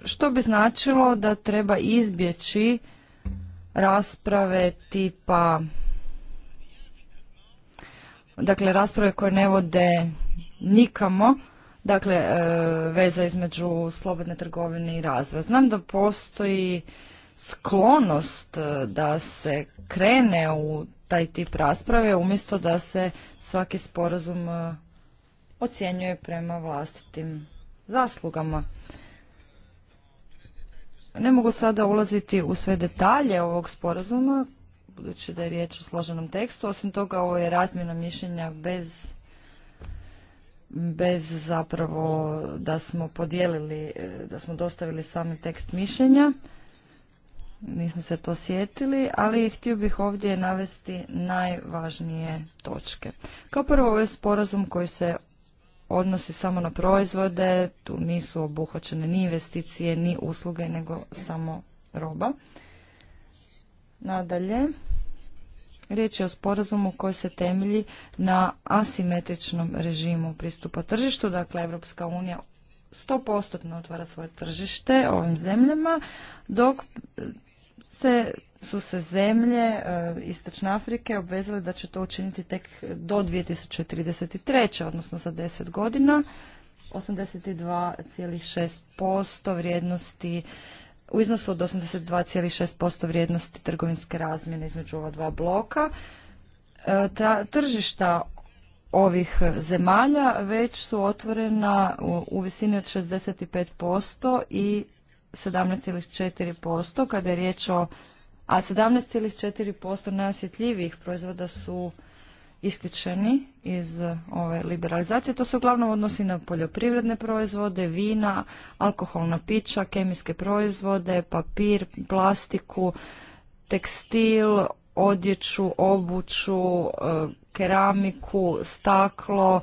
što bi značilo da treba izbjeći rasprave tipa dakle rasprave koje ne vode nikamo dakle e, veza između slobodne trgovine i razvoja znam da postoji sklonost e, da se krene u taj tip rasprave umjesto da se svaki sporazum e, ocjenjuje prema vlastitim zaslugama. Ne mogu sada ulaziti u sve detalje ovog sporazuma, budući da je riječ o složenom tekstu. Osim toga, ovo je razmjena mišljenja bez, bez zapravo da smo podijelili, e, da smo dostavili sami tekst mišljenja nismo se to sjetili, ali htio bih ovdje navesti najvažnije točke. Kao prvo, ovo je sporazum koji se odnosi samo na proizvode, tu nisu obuhvaćene ni investicije, ni usluge, nego samo roba. Nadalje, riječ je o sporazumu koji se temelji na asimetričnom režimu pristupa tržištu, dakle Evropska unija 100% otvara svoje tržište ovim zemljama, dok se su se zemlje e, Istočne Afrike obvezale da će to učiniti tek do 2033. odnosno za 10 godina. 82,6% vrijednosti u iznosu od 82,6% vrijednosti trgovinske razmjene između ova dva bloka. E, tržišta ovih zemalja već su otvorena u visini od 65% i 17,4%, kada je riječ o, a 17,4% najosjetljivijih proizvoda su isključeni iz ove liberalizacije. To se uglavnom odnosi na poljoprivredne proizvode, vina, alkoholna pića, kemijske proizvode, papir, plastiku, tekstil, odjeću, obuću, e, keramiku, staklo,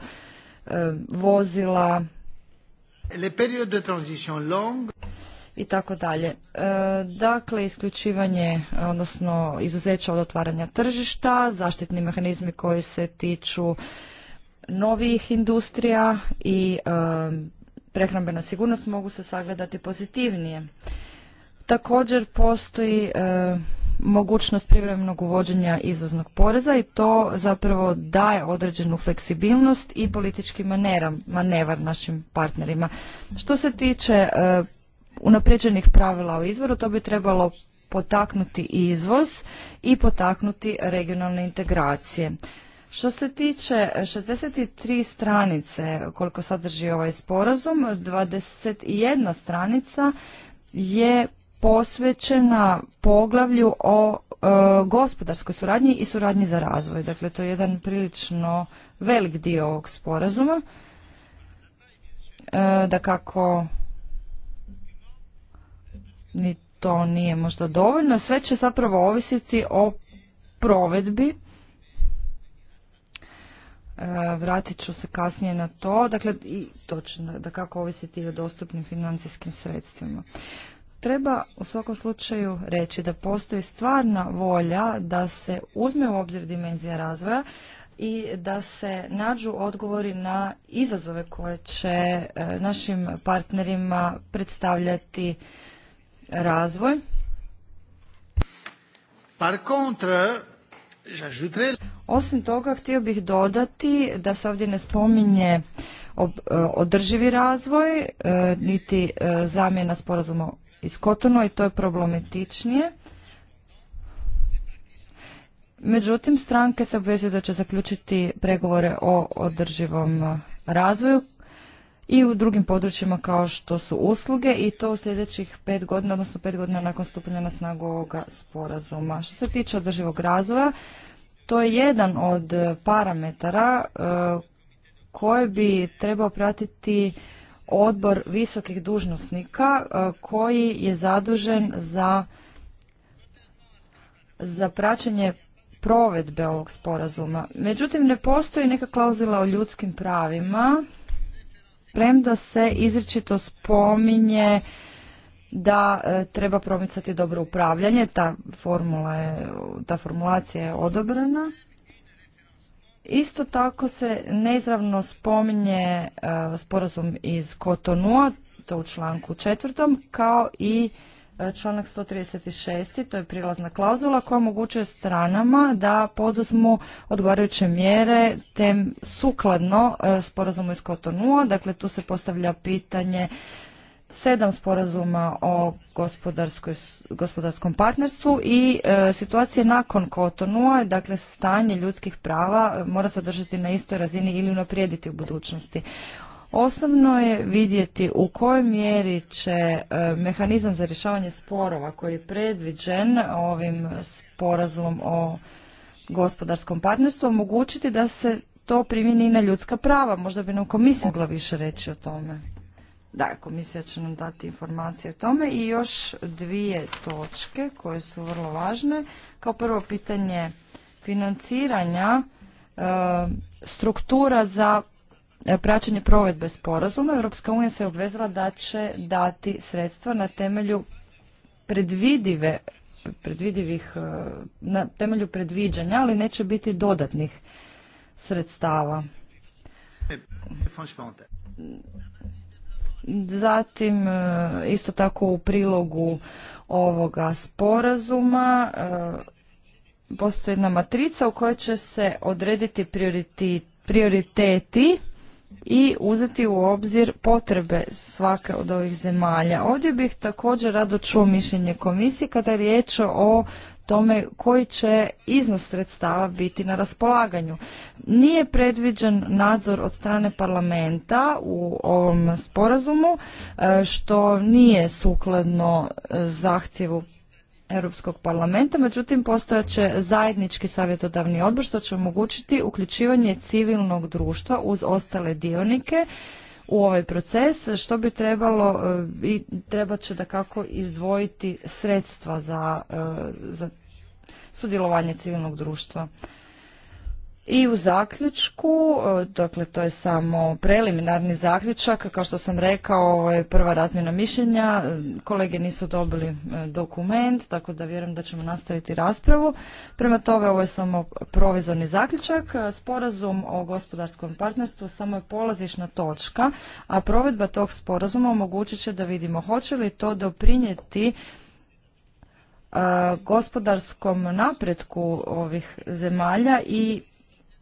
e, vozila. Le de transition i tako dalje. E, dakle, isključivanje, odnosno izuzeća od otvaranja tržišta, zaštitni mehanizmi koji se tiču novih industrija i e, prehrambena sigurnost mogu se sagledati pozitivnije. Također postoji e, mogućnost privremenog uvođenja izvoznog poreza i to zapravo daje određenu fleksibilnost i politički maneram, manevar našim partnerima. Što se tiče unapređenih pravila o izvoru, to bi trebalo potaknuti izvoz i potaknuti regionalne integracije. Što se tiče 63 stranice koliko sadrži ovaj sporazum, 21 stranica je posvećena poglavlju o e, gospodarskoj suradnji i suradnji za razvoj. Dakle, to je jedan prilično velik dio ovog sporazuma. E, da kako ni to nije možda dovoljno. Sve će zapravo ovisiti o provedbi. E, vratit ću se kasnije na to. Dakle, i točno da kako ovisiti o dostupnim financijskim sredstvima. Treba u svakom slučaju reći da postoji stvarna volja da se uzme u obzir dimenzija razvoja i da se nađu odgovori na izazove koje će e, našim partnerima predstavljati razvoj. Par osim toga, htio bih dodati da se ovdje ne spominje e, održivi razvoj, e, niti e, zamjena sporazuma iz Kotonu i to je problematičnije. Međutim, stranke se obvezuju da će zaključiti pregovore o održivom razvoju i u drugim područjima kao što su usluge i to u sljedećih pet godina, odnosno pet godina nakon stupanja na snagu ovoga sporazuma. Što se tiče održivog razvoja, to je jedan od parametara e, koje bi trebao pratiti odbor visokih dužnosnika e, koji je zadužen za za praćenje provedbe ovog sporazuma. Međutim, ne postoji neka klauzula o ljudskim pravima premda se izričito spominje da e, treba promicati dobro upravljanje, ta formula je, ta formulacija je odobrena. Isto tako se neizravno spominje e, sporazum iz Kotonua, to u članku četvrtom, kao i članak 136. to je prilazna klauzula koja omogućuje stranama da poduzmu odgovarajuće mjere tem sukladno e, sporazumu iz Kotonua. Dakle, tu se postavlja pitanje sedam sporazuma o gospodarskom partnerstvu i e, situacije nakon Kotonua, dakle stanje ljudskih prava e, mora se održati na istoj razini ili unaprijediti u budućnosti. Osnovno je vidjeti u kojoj mjeri će e, mehanizam za rješavanje sporova koji je predviđen ovim sporazumom o gospodarskom partnerstvu omogućiti da se to primjeni i na ljudska prava. Možda bi nam komisija mogla više reći o tome. Da, komisija će nam dati informacije o tome. I još dvije točke koje su vrlo važne. Kao prvo pitanje financiranja e, struktura za E, praćenje provedbe sporazuma. Europska unija se obvezala da će dati sredstva na temelju predvidive predvidivih e, na temelju predviđanja, ali neće biti dodatnih sredstava. Zatim, e, isto tako u prilogu ovoga sporazuma postoji jedna matrica u kojoj će se odrediti prioriteti i uzeti u obzir potrebe svake od ovih zemalja. Ovdje bih također rado čuo mišljenje komisije kada je riječ o tome koji će iznos sredstava biti na raspolaganju. Nije predviđen nadzor od strane parlamenta u ovom sporazumu, e, što nije sukladno e, zahtjevu Europskog parlamenta, međutim postojaće zajednički savjetodavni odbor što će omogućiti uključivanje civilnog društva uz ostale dionike u ovaj proces što bi trebalo e, i trebat će da kako izdvojiti sredstva za, e, za sudjelovanje civilnog društva. I u zaključku, e, dakle to je samo preliminarni zaključak, kao što sam rekao, ovo je prva razmjena mišljenja, e, kolege nisu dobili e, dokument, tako da vjerujem da ćemo nastaviti raspravu. Prema tome, ovo je samo provizorni zaključak, sporazum o gospodarskom partnerstvu samo je polazišna točka, a provedba tog sporazuma omogućit će da vidimo hoće li to doprinijeti gospodarskom napretku ovih zemalja i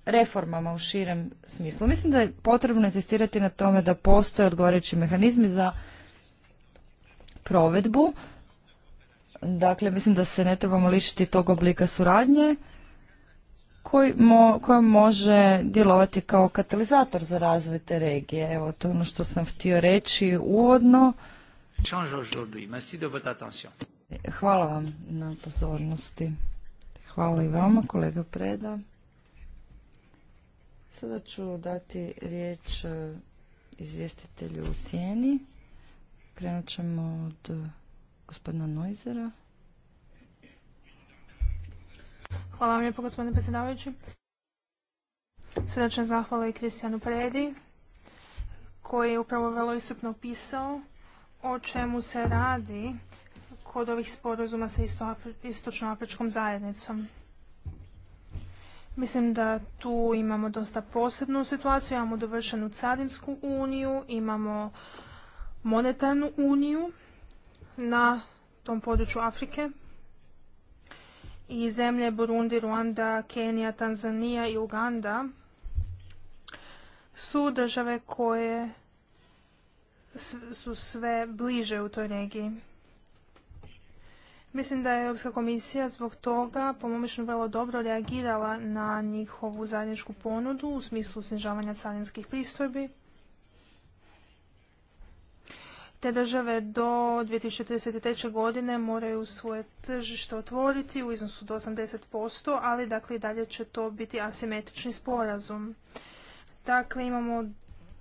reformama u širem smislu. Mislim da je potrebno insistirati na tome da postoje odgovarajući mehanizmi za provedbu. Dakle, mislim da se ne trebamo lišiti tog oblika suradnje koji mo, koja može djelovati kao katalizator za razvoj te regije. Evo, to je ono što sam htio reći uvodno. Hvala vam na pozornosti. Hvala i vama, kolega Preda. Sada ću dati riječ e, izvjestitelju u sjeni. Krenut ćemo od gospodina Nojzera. Hvala vam lijepo gospodine predsjedavajući. Srdačna zahvala i Kristijanu Predi koji je upravo velo isupno pisao o čemu se radi kod ovih sporazuma sa istočnoafričkom zajednicom. Mislim da tu imamo dosta posebnu situaciju, imamo dovršenu carinsku uniju, imamo monetarnu uniju na tom području Afrike i zemlje Burundi, Ruanda, Kenija, Tanzanija i Uganda su države koje su sve bliže u toj regiji. Mislim da je Europska komisija zbog toga, po mom mišljenju, vrlo dobro reagirala na njihovu zajedničku ponudu u smislu snižavanja carinskih pristojbi. Te države do 2033. godine moraju svoje tržište otvoriti u iznosu do 80%, ali dakle i dalje će to biti asimetrični sporazum. Dakle, imamo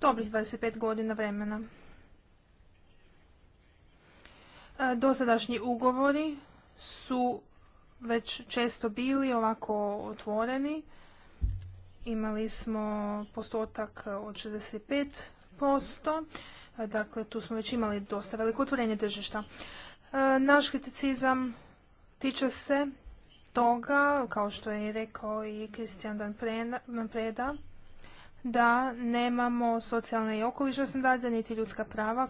dobrih 25 godina vremena. E, dosadašnji ugovori su već često bili ovako otvoreni. Imali smo postotak od 65%, dakle tu smo već imali dosta veliko otvorenje tržišta. E, naš kriticizam tiče se toga, kao što je rekao i Kristijan Dan Preda, da nemamo socijalne i okolišne standarde, niti ljudska prava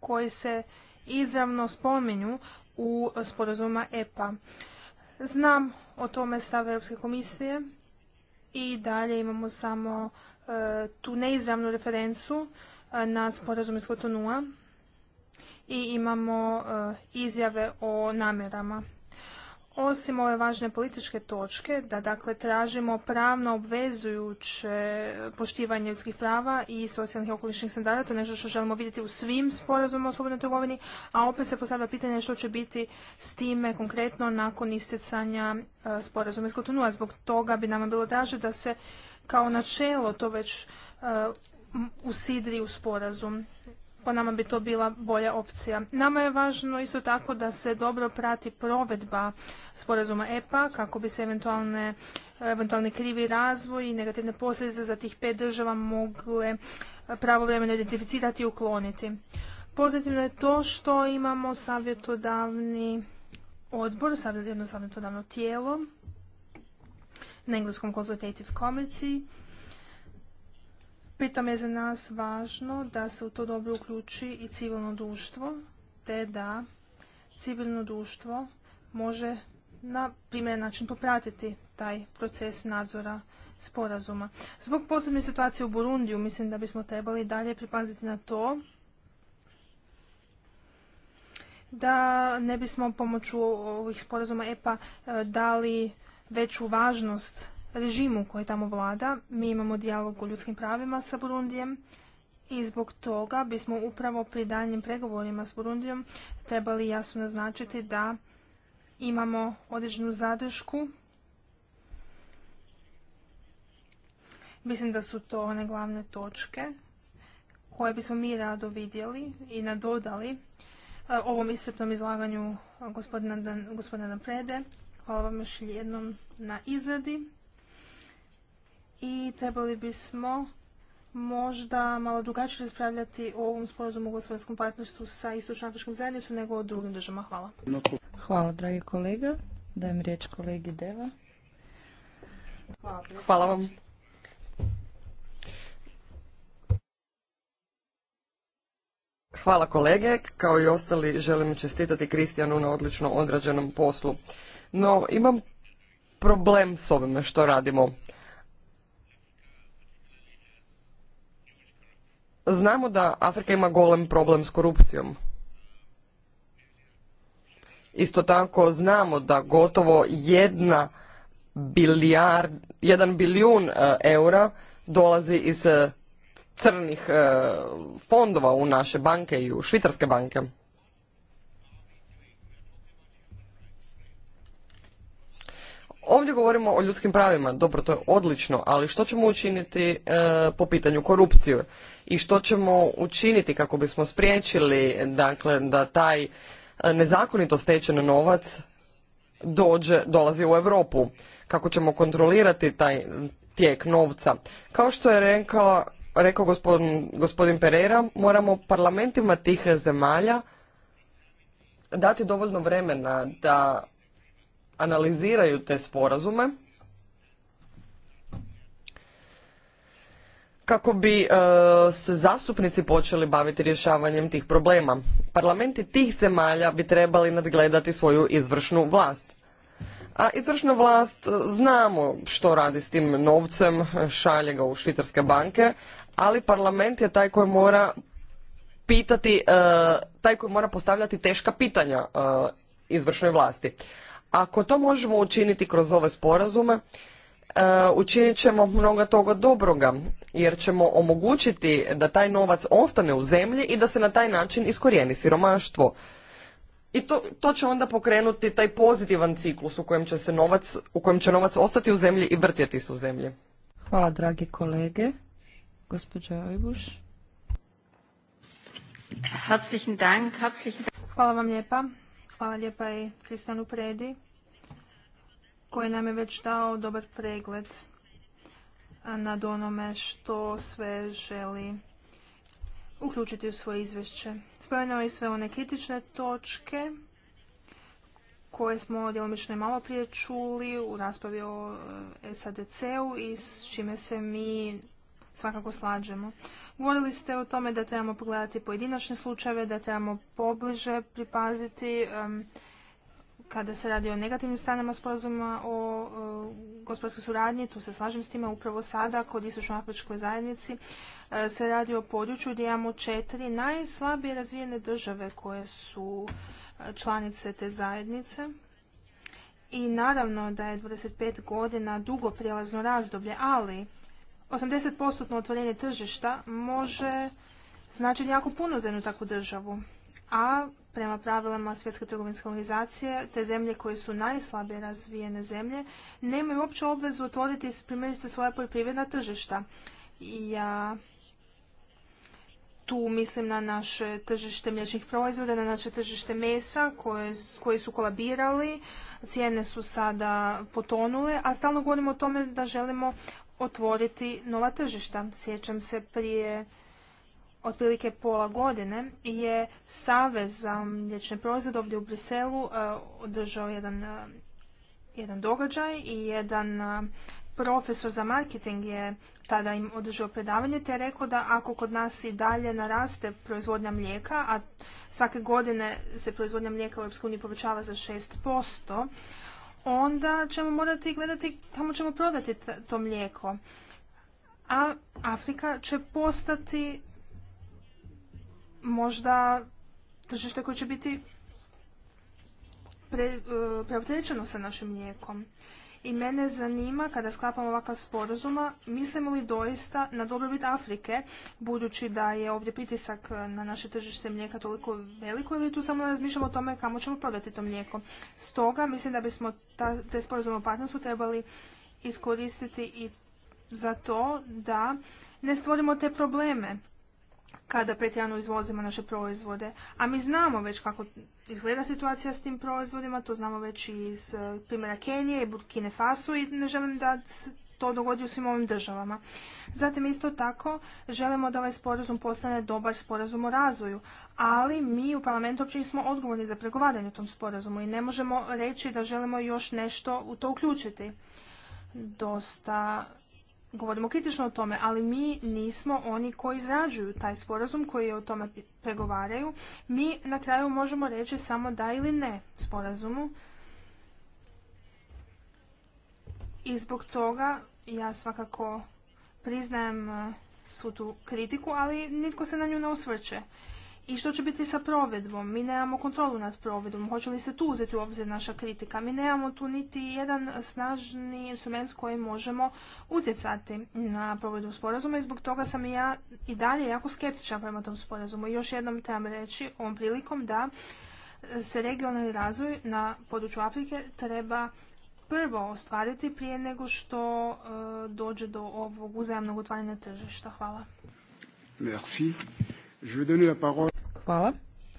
koji se izravno spominju u sporazuma EPA. Znam o tome stav Europske komisije i dalje imamo samo e, tu neizravnu referencu e, na sporazum iz i imamo e, izjave o namjerama osim ove važne političke točke, da dakle tražimo pravno obvezujuće poštivanje ljudskih prava i socijalnih i okolišnih standarda, to je nešto što želimo vidjeti u svim sporazumima o slobodnoj trgovini, a opet se postavlja pitanje što će biti s time konkretno nakon isticanja e, sporazuma iz a Zbog toga bi nama bilo draže da se kao načelo to već e, usidri u sporazum po nama bi to bila bolja opcija. Nama je važno isto tako da se dobro prati provedba sporazuma EPA kako bi se eventualne, eventualni krivi razvoj i negativne posljedice za tih pet država mogle pravovremeno identificirati i ukloniti. Pozitivno je to što imamo savjetodavni odbor, jedno savjetodavno tijelo na engleskom consultative committee Pritom je za nas važno da se u to dobro uključi i civilno društvo, te da civilno društvo može na primjer način popratiti taj proces nadzora sporazuma. Zbog posebne situacije u Burundiju mislim da bismo trebali dalje pripaziti na to da ne bismo pomoću ovih sporazuma EPA e, dali veću važnost režimu koji tamo vlada. Mi imamo dijalog o ljudskim pravima sa Burundijem i zbog toga bismo upravo pri daljnjim pregovorima s Burundijom trebali jasno naznačiti da imamo određenu zadršku. Mislim da su to one glavne točke koje bismo mi rado vidjeli i nadodali eh, ovom iscrpnom izlaganju gospodina, Naprede. Hvala vam još jednom na izradi i trebali bismo možda malo drugačije raspravljati o ovom sporazumu u gospodarskom partnerstvu sa Afričkom zajednicom nego o drugim državama. Hvala. Hvala, dragi kolega. Dajem riječ kolegi Deva. Hvala, vam. Hvala kolege, kao i ostali želim čestitati Kristijanu na odlično odrađenom poslu. No, imam problem s ovime što radimo. Znamo da Afrika ima golem problem s korupcijom. Isto tako znamo da gotovo jedna bilijard, jedan bilijun e, eura dolazi iz e, crnih e, fondova u naše banke i u švicarske banke. Ovdje govorimo o ljudskim pravima, dobro to je odlično, ali što ćemo učiniti e, po pitanju korupcije i što ćemo učiniti kako bismo spriječili dakle da taj e, nezakonito stečen novac dođe, dolazi u Europu, kako ćemo kontrolirati taj tijek novca. Kao što je rekao, rekao gospodin, gospodin Pereira, moramo parlamentima tih zemalja dati dovoljno vremena da analiziraju te sporazume kako bi e, se zastupnici počeli baviti rješavanjem tih problema. Parlamenti tih zemalja bi trebali nadgledati svoju izvršnu vlast. A izvršna vlast e, znamo što radi s tim novcem, šalje ga u švicarske banke, ali parlament je taj koji mora pitati, e, taj koji mora postavljati teška pitanja izvršnoj vlasti. Ako to možemo učiniti kroz ove sporazume, e, učinit ćemo mnogo toga dobroga, jer ćemo omogućiti da taj novac ostane u zemlji i da se na taj način iskorijeni siromaštvo. I to, to će onda pokrenuti taj pozitivan ciklus u kojem će se novac, u kojem će novac ostati u zemlji i vrtjeti se u zemlji. Hvala dragi kolege. Gospođa Hvala vam lijepa. Hvala lijepa i Kristanu Predi koji nam je već dao dobar pregled nad onome što sve želi uključiti u svoje izvješće. Spomenuo je sve one kritične točke koje smo djelomično i malo prije čuli u raspravi o e, SADC-u i s čime se mi svakako slađemo. Govorili ste o tome da trebamo pogledati pojedinačne slučajeve, da trebamo pobliže pripaziti kada se radi o negativnim stranama sporazuma o, gospodarskoj suradnji, tu se slažem s time, upravo sada kod Istočno-Afričkoj zajednici e, se radi o području gdje imamo četiri najslabije razvijene države koje su e, članice te zajednice. I naravno da je 25 godina dugo prijelazno razdoblje, ali 80% otvorenje tržišta može značiti jako puno za jednu takvu državu. A prema pravilama Svjetske trgovinske organizacije, te zemlje koje su najslabije razvijene zemlje, nemaju uopće obvezu otvoriti primjerice svoja poljoprivredna tržišta. Ja tu mislim na naše tržište mliječnih proizvoda, na naše tržište mesa koje, koji su kolabirali, cijene su sada potonule, a stalno govorimo o tome da želimo otvoriti nova tržišta. Sjećam se prije otprilike pola godine je Savez za mliječne proizvode ovdje u Briselu e, održao jedan, e, jedan događaj i jedan e, profesor za marketing je tada im održao predavanje te je rekao da ako kod nas i dalje naraste proizvodnja mlijeka, a svake godine se proizvodnja mlijeka u EU povećava za 6%, onda ćemo morati gledati kamo ćemo prodati to mlijeko. A Afrika će postati možda tržište koje će biti e, preopterećeno sa našim mlijekom i mene zanima kada sklapamo ovakav sporazuma, mislimo li doista na dobrobit Afrike, budući da je ovdje pritisak na naše tržište mlijeka toliko veliko ili tu samo razmišljamo o tome kamo ćemo prodati to mlijeko. Stoga mislim da bismo ta, te sporazume o partnerstvu trebali iskoristiti i za to da ne stvorimo te probleme kada pretjerano izvozimo naše proizvode. A mi znamo već kako izgleda situacija s tim proizvodima, to znamo već i iz e, primjera Kenije i Burkine Faso i ne želim da se to dogodi u svim ovim državama. Zatim isto tako želimo da ovaj sporazum postane dobar sporazum o razvoju, ali mi u parlamentu uopće nismo odgovorni za pregovaranje u tom sporazumu i ne možemo reći da želimo još nešto u to uključiti. Dosta govorimo kritično o tome, ali mi nismo oni koji izrađuju taj sporazum, koji o tome pregovaraju. Mi na kraju možemo reći samo da ili ne sporazumu. I zbog toga ja svakako priznajem eh, svu tu kritiku, ali nitko se na nju ne osvrće. I što će biti sa provedbom? Mi nemamo kontrolu nad provedbom. Hoće li se tu uzeti u obzir naša kritika? Mi nemamo tu niti jedan snažni instrument s kojim možemo utjecati na provedbu sporazuma i zbog toga sam i ja i dalje jako skeptičan prema tom sporazumu. I još jednom trebam reći ovom prilikom da se regionalni razvoj na području Afrike treba prvo ostvariti prije nego što e, dođe do ovog uzajamnog otvaranja tržišta. Hvala. Hvala.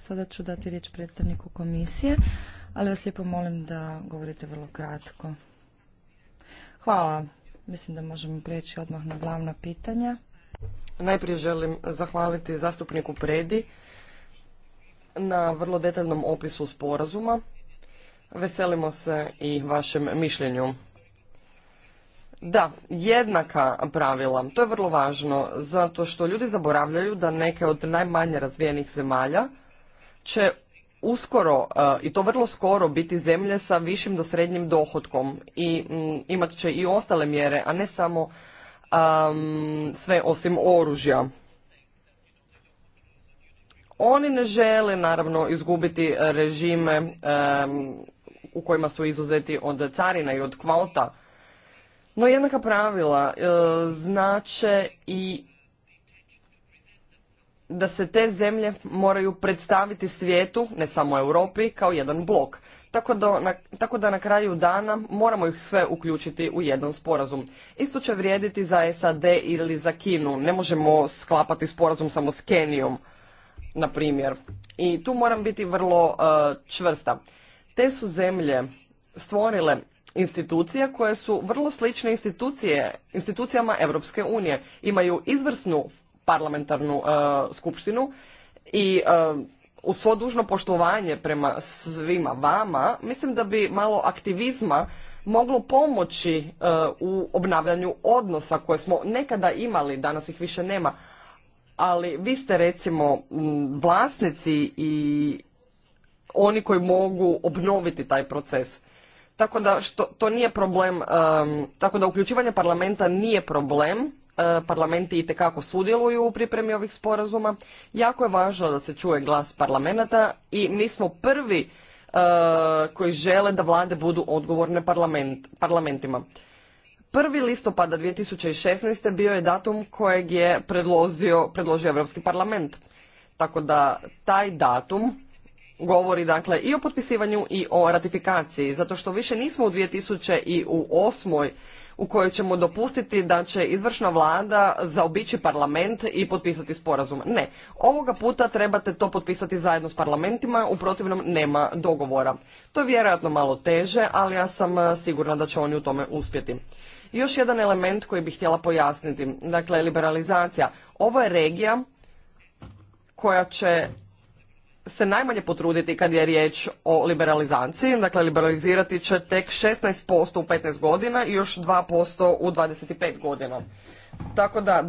Sada ću dati riječ predstavniku komisije, ali vas lijepo molim da govorite vrlo kratko. Hvala. Mislim da možemo prijeći odmah na glavna pitanja. Najprije želim zahvaliti zastupniku Predi na vrlo detaljnom opisu sporazuma. Veselimo se i vašem mišljenju da, jednaka pravila. To je vrlo važno, zato što ljudi zaboravljaju da neke od najmanje razvijenih zemalja će uskoro eh, i to vrlo skoro biti zemlje sa višim do srednjim dohodkom i mm, imat će i ostale mjere, a ne samo sve osim oružja. Oni ne žele naravno izgubiti režime u kojima su izuzeti od carina i od kvota no jednaka pravila e, znače i da se te zemlje moraju predstaviti svijetu, ne samo Europi, kao jedan blok. Tako da, na, tako da na kraju dana moramo ih sve uključiti u jedan sporazum. Isto će vrijediti za SAD ili za Kinu. Ne možemo sklapati sporazum samo s Kenijom, na primjer. I tu moram biti vrlo e, čvrsta. Te su zemlje stvorile institucija koje su vrlo slične institucije, institucijama Europske unije. Imaju izvrsnu parlamentarnu e, skupštinu i e, u svo dužno poštovanje prema svima vama, mislim da bi malo aktivizma moglo pomoći e, u obnavljanju odnosa koje smo nekada imali, danas ih više nema. Ali vi ste recimo vlasnici i oni koji mogu obnoviti taj proces. Tako da što, to nije problem, tako da uključivanje parlamenta nije problem, e, parlamenti itekako sudjeluju u pripremi ovih sporazuma. Jako je važno da se čuje glas parlamenta i mi smo prvi e, koji žele da vlade budu odgovorne parlament, parlamentima. Prvi listopada 2016. bio je datum kojeg je predložio, predložio Europski parlament. Tako da taj datum govori dakle i o potpisivanju i o ratifikaciji, zato što više nismo u 2008. u kojoj ćemo dopustiti da će izvršna vlada zaobići parlament i potpisati sporazum. Ne, ovoga puta trebate to potpisati zajedno s parlamentima, u protivnom nema dogovora. To je vjerojatno malo teže, ali ja sam e, sigurna da će oni u tome uspjeti. Još jedan element koji bih htjela pojasniti, dakle liberalizacija. Ovo je regija koja će se najmanje potruditi kad je riječ o liberalizaciji. Dakle, liberalizirati će tek 16% u 15 godina i još 2% u 25 godina. Tako da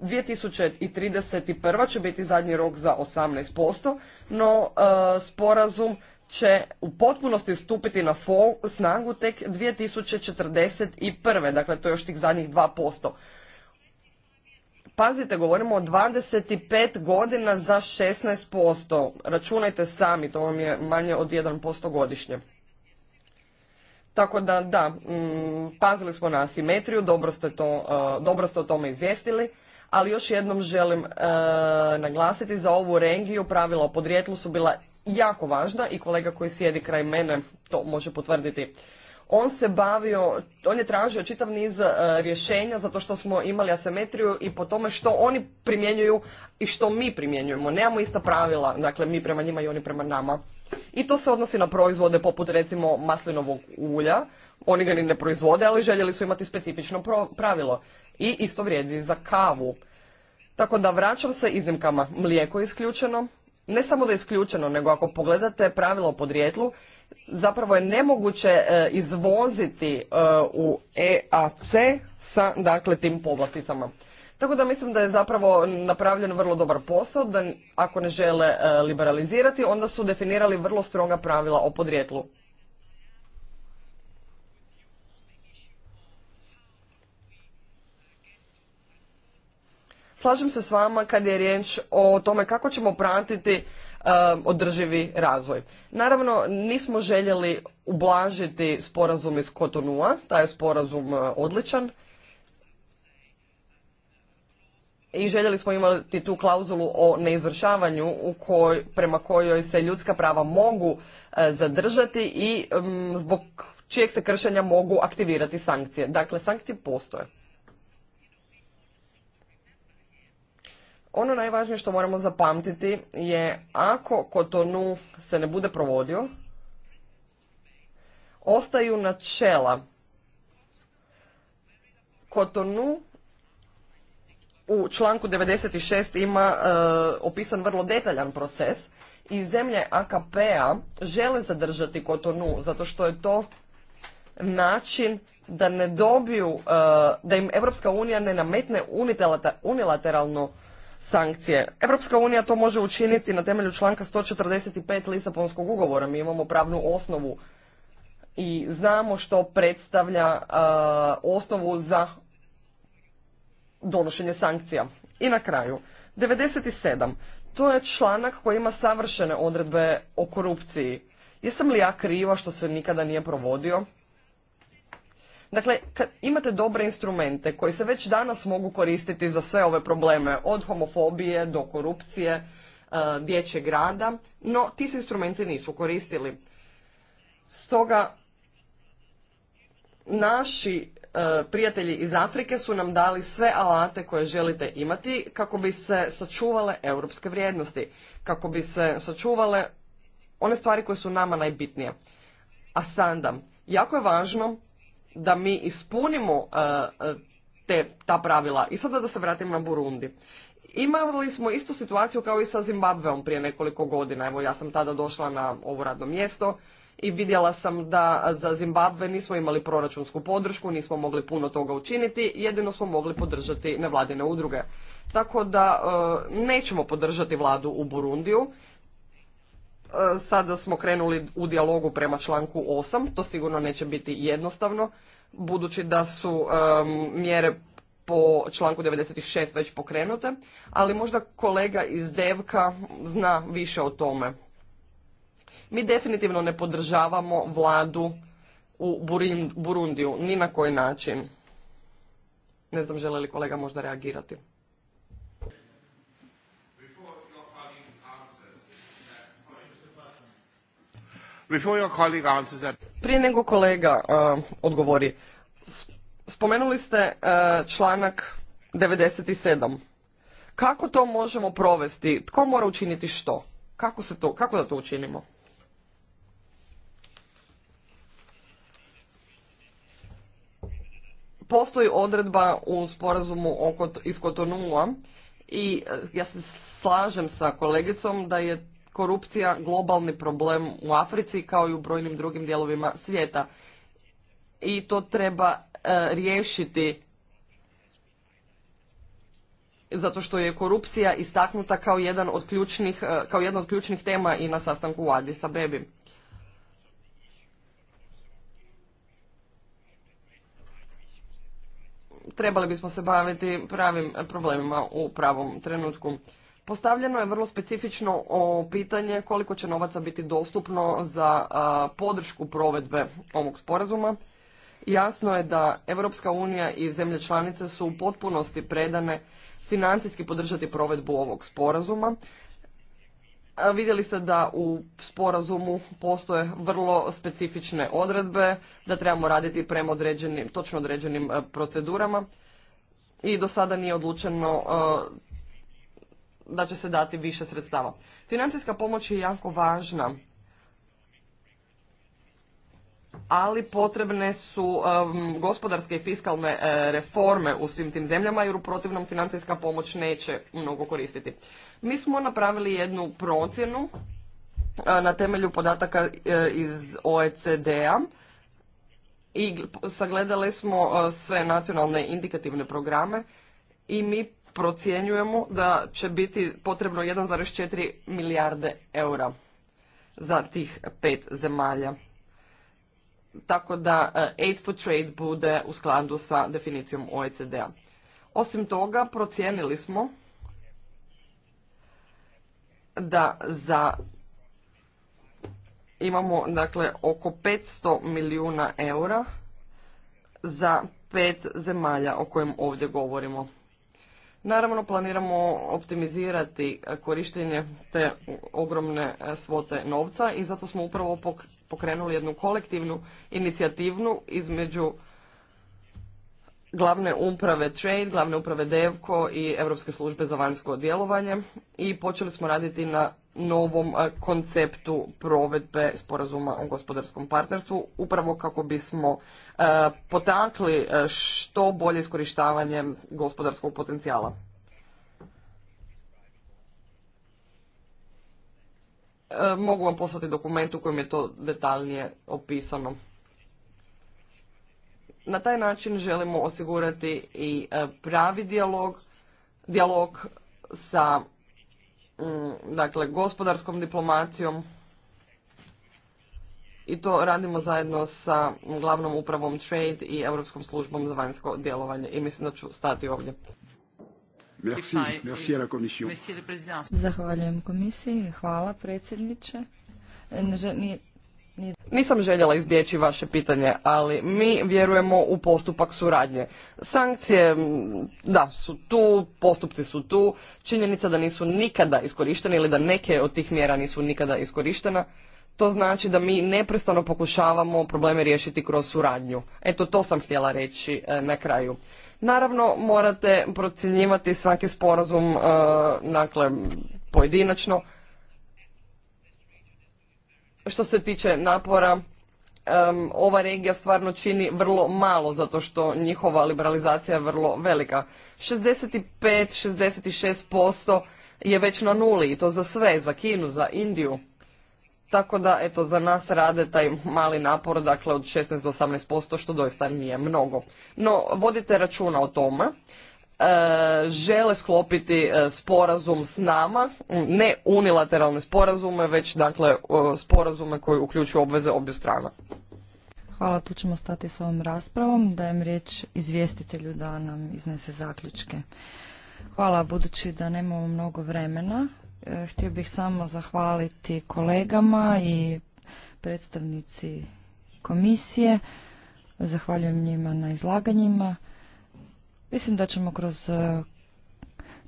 2031. će biti zadnji rok za 18%, no e, sporazum će u potpunosti stupiti na snagu tek 2041. Dakle, to je još tih zadnjih 2%. Pazite, govorimo o 25 godina za 16%. Računajte sami, to vam je manje od 1% godišnje. Tako da, da, mm, pazili smo na asimetriju, dobro ste, to, e, dobro ste o tome izvijestili, ali još jednom želim e, naglasiti za ovu rengiju pravila o podrijetlu su bila jako važna i kolega koji sjedi kraj mene to može potvrditi on se bavio, on je tražio čitav niz e, rješenja zato što smo imali asimetriju i po tome što oni primjenjuju i što mi primjenjujemo. Nemamo ista pravila, dakle mi prema njima i oni prema nama. I to se odnosi na proizvode poput recimo maslinovog ulja. Oni ga ni ne proizvode, ali željeli su imati specifično pravilo. I isto vrijedi za kavu. Tako da vraćam se iznimkama. Mlijeko je isključeno. Ne samo da je isključeno, nego ako pogledate pravilo o podrijetlu, zapravo je nemoguće e, izvoziti e, u EAC sa dakle tim povlasticama. Tako da mislim da je zapravo napravljen vrlo dobar posao, da ako ne žele e, liberalizirati, onda su definirali vrlo stroga pravila o podrijetlu. Slažem se s vama kad je riječ o tome kako ćemo pratiti um, održivi razvoj. Naravno, nismo željeli ublažiti sporazum iz Kotonua, taj je sporazum uh, odličan. I željeli smo imati tu klauzulu o neizvršavanju u koj, prema kojoj se ljudska prava mogu uh, zadržati i um, zbog čijeg se kršenja mogu aktivirati sankcije. Dakle, sankcije postoje. Ono najvažnije što moramo zapamtiti je ako Kotonu se ne bude provodio, ostaju načela. Kotonu u članku 96 ima e, opisan vrlo detaljan proces i zemlje AKP-a žele zadržati Kotonu zato što je to način da ne dobiju, e, da im Europska unija ne nametne unilateralno sankcije. Europska unija to može učiniti na temelju članka 145 Lisabonskog ugovora. Mi imamo pravnu osnovu i znamo što predstavlja osnovu za donošenje sankcija. I na kraju, 97. To je članak koji ima savršene odredbe o korupciji. Jesam li ja kriva što se nikada nije provodio? Dakle, kad imate dobre instrumente koji se već danas mogu koristiti za sve ove probleme, od homofobije do korupcije, e, dječjeg grada, no ti se instrumenti nisu koristili. Stoga, naši e, prijatelji iz Afrike su nam dali sve alate koje želite imati kako bi se sačuvale europske vrijednosti, kako bi se sačuvale one stvari koje su nama najbitnije. A sanda, jako je važno da mi ispunimo e, e, te, ta pravila. I sada da se vratim na Burundi. Imali smo istu situaciju kao i sa Zimbabveom prije nekoliko godina. Evo ja sam tada došla na ovo radno mjesto i vidjela sam da za Zimbabve nismo imali proračunsku podršku, nismo mogli puno toga učiniti, jedino smo mogli podržati nevladine udruge. Tako da e, nećemo podržati vladu u Burundiju, Sada smo krenuli u dijalogu prema članku 8, to sigurno neće biti jednostavno, budući da su mjere po članku 96 već pokrenute, ali možda kolega iz Devka zna više o tome. Mi definitivno ne podržavamo vladu u Burundiju, ni na koji način. Ne znam, žele li kolega možda reagirati. Prije nego kolega uh, odgovori, spomenuli ste uh, članak 97. Kako to možemo provesti? Tko mora učiniti što? Kako, kako da to učinimo? Postoji odredba u sporazumu iz i uh, ja se slažem sa kolegicom da je korupcija globalni problem u Africi kao i u brojnim drugim dijelovima svijeta. I to treba e, riješiti zato što je korupcija istaknuta kao jedan od ključnih, e, kao jedna od ključnih tema i na sastanku u Addis Abebi. Trebali bismo se baviti pravim problemima u pravom trenutku. Postavljeno je vrlo specifično o pitanje koliko će novaca biti dostupno za podršku provedbe ovog sporazuma. Jasno je da Europska unija i zemlje članice su u potpunosti predane financijski podržati provedbu ovog sporazuma. vidjeli se da u sporazumu postoje vrlo specifične odredbe, da trebamo raditi prema određenim, točno određenim procedurama i do sada nije odlučeno da će se dati više sredstava. Financijska pomoć je jako važna, ali potrebne su gospodarske i fiskalne e, reforme u svim tim zemljama jer u protivnom financijska pomoć neće mnogo koristiti. Mi smo napravili jednu procjenu e, na temelju podataka e, iz OECD-a i sagledali smo sve nacionalne indikativne programe i mi procjenjujemo da će biti potrebno 1,4 milijarde eura za tih pet zemalja. Tako da e, Aid for Trade bude u skladu sa definicijom OECD-a. Osim toga, procijenili smo da za imamo dakle oko 500 milijuna eura za pet zemalja o kojem ovdje govorimo. Naravno, planiramo optimizirati korištenje te ogromne svote novca i zato smo upravo pokrenuli jednu kolektivnu inicijativnu između glavne uprave Trade, glavne uprave Devko i Europske službe za vanjsko djelovanje i počeli smo raditi na novom konceptu provedbe sporazuma o gospodarskom partnerstvu, upravo kako bismo potakli što bolje iskorištavanje gospodarskog potencijala. E, mogu vam poslati dokument u kojem je to detaljnije opisano. Na taj način želimo osigurati i e, pravi dijalog, sa Mm, dakle gospodarskom diplomacijom i to radimo zajedno sa glavnom upravom Trade i Europskom službom za vanjsko djelovanje i mislim da ću stati ovdje. Merci, merci à la Zahvaljujem komisiji, hvala predsjedniče. Nisam željela izbjeći vaše pitanje, ali mi vjerujemo u postupak suradnje. Sankcije, da, su tu, postupci su tu, činjenica da nisu nikada iskorištene ili da neke od tih mjera nisu nikada iskorištena, to znači da mi neprestano pokušavamo probleme riješiti kroz suradnju. Eto, to sam htjela reći e, na kraju. Naravno, morate procjenjivati svaki sporazum, e, dakle, pojedinačno, što se tiče napora, ova regija stvarno čini vrlo malo zato što njihova liberalizacija je vrlo velika. 65-66% je već na nuli i to za sve, za Kinu, za Indiju. Tako da, eto, za nas rade taj mali napor, dakle od 16 do 18%, što doista nije mnogo. No, vodite računa o tome. E, žele sklopiti e, sporazum s nama, ne unilateralne sporazume, već dakle e, sporazume koji uključuju obveze obje strana. Hvala, tu ćemo stati s ovom raspravom. Dajem riječ izvjestitelju da nam iznese zaključke. Hvala, budući da nemamo mnogo vremena, htio bih samo zahvaliti kolegama i predstavnici komisije. Zahvaljujem njima na izlaganjima. Mislim da ćemo kroz e,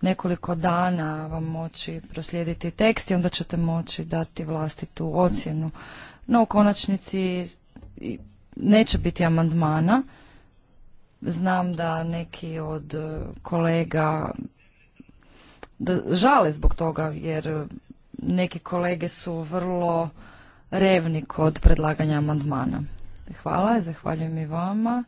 nekoliko dana vam moći proslijediti tekst i onda ćete moći dati vlastitu ocjenu. No u konačnici neće biti amandmana. Znam da neki od e, kolega da žale zbog toga jer neki kolege su vrlo revni kod predlaganja amandmana. Hvala, zahvaljujem i vama.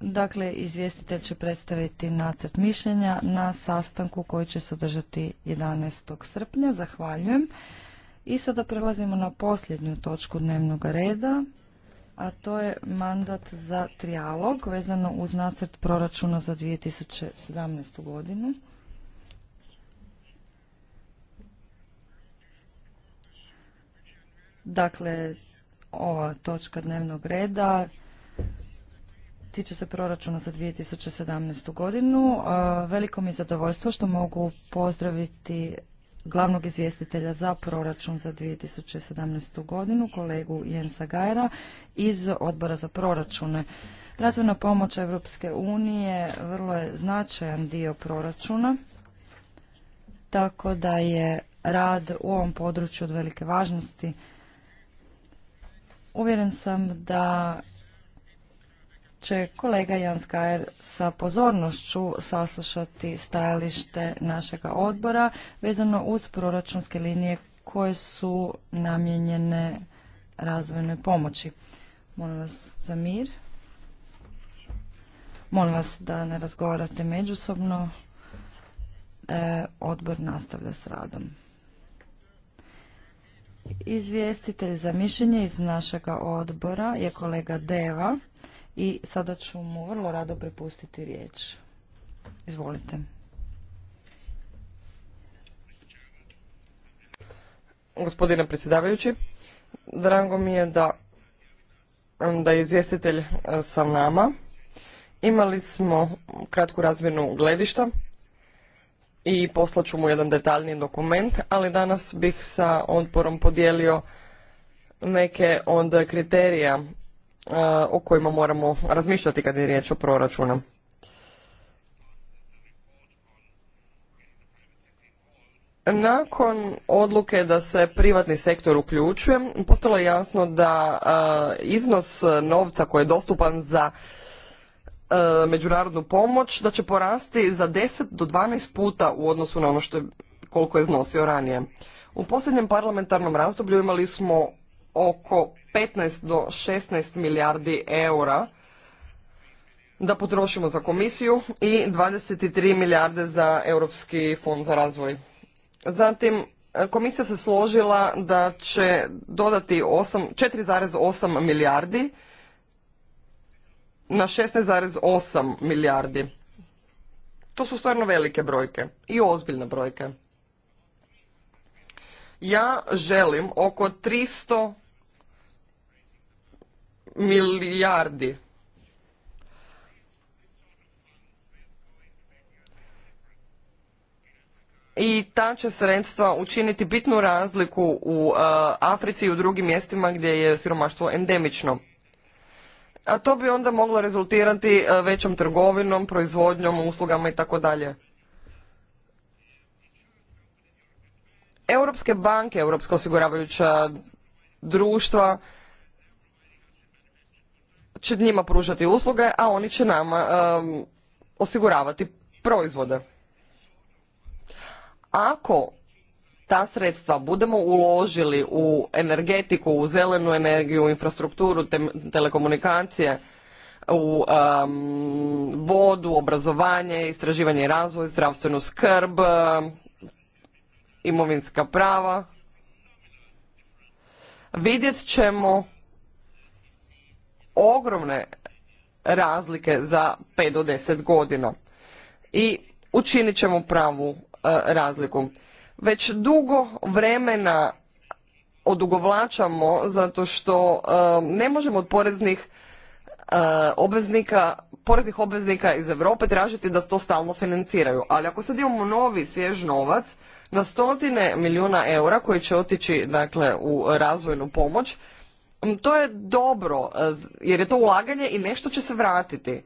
Dakle, izvjestitelj će predstaviti nacrt mišljenja na sastanku koji će se održati 11. srpnja. Zahvaljujem. I sada prelazimo na posljednju točku dnevnog reda, a to je mandat za trijalog vezano uz nacrt proračuna za 2017. godinu. Dakle, ova točka dnevnog reda tiče se proračuna za 2017. godinu. E, veliko mi je zadovoljstvo što mogu pozdraviti glavnog izvjestitelja za proračun za 2017. godinu, kolegu Jensa Gajera iz odbora za proračune. Razvojna pomoć Evropske unije vrlo je značajan dio proračuna, tako da je rad u ovom području od velike važnosti. Uvjeren sam da će kolega Jan Skajer sa pozornošću saslušati stajalište našega odbora vezano uz proračunske linije koje su namijenjene razvojnoj pomoći. Molim vas za mir. Molim vas da ne razgovarate međusobno. E, odbor nastavlja s radom. Izvjestitelj za mišljenje iz našega odbora je kolega Deva i sada ću mu vrlo rado prepustiti riječ. Izvolite. Gospodine predsjedavajući, drago mi je da, da je izvjestitelj e, sa nama. Imali smo kratku razmjenu gledišta i poslaću mu jedan detaljni dokument, ali danas bih sa odporom podijelio neke od kriterija Eh, o kojima moramo razmišljati kad je riječ o proračunu. Nakon odluke da se privatni sektor uključuje, postalo je jasno da eh, iznos novca koji je dostupan za eh, međunarodnu pomoć da će porasti za 10 do 12 puta u odnosu na ono što je, koliko je iznosio ranije. U posljednjem parlamentarnom razdoblju imali smo oko 15 do 16 milijardi eura da potrošimo za komisiju i 23 milijarde za Europski fond za razvoj. Zatim, komisija se složila da će dodati 4,8 milijardi na 16,8 milijardi. To su stvarno velike brojke i ozbiljne brojke. Ja želim oko 300 milijardi i ta će sredstva učiniti bitnu razliku u uh, Africi i u drugim mjestima gdje je siromaštvo endemično. A to bi onda moglo rezultirati uh, većom trgovinom, proizvodnjom, uslugama i tako dalje. Europske banke, Europska osiguravajuća društva će njima pružati usluge, a oni će nama osiguravati proizvode. Ako ta sredstva budemo uložili u energetiku, u zelenu energiju, u infrastrukturu, telekomunikacije, u vodu, obrazovanje, istraživanje i razvoj, zdravstvenu skrb, imovinska prava. Vidjet ćemo ogromne razlike za 5 do 10 godina i učinit ćemo pravu e, razliku. Već dugo vremena odugovlačamo zato što e, ne možemo od poreznih e, obveznika, poreznih obveznika iz Europe tražiti da to stalno financiraju. Ali ako sad imamo novi svjež novac, na stotine milijuna eura koji će otići dakle, u razvojnu pomoć. To je dobro e, jer je to ulaganje i nešto će se vratiti.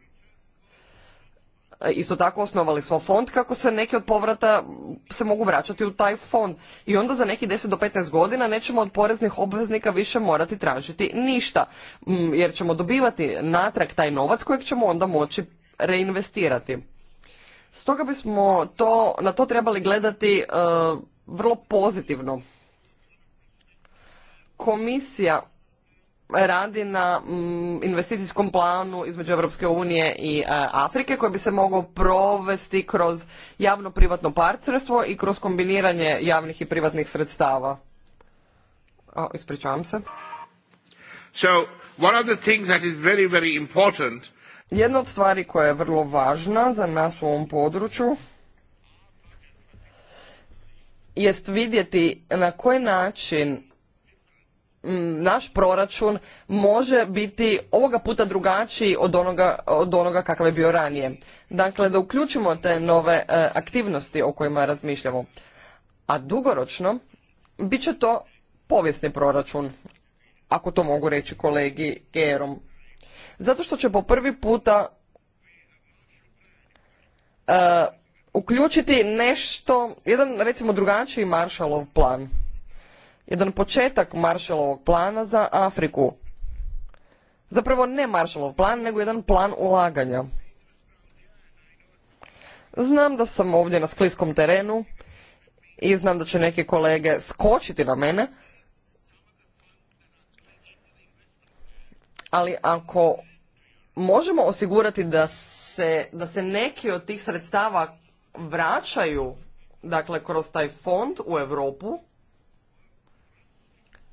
E, isto tako osnovali smo fond kako se neki od povrata se mogu vraćati u taj fond. I onda za neki 10 do 15 godina nećemo od poreznih obveznika više morati tražiti ništa. Jer ćemo dobivati natrag taj novac kojeg ćemo onda moći reinvestirati. Stoga bismo to, na to trebali gledati e, vrlo pozitivno. Komisija radi na mm, investicijskom planu između Europske unije i e, Afrike koji bi se mogao provesti kroz javno-privatno partnerstvo i kroz kombiniranje javnih i privatnih sredstava. O, ispričavam se. So, one of the things that is very, very important jedna od stvari koja je vrlo važna za nas u ovom području jest vidjeti na koji način naš proračun može biti ovoga puta drugačiji od onoga, od onoga kakav je bio ranije. Dakle, da uključimo te nove e, aktivnosti o kojima razmišljamo. A dugoročno bit će to povijesni proračun, ako to mogu reći kolegi Gerom. Zato što će po prvi puta uh, uključiti nešto, jedan recimo drugačiji Marshallov plan. Jedan početak Marshallovog plana za Afriku. Zapravo ne Marshallov plan, nego jedan plan ulaganja. Znam da sam ovdje na skliskom terenu i znam da će neke kolege skočiti na mene, ali ako možemo osigurati da se, da se neki od tih sredstava vraćaju dakle kroz taj fond u Europu,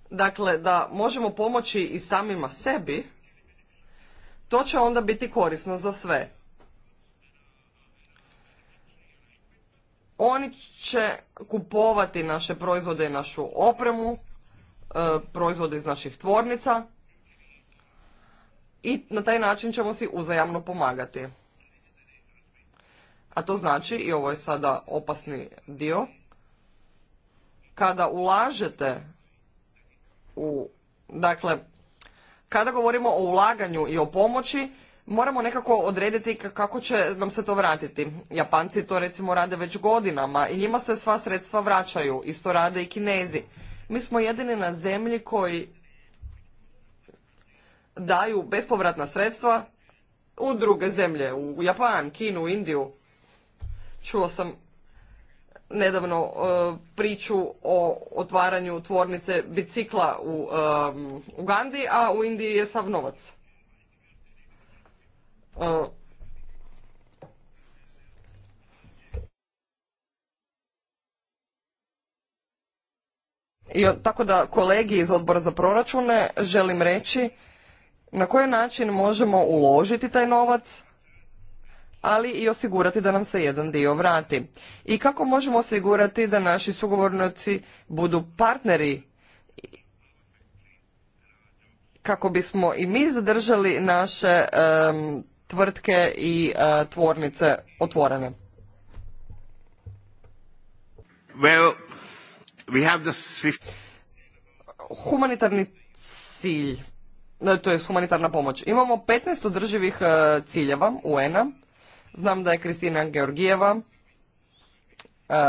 dakle da možemo pomoći i samima sebi, to će onda biti korisno za sve. Oni će kupovati naše proizvode i našu opremu, e, proizvode iz naših tvornica, i na taj način ćemo si uzajamno pomagati. A to znači, i ovo je sada opasni dio, kada ulažete u, dakle, kada govorimo o ulaganju i o pomoći, moramo nekako odrediti kako će nam se to vratiti. Japanci to recimo rade već godinama i njima se sva sredstva vraćaju. Isto rade i kinezi. Mi smo jedini na zemlji koji daju bespovratna sredstva u druge zemlje, u Japan, Kinu, Indiju. Čuo sam nedavno e, priču o otvaranju tvornice bicikla u e, gandi, a u Indiji je sav novac. E, tako da kolegi iz odbora za proračune želim reći na koji način možemo uložiti taj novac, ali i osigurati da nam se jedan dio vrati. I kako možemo osigurati da naši sugovornici budu partneri kako bismo i mi zadržali naše tvrtke i e, tvornice otvorene. Well, we have Humanitarni cilj to je humanitarna pomoć. Imamo 15 održivih e, ciljeva UN-a. Znam da je Kristina Georgijeva e,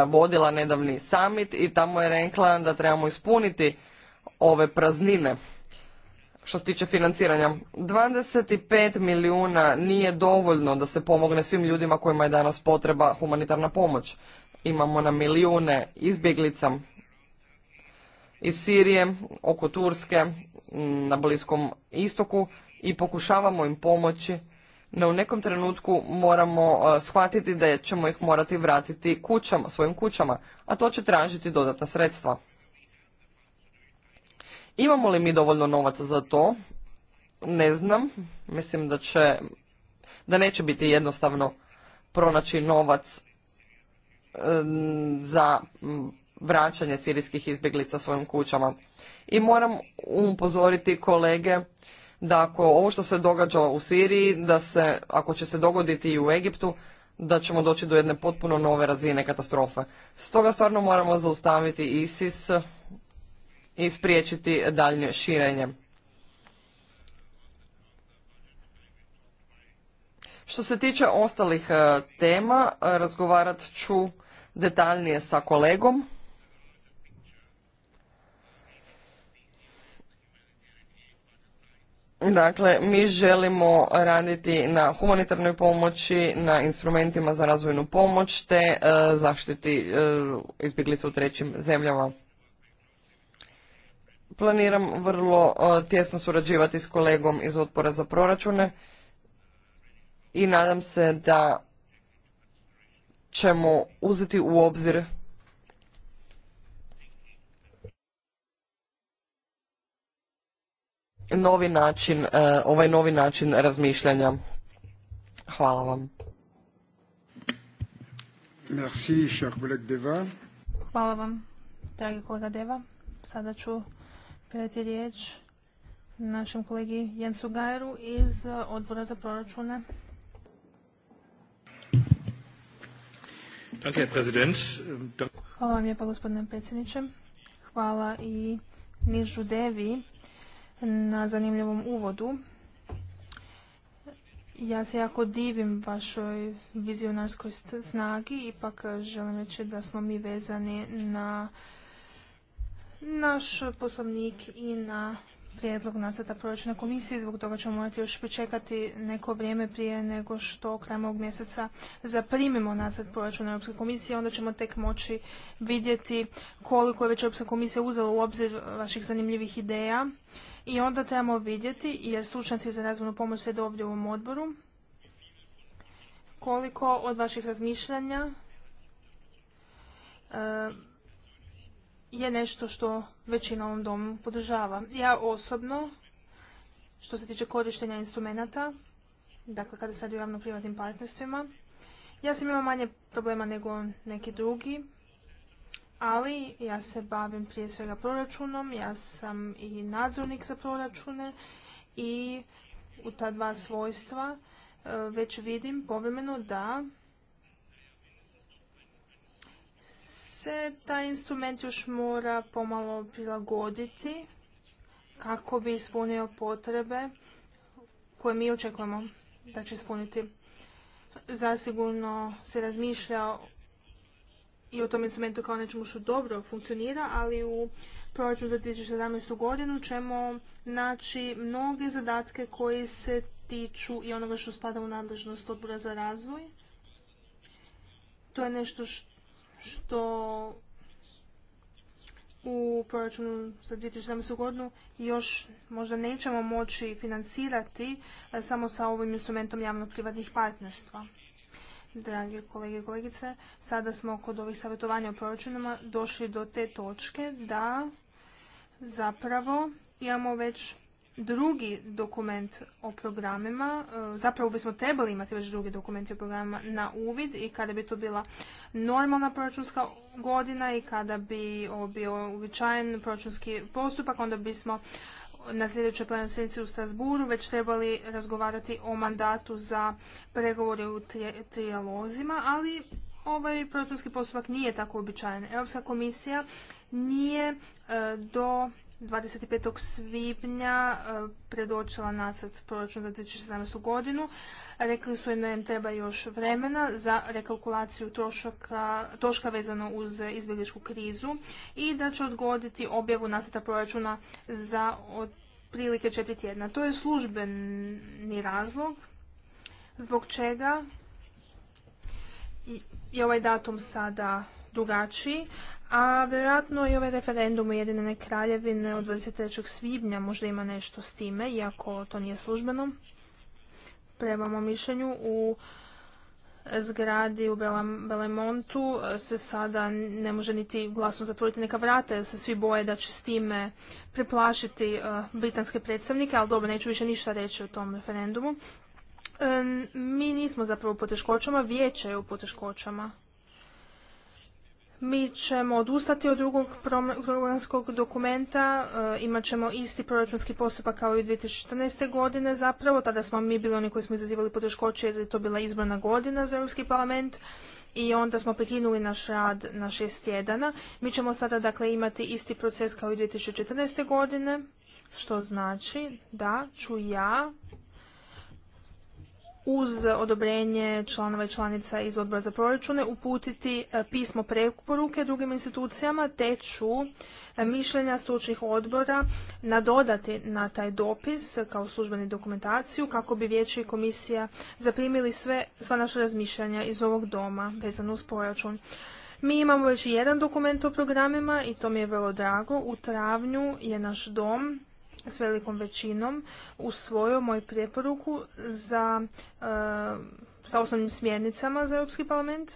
vodila nedavni summit i tamo je rekla da trebamo ispuniti ove praznine što se tiče financiranja. 25 milijuna nije dovoljno da se pomogne svim ljudima kojima je danas potreba humanitarna pomoć. Imamo na milijune izbjeglica iz Sirije, oko Turske, na Bliskom istoku i pokušavamo im pomoći, no u nekom trenutku moramo e, shvatiti da ćemo ih morati vratiti kućama, svojim kućama, a to će tražiti dodatna sredstva. Imamo li mi dovoljno novaca za to? Ne znam, mislim da će, da neće biti jednostavno pronaći novac e, za vraćanje sirijskih izbjeglica svojim kućama. I moram upozoriti kolege da ako ovo što se događa u Siriji, da se, ako će se dogoditi i u Egiptu, da ćemo doći do jedne potpuno nove razine katastrofe. Stoga stvarno moramo zaustaviti ISIS i spriječiti daljnje širenje. Što se tiče ostalih e, tema, razgovarat ću detaljnije sa kolegom. Dakle, mi želimo raditi na humanitarnoj pomoći, na instrumentima za razvojnu pomoć te e, zaštiti e, izbjeglica u trećim zemljama. Planiram vrlo e, tjesno surađivati s kolegom iz Otpora za proračune i nadam se da ćemo uzeti u obzir novi način, e, ovaj novi način razmišljanja. Hvala vam. Merci, Deva. Hvala vam, dragi kolega Deva. Sada ću predati riječ našem kolegi Jensu Gajeru iz odbora za proračune. Hvala vam lijepa gospodine predsjedniče. Hvala i Nižu Devi na zanimljivom uvodu. Ja se jako divim vašoj vizionarskoj snagi, ipak želim reći da smo mi vezani na naš poslovnik i na prijedlog nacrta proračuna komisije, zbog toga ćemo morati još pričekati neko vrijeme prije nego što krajem ovog mjeseca zaprimimo nacrt proračuna Europske komisije, onda ćemo tek moći vidjeti koliko je već Europska komisija uzela u obzir vaših zanimljivih ideja i onda trebamo vidjeti, jer stručnjaci za razvojnu pomoć se dobri u ovom odboru, koliko od vaših razmišljanja e, je nešto što većina ovom domu podržava. Ja osobno, što se tiče korištenja instrumenta, dakle kada sad u javno-privatnim partnerstvima, ja sam imao manje problema nego neki drugi, ali ja se bavim prije svega proračunom, ja sam i nadzornik za proračune i u ta dva svojstva eh, već vidim povremeno da se taj instrument još mora pomalo prilagoditi kako bi ispunio potrebe koje mi očekujemo da će ispuniti. Zasigurno se razmišlja i o tom instrumentu kao nečemu što dobro funkcionira, ali u proračun za 2017. godinu ćemo naći mnoge zadatke koji se tiču i onoga što spada u nadležnost odbora za razvoj. To je nešto što što u proračunu za 2017. godinu još možda nećemo moći financirati e, samo sa ovim instrumentom javno-privatnih partnerstva. Dragi kolege i kolegice, sada smo kod ovih savjetovanja o proračunima došli do te točke da zapravo imamo već drugi dokument o programima, e, zapravo bismo trebali imati već drugi dokumenti o programima na uvid i kada bi to bila normalna proračunska godina i kada bi ovo bio uobičajen proračunski postupak, onda bismo na sljedećoj plenarnoj sjednici u Strasburu već trebali razgovarati o mandatu za pregovore u trijalozima, ali ovaj proračunski postupak nije tako uobičajen. Europska komisija nije e, do 25. svibnja e, predočila nacrt proračuna za 2017. godinu. Rekli su da im treba još vremena za rekalkulaciju troška vezano uz izbjegličku krizu i da će odgoditi objavu nacrta proračuna za otprilike četiri tjedna. To je službeni razlog zbog čega je ovaj datum sada drugačiji, a vjerojatno i ovaj referendum Ujedinjene kraljevine od 23. svibnja možda ima nešto s time, iako to nije službeno. Prema mom mišljenju u zgradi u Belemontu e, se sada ne može niti glasno zatvoriti neka vrata jer se svi boje da će s time preplašiti e, britanske predstavnike, ali dobro, neću više ništa reći o tom referendumu. E, mi nismo zapravo u poteškoćama, vijeće je u poteškoćama mi ćemo odustati od drugog programskog dokumenta, e, imat ćemo isti proračunski postupak kao i 2014. godine zapravo, tada smo mi bili oni koji smo izazivali poteškoće jer je to bila izbrana godina za Europski parlament i onda smo prekinuli naš rad na šest tjedana. Mi ćemo sada dakle imati isti proces kao i 2014. godine, što znači da ću ja uz odobrenje članova i članica iz odbora za proračune uputiti e, pismo preporuke drugim institucijama te ću e, mišljenja stručnih odbora nadodati na taj dopis e, kao službenu dokumentaciju kako bi vijeće i komisija zaprimili sve, sva naša razmišljanja iz ovog doma vezano uz proračun. Mi imamo već jedan dokument o programima i to mi je vrlo drago. U travnju je naš dom s velikom većinom usvojio moju preporuku za, e, sa osnovnim smjernicama za Europski parlament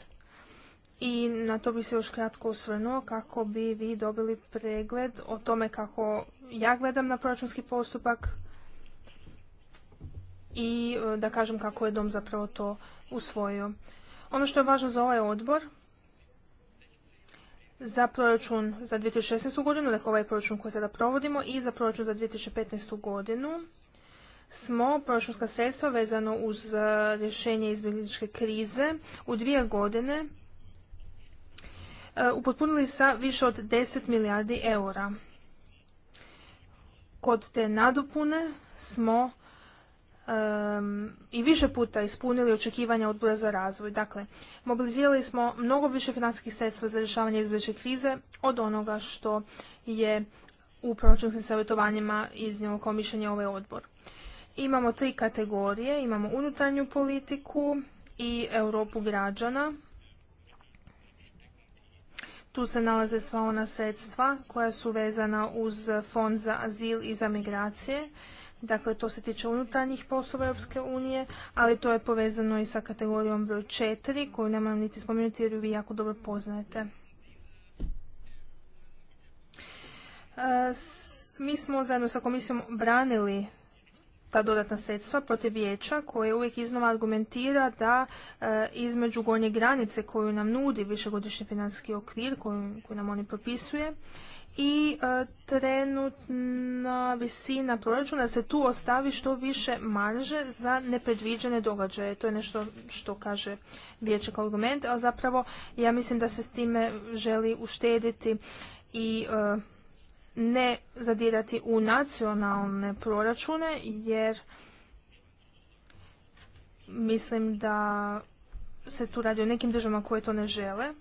i na to bi se još kratko osvrnuo kako bi vi dobili pregled o tome kako ja gledam na proračunski postupak i e, da kažem kako je dom zapravo to usvojio. Ono što je važno za ovaj odbor za proračun za 2016. godinu, dakle ovaj proračun koji sada provodimo, i za proračun za 2015. godinu smo proračunska sredstva vezano uz e, rješenje izbjegličke krize u dvije godine e, upotpunili sa više od 10 milijardi eura. Kod te nadopune smo um, i više puta ispunili očekivanja odbora za razvoj. Dakle, mobilizirali smo mnogo više financijskih sredstva za rješavanje izbjeđe krize od onoga što je u proračunskim savjetovanjima iznijelo kao mišljenje ovaj odbor. Imamo tri kategorije, imamo unutarnju politiku i Europu građana. Tu se nalaze sva ona sredstva koja su vezana uz fond za azil i za migracije Dakle, to se tiče unutarnjih poslova Europske unije, ali to je povezano i sa kategorijom broj 4, koju ne moram niti spomenuti jer ju vi jako dobro poznajete. E, mi smo zajedno sa komisijom branili ta dodatna sredstva protiv vijeća koje uvijek iznova argumentira da e, između gornje granice koju nam nudi višegodišnji financijski okvir koji koju nam oni propisuje i e, trenutna visina proračuna se tu ostavi što više marže za nepredviđene događaje. To je nešto što kaže vijeće argument, ali zapravo ja mislim da se s time želi uštediti i e, ne zadirati u nacionalne proračune jer mislim da se tu radi o nekim državama koje to ne žele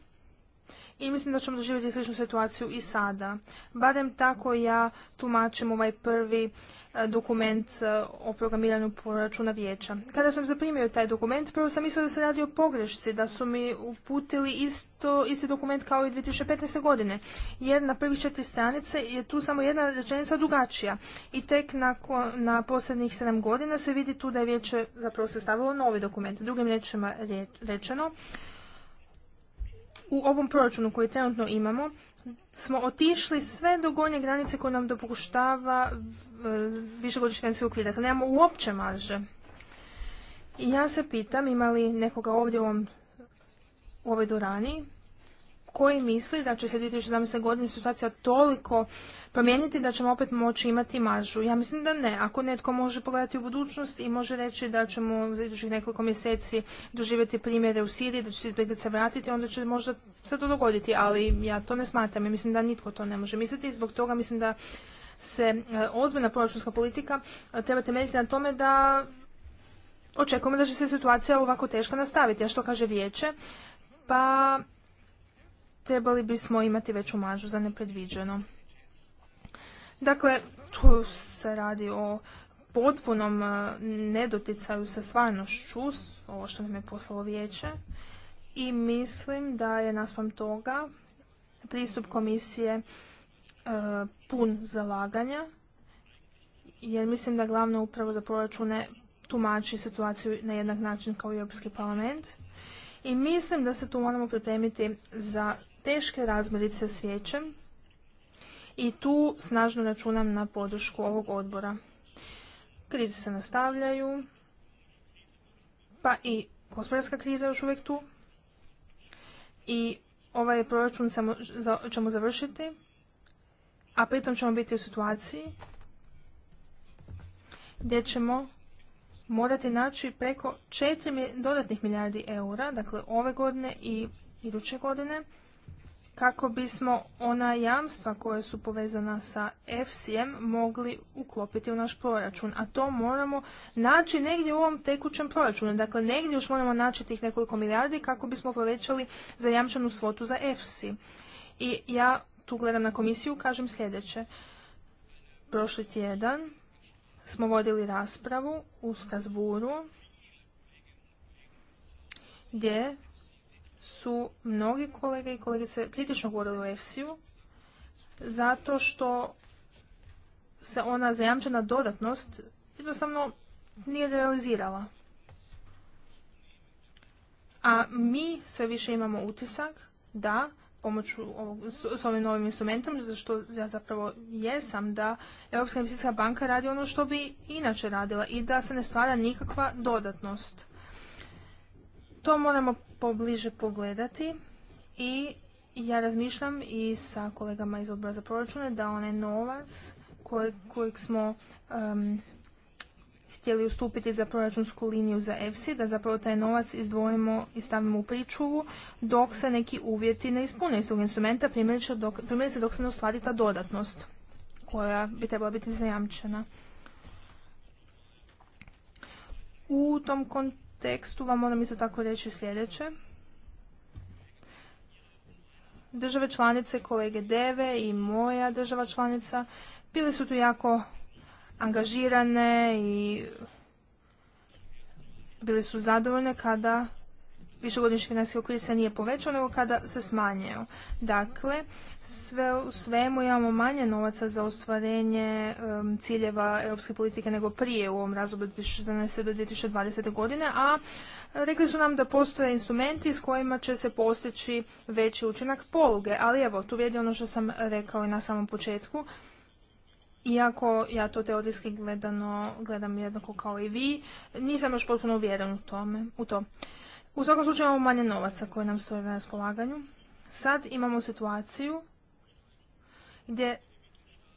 i mislim da ćemo doživjeti sličnu situaciju i sada. Barem tako ja tumačim ovaj prvi e, dokument e, o programiranju proračuna vijeća. Kada sam zaprimio taj dokument, prvo sam mislio da se radi o pogrešci, da su mi uputili isto, isti dokument kao i 2015. godine. Jer na prvih četiri stranice je tu samo jedna rečenica drugačija. I tek nakon, na posljednjih sedam godina se vidi tu da je vijeće zapravo se stavilo novi dokument. Drugim rečima rečeno, u ovom proračunu koji trenutno imamo smo otišli sve do gornje granice koje nam dopuštava e, višegodišnji financijski okvir. Dakle, nemamo uopće marže. I ja se pitam ima li nekoga ovdje u, ovoj dorani koji misli da će se 2017. godine situacija toliko promijeniti da ćemo opet moći imati maržu. Ja mislim da ne. Ako netko može pogledati u budućnost i može reći da ćemo za idućih nekoliko mjeseci doživjeti primjere u Siriji, da će se se vratiti, onda će možda se to dogoditi, ali ja to ne smatram i mislim da nitko to ne može misliti i zbog toga mislim da se e, ozbiljna proračunska politika e, treba temeljiti na tome da očekujemo da će se situacija ovako teška nastaviti. A što kaže vijeće? Pa trebali bismo imati veću mažu za nepredviđeno. Dakle, tu se radi o potpunom e, nedoticaju sa stvarnošću, ovo što nam je poslalo vijeće, i mislim da je naspram toga pristup komisije e, pun zalaganja, jer mislim da glavno upravo za proračune tumači situaciju na jednak način kao i Europski parlament. I mislim da se tu moramo pripremiti za teške razmirice s i tu snažno računam na podršku ovog odbora. Krize se nastavljaju, pa i gospodarska kriza još uvijek tu i ovaj proračun ćemo završiti, a pritom ćemo biti u situaciji gdje ćemo morati naći preko 4 dodatnih milijardi eura, dakle ove godine i iduće godine, kako bismo ona jamstva koja su povezana sa FCM mogli uklopiti u naš proračun, a to moramo naći negdje u ovom tekućem proračunu. Dakle, negdje još moramo naći tih nekoliko milijardi kako bismo povećali zajamčenu svotu za EFSI. I ja tu gledam na komisiju, kažem sljedeće. Prošli tjedan smo vodili raspravu u Strasburu gdje su mnogi kolege i kolegice kritično govorili o EFSI-u zato što se ona zajamčena dodatnost jednostavno nije realizirala. A mi sve više imamo utisak da pomoću ovog, s ovim novim instrumentom, za što ja zapravo jesam, da Europska investicijska banka radi ono što bi inače radila i da se ne stvara nikakva dodatnost. To moramo pobliže pogledati i ja razmišljam i sa kolegama iz odbora za proračune da onaj novac kojeg, smo htjeli ustupiti za proračunsku liniju za EFSI, da zapravo taj novac izdvojimo i stavimo u pričuvu dok se neki uvjeti ne ispune iz tog instrumenta, primjerice dok, dok se ne uskladi ta dodatnost koja bi trebala biti zajamčena. U tom kontekstu tekstu vam moram isto tako reći sljedeće. Države članice, kolege Deve i moja država članica, bile su tu jako angažirane i bili su zadovoljne kada financijski okvir se nije povećao, nego kada se smanjio. Dakle, sve u svemu imamo manje novaca za ostvarenje ciljeva europske politike nego prije u ovom razdoblju 2014. do 2020. godine, a rekli su nam da postoje instrumenti s kojima će se postići veći učinak poluge, ali evo, tu vidi ono što sam rekao i na samom početku, iako ja to teorijski gledano gledam jednako kao i vi, nisam još potpuno uvjeren u, tome, u to. U svakom slučaju imamo manje novaca koje nam stoje na raspolaganju. Sad imamo situaciju gdje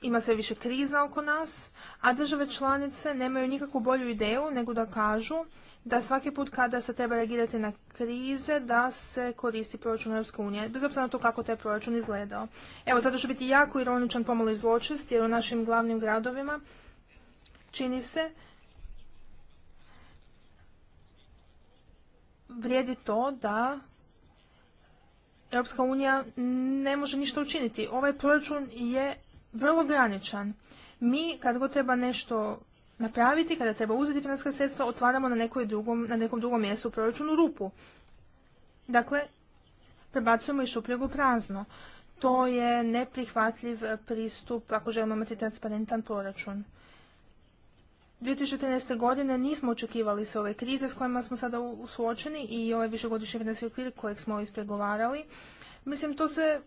ima sve više kriza oko nas, a države članice nemaju nikakvu bolju ideju nego da kažu da svaki put kada se treba reagirati na krize, da se koristi proračun Europske unije, bez obzira na to kako taj proračun izgledao. Evo, zato ću biti jako ironičan pomalo i jer u našim glavnim gradovima čini se vrijedi to da Europska unija ne može ništa učiniti. Ovaj proračun je vrlo ograničan. Mi, kad god treba nešto napraviti, kada treba uzeti financijska sredstva, otvaramo na, nekoj drugom, na nekom drugom mjestu u proračunu rupu. Dakle, prebacujemo i šupljeg u prazno. To je neprihvatljiv pristup ako želimo imati transparentan proračun. 2013. godine nismo očekivali se ove krize s kojima smo sada suočeni i ovaj višegodišnji financijski okvir kojeg smo ispregovarali. Mislim, to se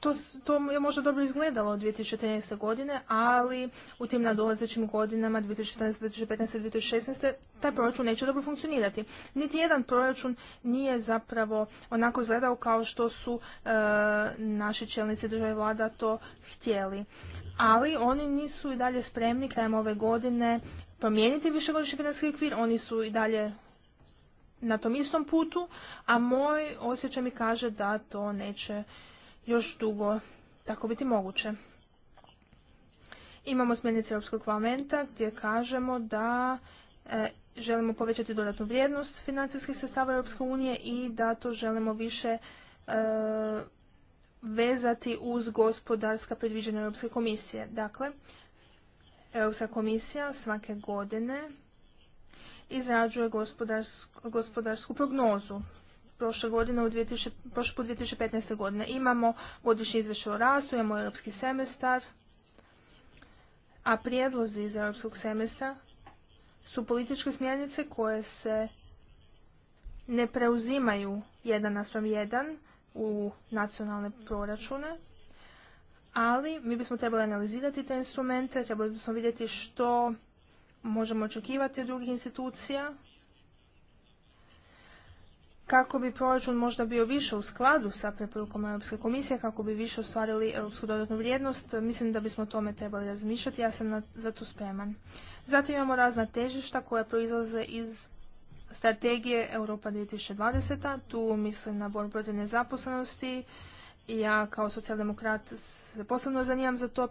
to, je možda dobro izgledalo od 2013. godine, ali u tim nadolazećim godinama 2014. 2015. 2016. taj proračun neće dobro funkcionirati. Niti jedan proračun nije zapravo onako izgledao kao što su e, naši čelnici države vlada to htjeli ali oni nisu i dalje spremni krajem ove godine promijeniti višegodišnji financijski okvir, oni su i dalje na tom istom putu, a moj osjećaj mi kaže da to neće još dugo tako biti moguće. Imamo smjernice Europskog parlamenta gdje kažemo da e, želimo povećati dodatnu vrijednost financijskih sredstava Europske unije i da to želimo više e, vezati uz gospodarska predviđena Europske komisije. Dakle, Europska komisija svake godine izrađuje gospodarsku, prognozu. Prošle godine, u 2000, prošle put 2015. godine imamo godišnji izvješće o rastu, imamo europski semestar, a prijedlozi iz europskog semestra su političke smjernice koje se ne preuzimaju jedan naspram jedan, u nacionalne proračune, ali mi bismo trebali analizirati te instrumente, trebali bismo vidjeti što možemo očekivati od drugih institucija, kako bi proračun možda bio više u skladu sa preporukom Europske komisije, kako bi više ostvarili europsku dodatnu vrijednost. Mislim da bismo o tome trebali razmišljati, ja sam za to spreman. Zatim imamo razna težišta koja proizlaze iz strategije Europa 2020. Tu mislim na borbu protiv nezaposlenosti. Ja kao socijaldemokrat posebno zanimam za to,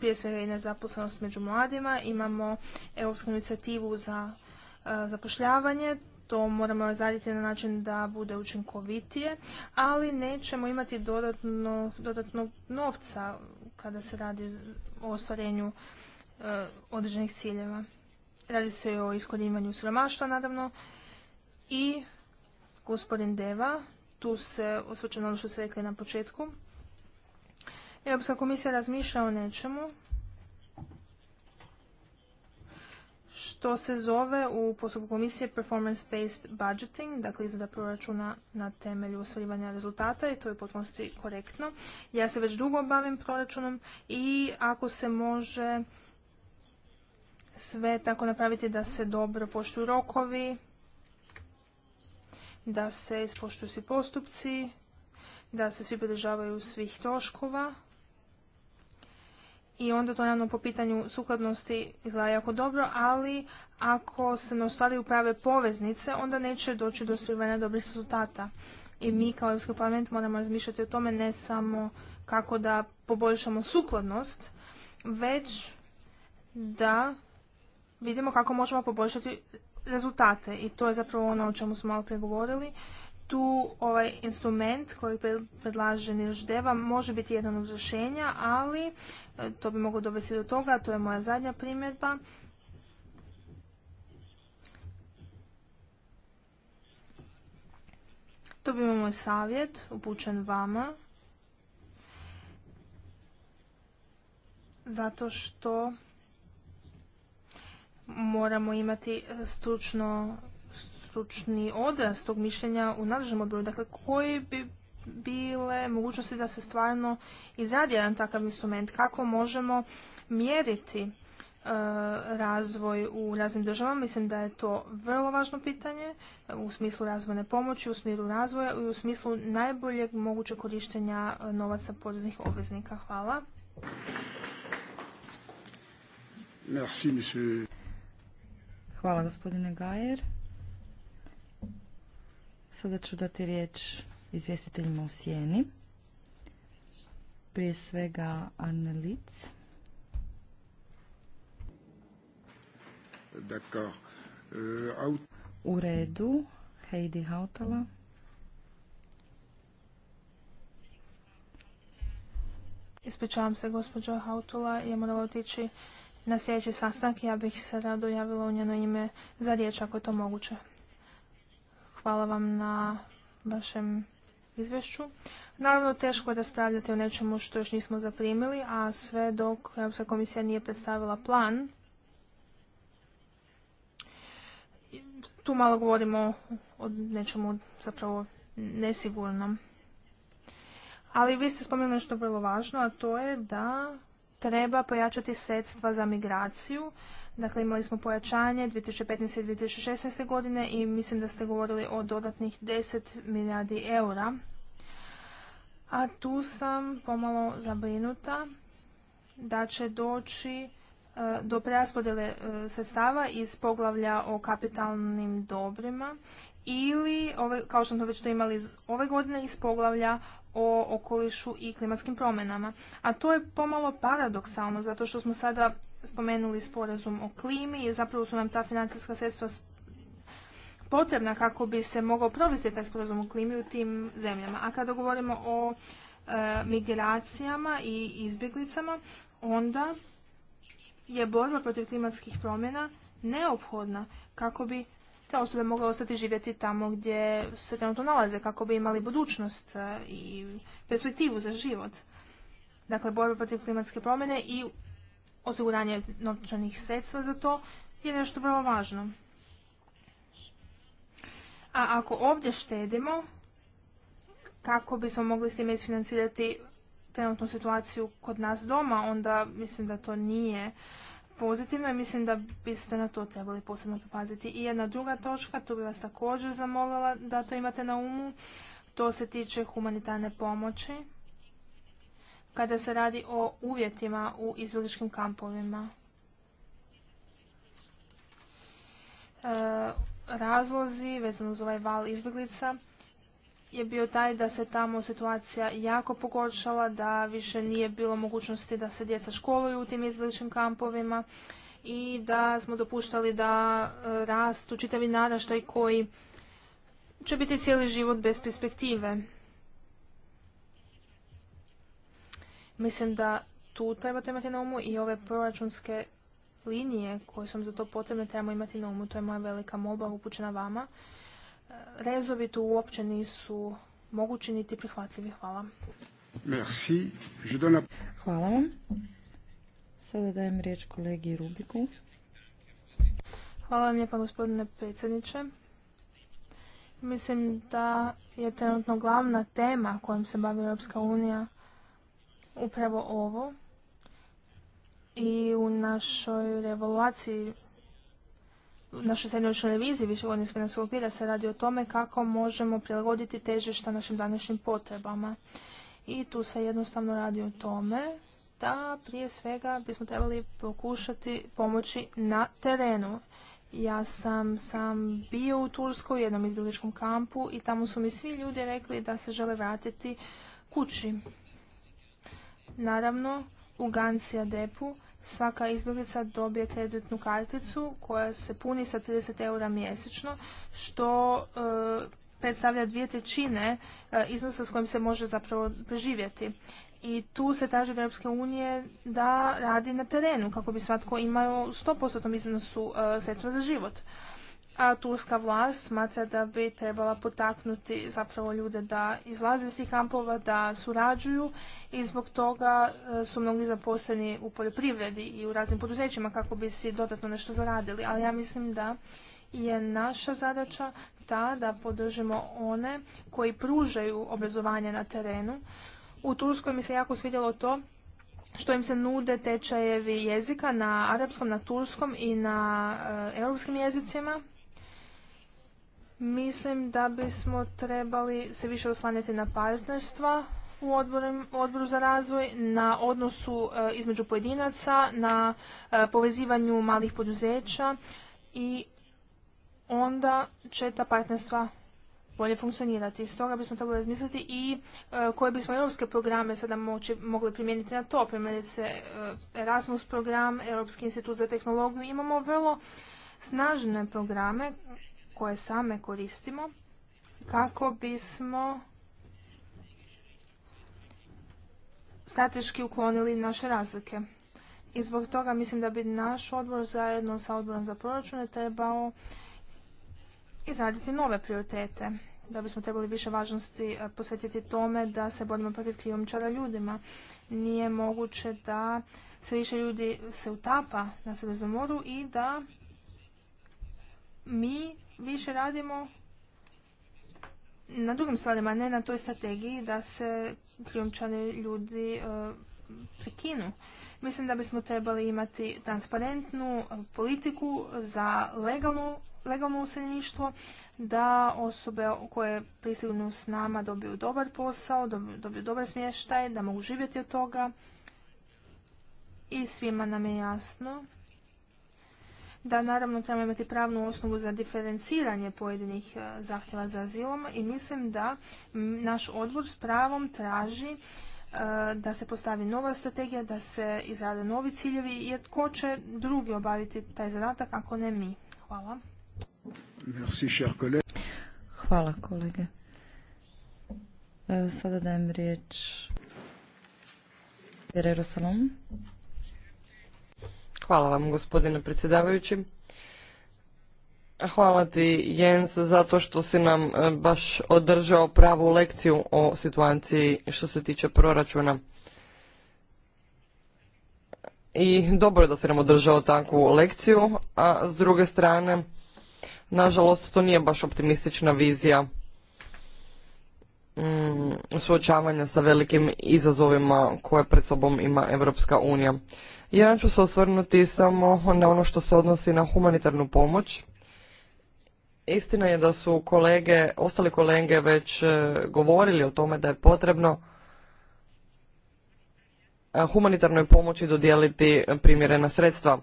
prije, svega i nezaposlenost među mladima. Imamo europsku inicijativu za e, zapošljavanje, to moramo raziti na način da bude učinkovitije, ali nećemo imati dodatno, dodatnog novca kada se radi o ostvarenju e, određenih ciljeva. Radi se o iskorivanju siromaštva, nadavno, I gospodin Deva, tu se osvrćeno ono što ste rekli na početku. Europska komisija razmišlja o nečemu što se zove u postupku komisije performance-based budgeting, dakle izrada proračuna na temelju ostvarivanja rezultata i to je potpunosti korektno. Ja se već dugo bavim proračunom i ako se može sve tako napraviti da se dobro poštuju rokovi, da se ispoštuju svi postupci, da se svi podržavaju svih troškova. I onda to naravno po pitanju sukladnosti izgleda jako dobro, ali ako se ne u prave poveznice, onda neće doći do ostvarivanja dobrih rezultata. I mi kao Europski parlament moramo razmišljati o tome ne samo kako da poboljšamo sukladnost, već da vidimo kako možemo poboljšati rezultate i to je zapravo ono o čemu smo malo prije govorili. Tu ovaj instrument koji predlaže deva može biti jedan od rješenja, ali e, to bi moglo dovesti do toga, to je moja zadnja primjedba, To bi moj savjet upućen vama. Zato što moramo imati e, stručno, stručni odraz tog mišljenja u nadležnom odboru. Dakle, koji bi bile mogućnosti da se stvarno izradi jedan takav instrument? Kako možemo mjeriti e, razvoj u raznim državama? Mislim da je to vrlo važno pitanje e, u smislu razvojne pomoći, u smjeru razvoja i u smislu najboljeg mogućeg korištenja novaca poreznih obveznika. Hvala. Merci, Hvala gospodine Gajer. Sada ću dati riječ izvjestiteljima u sjeni. Prije svega Litz. Euh, u redu Heidi Hautala. Ispričavam se, gospođo Hautula je morala otići na sljedeći sastanak. Ja bih se rado javila u njeno ime za riječ ako je to moguće. Hvala vam na vašem izvješću. Naravno, teško je raspravljati o nečemu što još nismo zaprimili, a sve dok Europska komisija nije predstavila plan, tu malo govorimo o nečemu zapravo nesigurnom. Ali vi ste spomenuli nešto vrlo važno, a to je da treba pojačati sredstva za migraciju. Dakle, imali smo pojačanje 2015. i 2016. godine i mislim da ste govorili o dodatnih 10 milijardi eura. A tu sam pomalo zabrinuta da će doći e, do preraspodjele e, sredstava iz poglavlja o kapitalnim dobrima ili, kao što smo već to imali ove godine, iz poglavlja o okolišu i klimatskim promjenama. A to je pomalo paradoksalno, zato što smo sada spomenuli sporazum o klimi i zapravo su nam ta financijska sredstva potrebna kako bi se mogao provesti taj sporazum o klimi u tim zemljama. A kada govorimo o e, migracijama i izbjeglicama, onda je borba protiv klimatskih promjena neophodna kako bi te osobe mogle ostati živjeti tamo gdje se trenutno nalaze kako bi imali budućnost e, i perspektivu za život. Dakle, borba protiv klimatske promjene i osiguranje novčanih sredstva za to je nešto vrlo važno. A ako ovdje štedimo, kako bismo mogli s time isfinancirati trenutnu situaciju kod nas doma, onda mislim da to nije pozitivno i mislim da biste na to trebali posebno popaziti. I jedna druga točka, tu bi vas također zamolila da to imate na umu, to se tiče humanitarne pomoći kada se radi o uvjetima u izbjegličkim kampovima. E, razlozi vezano uz ovaj val izbjeglica je bio taj da se tamo situacija jako pogoršala, da više nije bilo mogućnosti da se djeca školuju u tim izbjegličkim kampovima i da smo dopuštali da e, rastu čitavi naraštaj koji će biti cijeli život bez perspektive. Mislim da tu trebate imati na umu i ove proračunske linije koje su vam za to potrebne trebamo imati na umu. To je moja velika molba upućena vama rezovi tu uopće nisu mogući niti prihvatljivi. Hvala. Merci. Je Hvala vam. Sada dajem riječ kolegi Rubiku. Hvala vam lijepa gospodine predsjedniče. Mislim da je trenutno glavna tema kojom se bavi Europska unija upravo ovo. I u našoj revoluaciji našoj srednjoročnoj reviziji višegodnog financijskog okvira se radi o tome kako možemo prilagoditi težišta našim današnjim potrebama. I tu se jednostavno radi o tome da prije svega bismo trebali pokušati pomoći na terenu. Ja sam sam bio u Turskoj u jednom izbjegličkom kampu i tamo su mi svi ljudi rekli da se žele vratiti kući. Naravno, u Gansija Depu svaka izbjeglica dobije kreditnu karticu koja se puni sa 30 eura mjesečno, što e, predstavlja dvije e, iznosa s kojim se može zapravo preživjeti. I tu se traži Europske unije da radi na terenu kako bi svatko imao u 100% iznosu e, sredstva za život a turska vlast smatra da bi trebala potaknuti zapravo ljude da izlaze iz tih kampova, da surađuju i zbog toga e, su mnogi zaposleni u poljoprivredi i u raznim poduzećima kako bi si dodatno nešto zaradili. Ali ja mislim da je naša zadaća ta da podržimo one koji pružaju obrazovanje na terenu. U Turskoj mi se jako svidjelo to što im se nude tečajevi jezika na arapskom, na turskom i na e, europskim jezicima Mislim da bismo trebali se više oslanjati na partnerstva u odboru, za razvoj, na odnosu e, između pojedinaca, na e, povezivanju malih poduzeća i onda će ta partnerstva bolje funkcionirati. Stoga bismo trebali razmisliti i e, koje bismo europske programe sada mogli primijeniti na to. Primjerice Erasmus program, Europski institut za tehnologiju. Imamo vrlo snažne programe koje same koristimo kako bismo strateški uklonili naše razlike. I zbog toga mislim da bi naš odbor zajedno sa odborom za proračune trebao izraditi nove prioritete. Da bismo trebali više važnosti eh, posvetiti tome da se borimo protiv krijumčara ljudima. Nije moguće da sve više ljudi se utapa na Sredozemlju moru i da mi više radimo na drugim stvarima, ne na toj strategiji da se krijumčani ljudi e, prekinu. Mislim da bismo trebali imati transparentnu e, politiku za legalnu legalno useljeništvo, da osobe koje prisilnu s nama dobiju dobar posao, dobiju dobar smještaj, da mogu živjeti od toga. I svima nam je jasno da naravno trebamo imati pravnu osnovu za diferenciranje pojedinih e, zahtjeva za azilom i mislim da naš odbor s pravom traži e, da se postavi nova strategija, da se izrade novi ciljevi, jer tko će drugi obaviti taj zadatak ako ne mi. Hvala. Hvala kolege. E, sada dajem riječ Hvala vam gospodine predsjedavajući. Hvala ti Jens zato što si nam e, baš održao pravu lekciju o situaciji što se tiče proračuna. I dobro je da si nam održao takvu lekciju, a s druge strane, nažalost, to nije baš optimistična vizija mm, suočavanja sa velikim izazovima koje pred sobom ima Europska unija. Ja ću se osvrnuti samo na ono što se odnosi na humanitarnu pomoć. Istina je da su kolege, ostali kolege već e, govorili o tome da je potrebno e, humanitarnoj pomoći dodijeliti primjerena sredstva.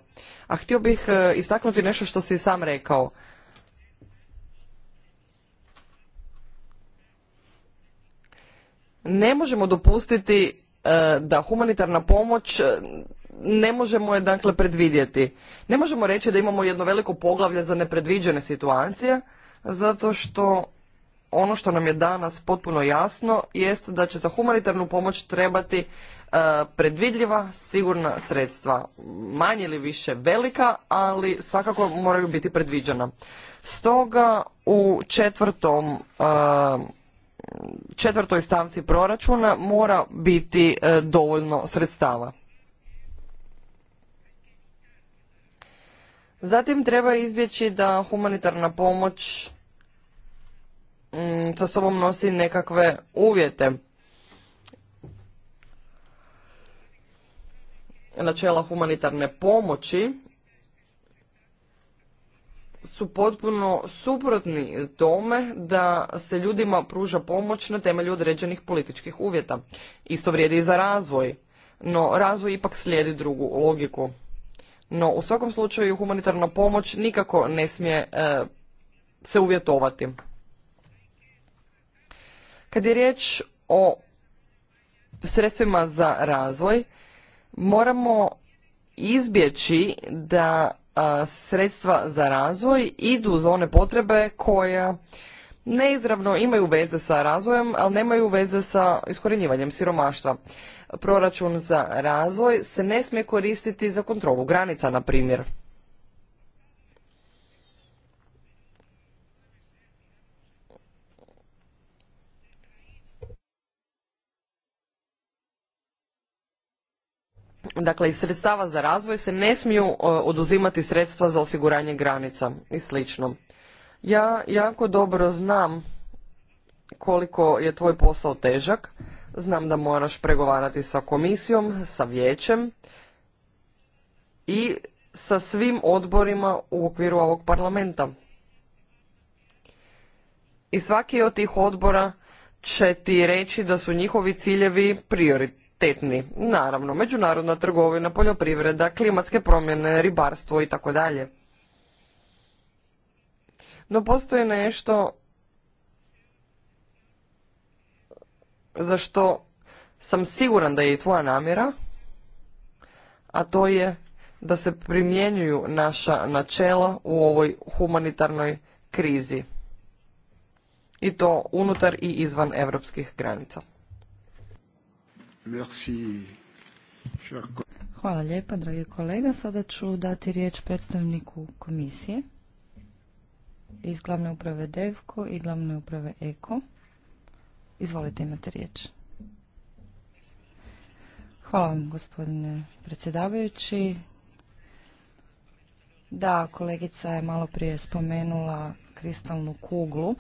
A htio bih e, istaknuti nešto što si sam rekao. Ne možemo dopustiti da humanitarna pomoć ne možemo je dakle predvidjeti. Ne možemo reći da imamo jedno veliko poglavlje za nepredviđene situacije, zato što ono što nam je danas potpuno jasno jest da će za humanitarnu pomoć trebati e, predvidljiva, sigurna sredstva. Manje ili više velika, ali svakako moraju biti predviđena. Stoga u četvrtom e, četvrtoj stavci proračuna mora biti e, dovoljno sredstava. Zatim treba izbjeći da humanitarna pomoć mm, sa sobom nosi nekakve uvjete. Načela humanitarne pomoći su potpuno suprotni tome da se ljudima pruža pomoć na temelju određenih političkih uvjeta. Isto vrijedi i za razvoj, no razvoj ipak slijedi drugu logiku. No, u svakom slučaju humanitarna pomoć nikako ne smije e, se uvjetovati. Kad je riječ o sredstvima za razvoj, moramo izbjeći da sredstva za razvoj idu za one potrebe koja neizravno imaju veze sa razvojem, ali nemaju veze sa iskorjenjivanjem siromaštva proračun za razvoj se ne smije koristiti za kontrolu granica, na primjer. Dakle, iz sredstava za razvoj se ne smiju e, oduzimati sredstva za osiguranje granica i slično. Ja jako dobro znam koliko je tvoj posao težak Znam da moraš pregovarati sa komisijom, sa vijećem i sa svim odborima u okviru ovog parlamenta. I svaki od tih odbora će ti reći da su njihovi ciljevi prioritetni. Naravno, međunarodna trgovina, poljoprivreda, klimatske promjene, ribarstvo i tako dalje. No postoji nešto za što sam siguran da je i tvoja namjera, a to je da se primjenjuju naša načela u ovoj humanitarnoj krizi. I to unutar i izvan evropskih granica. Merci. Hvala lijepa, dragi kolega. Sada ću dati riječ predstavniku komisije iz glavne uprave DEVKO i glavne uprave EKO. Izvolite, imate riječ. Hvala vam, gospodine predsjedavajući. Da, kolegica je malo prije spomenula kristalnu kuglu.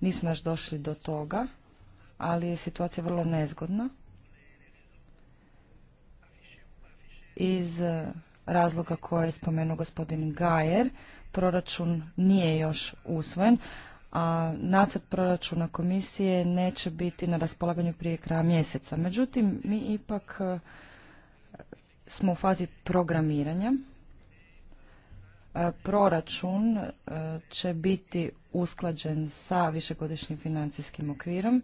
Nismo još došli do toga, ali je situacija vrlo nezgodna. Iz razloga koje je spomenuo gospodin Gajer, proračun nije još usvojen, a nacrt proračuna komisije neće biti na raspolaganju prije kraja mjeseca. Međutim, mi ipak e, smo u fazi programiranja. E, proračun e, će biti usklađen sa višegodišnjim financijskim okvirom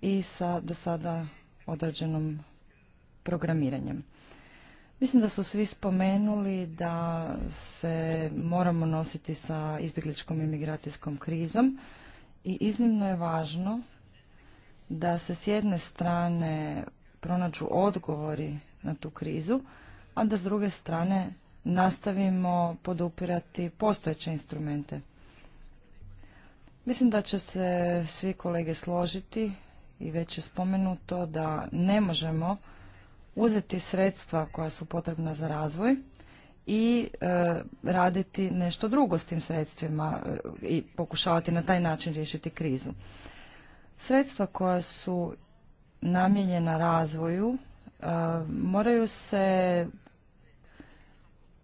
i sa do sada određenom programiranjem. Mislim da su svi spomenuli da se moramo nositi sa izbjegličkom i migracijskom krizom i iznimno je važno da se s jedne strane pronađu odgovori na tu krizu, a da s druge strane nastavimo podupirati postojeće instrumente. Mislim da će se svi kolege složiti i već je spomenuto da ne možemo uzeti sredstva koja su potrebna za razvoj i e, raditi nešto drugo s tim sredstvima e, i pokušavati na taj način riješiti krizu. Sredstva koja su namijenjena razvoju e, moraju se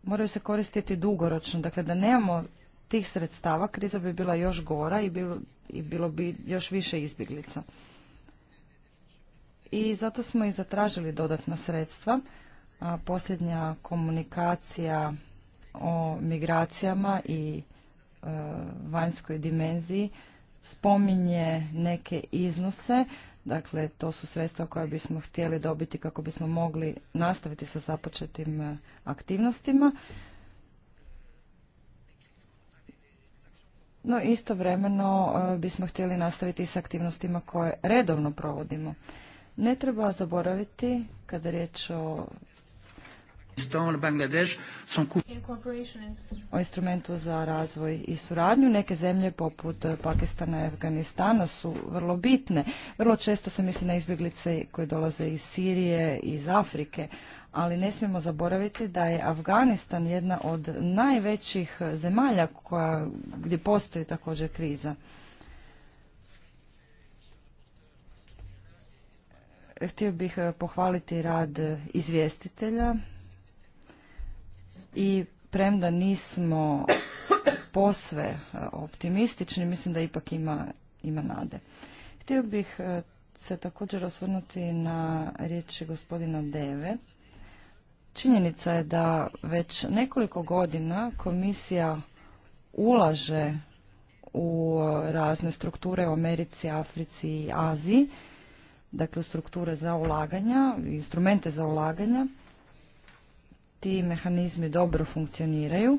moraju se koristiti dugoročno. Dakle, da nemamo tih sredstava, kriza bi bila još gora i bilo, i bilo bi još više izbjeglica i zato smo i zatražili dodatna sredstva. posljednja komunikacija o migracijama i e, vanjskoj dimenziji spominje neke iznose, dakle to su sredstva koja bismo htjeli dobiti kako bismo mogli nastaviti sa započetim e, aktivnostima. No istovremeno e, bismo htjeli nastaviti i s aktivnostima koje redovno provodimo. Ne treba zaboraviti kada je riječ o o instrumentu za razvoj i suradnju. Neke zemlje poput Pakistana i Afganistana su vrlo bitne. Vrlo često se misli na izbjeglice koje dolaze iz Sirije, iz Afrike, ali ne smijemo zaboraviti da je Afganistan jedna od najvećih zemalja koja, gdje postoji također kriza. Htio bih e, pohvaliti rad e, izvjestitelja i premda nismo posve e, optimistični, mislim da ipak ima, ima nade. Htio bih se također osvrnuti na riječi gospodina Deve. Činjenica je da već nekoliko godina komisija ulaže u razne strukture u Americi, Africi i Aziji dakle strukture za ulaganja, instrumente za ulaganja. Ti mehanizmi dobro funkcioniraju.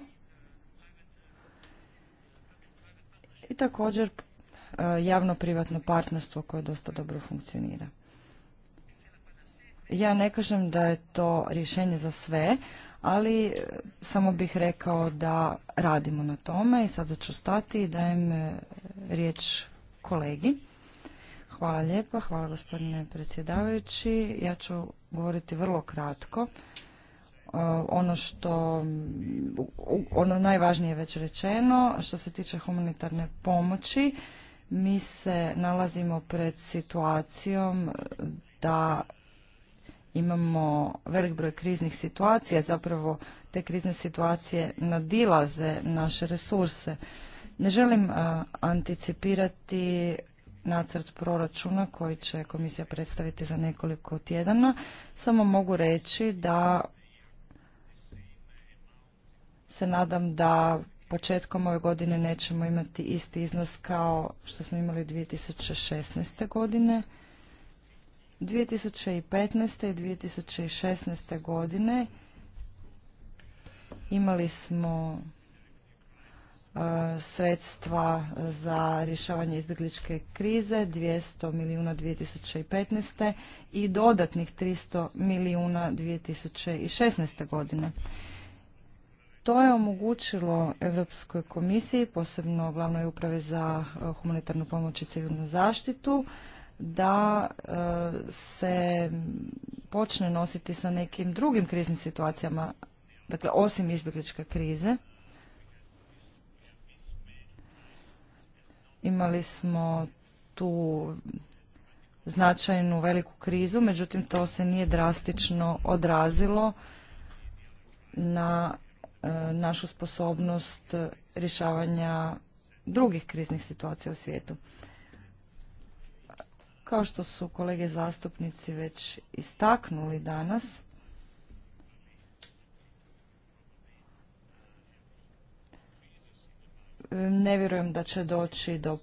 I također e, javno-privatno partnerstvo koje dosta dobro funkcionira. Ja ne kažem da je to rješenje za sve, ali e, samo bih rekao da radimo na tome i sada ću stati i dajem e, riječ kolegi. Hvala lijepa, hvala gospodine predsjedavajući. Ja ću govoriti vrlo kratko. E, ono što, ono najvažnije je već rečeno, što se tiče humanitarne pomoći, mi se nalazimo pred situacijom da imamo velik broj kriznih situacija, zapravo te krizne situacije nadilaze naše resurse. Ne želim anticipirati nacrt proračuna koji će komisija predstaviti za nekoliko tjedana, samo mogu reći da se nadam da početkom ove godine nećemo imati isti iznos kao što smo imali 2016. godine. 2015. i 2016. godine imali smo E, sredstva za rješavanje izbjegličke krize 200 milijuna 2015. i dodatnih 300 milijuna 2016. godine. To je omogućilo Europskoj komisiji, posebno glavnoj uprave za e, humanitarnu pomoć i civilnu zaštitu, da e, se počne nositi sa nekim drugim kriznim situacijama, dakle osim izbjegličke krize. Imali smo tu značajnu veliku krizu, međutim to se nije drastično odrazilo na e, našu sposobnost rješavanja drugih kriznih situacija u svijetu. Kao što su kolege zastupnici već istaknuli danas, ne vjerujem da će doći do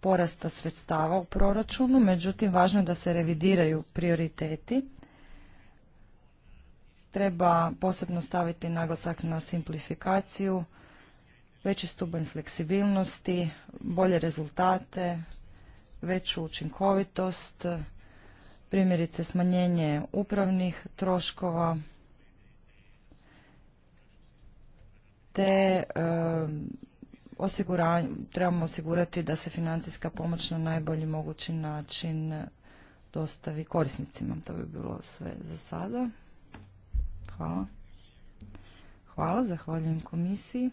porasta sredstava u proračunu, međutim važno je da se revidiraju prioriteti. Treba posebno staviti naglasak na simplifikaciju, veći stupanj fleksibilnosti, bolje rezultate, veću učinkovitost, primjerice smanjenje upravnih troškova, te trebamo osigurati da se financijska pomoć na najbolji mogući način dostavi korisnicima. To bi bilo sve za sada. Hvala. Hvala, zahvaljujem komisiji.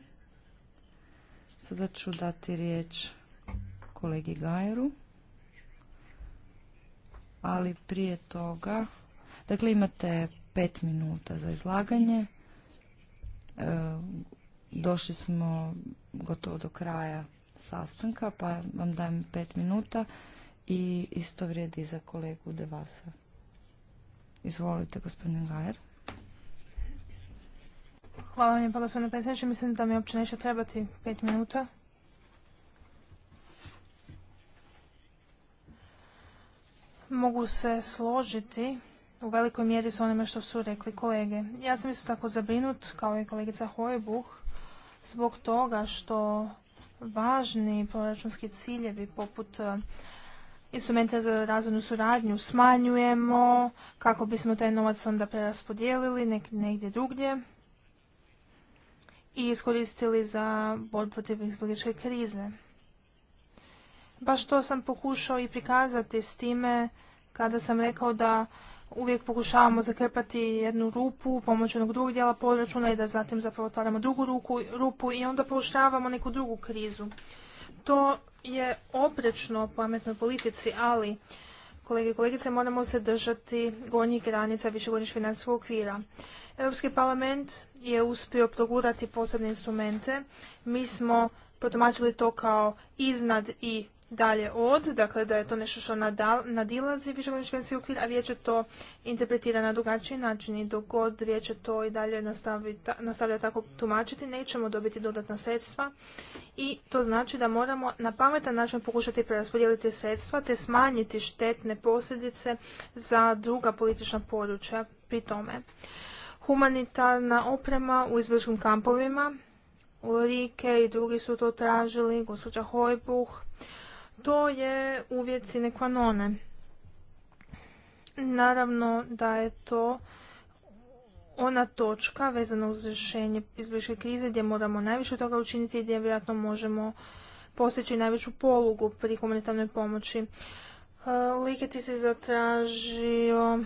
Sada ću dati riječ kolegi Gajeru. Ali prije toga, dakle imate pet minuta za izlaganje. E, došli smo gotovo do kraja sastanka, pa vam dajem pet minuta i isto vrijedi za kolegu Devasa. Izvolite, gospodin Gajer. Hvala vam pa gospodine predsjedniče. Mislim da mi uopće neće trebati pet minuta. Mogu se složiti u velikoj mjeri s onime što su rekli kolege. Ja sam isto tako zabrinut, kao i kolegica Hojbuh, zbog toga što važni proračunski ciljevi poput e, instrumenta za razvojnu suradnju smanjujemo kako bismo taj novac onda preraspodijelili negdje drugdje i iskoristili za borbu protiv izbjegličke krize. Baš to sam pokušao i prikazati s time kada sam rekao da uvijek pokušavamo zakrpati jednu rupu pomoću onog drugog dijela proračuna i da zatim zapravo otvaramo drugu ruku, rupu i onda pooštravamo neku drugu krizu. To je oprečno pametnoj politici, ali kolege i kolegice moramo se držati gornjih granica višegodišnjeg financijskog okvira. Europski parlament je uspio progurati posebne instrumente. Mi smo protumačili to kao iznad i dalje od, dakle da je to nešto što nadilazi višegodišnji okvir, a vijeće to interpretira na drugačiji način i dok god vijeće to i dalje nastavlja tako tumačiti, nećemo dobiti dodatna sredstva i to znači da moramo na pametan način pokušati preraspodijeliti sredstva te smanjiti štetne posljedice za druga politična područja pri tome. Humanitarna oprema u izbjegličkim kampovima, Ulrike i drugi su to tražili, gospođa Hojbuh, to je uvjet sine qua Naravno da je to ona točka vezana uz rješenje izbjegličke krize gdje moramo najviše toga učiniti i gdje vjerojatno možemo postići najveću polugu pri humanitarnoj pomoći. E, Liketi se zatražio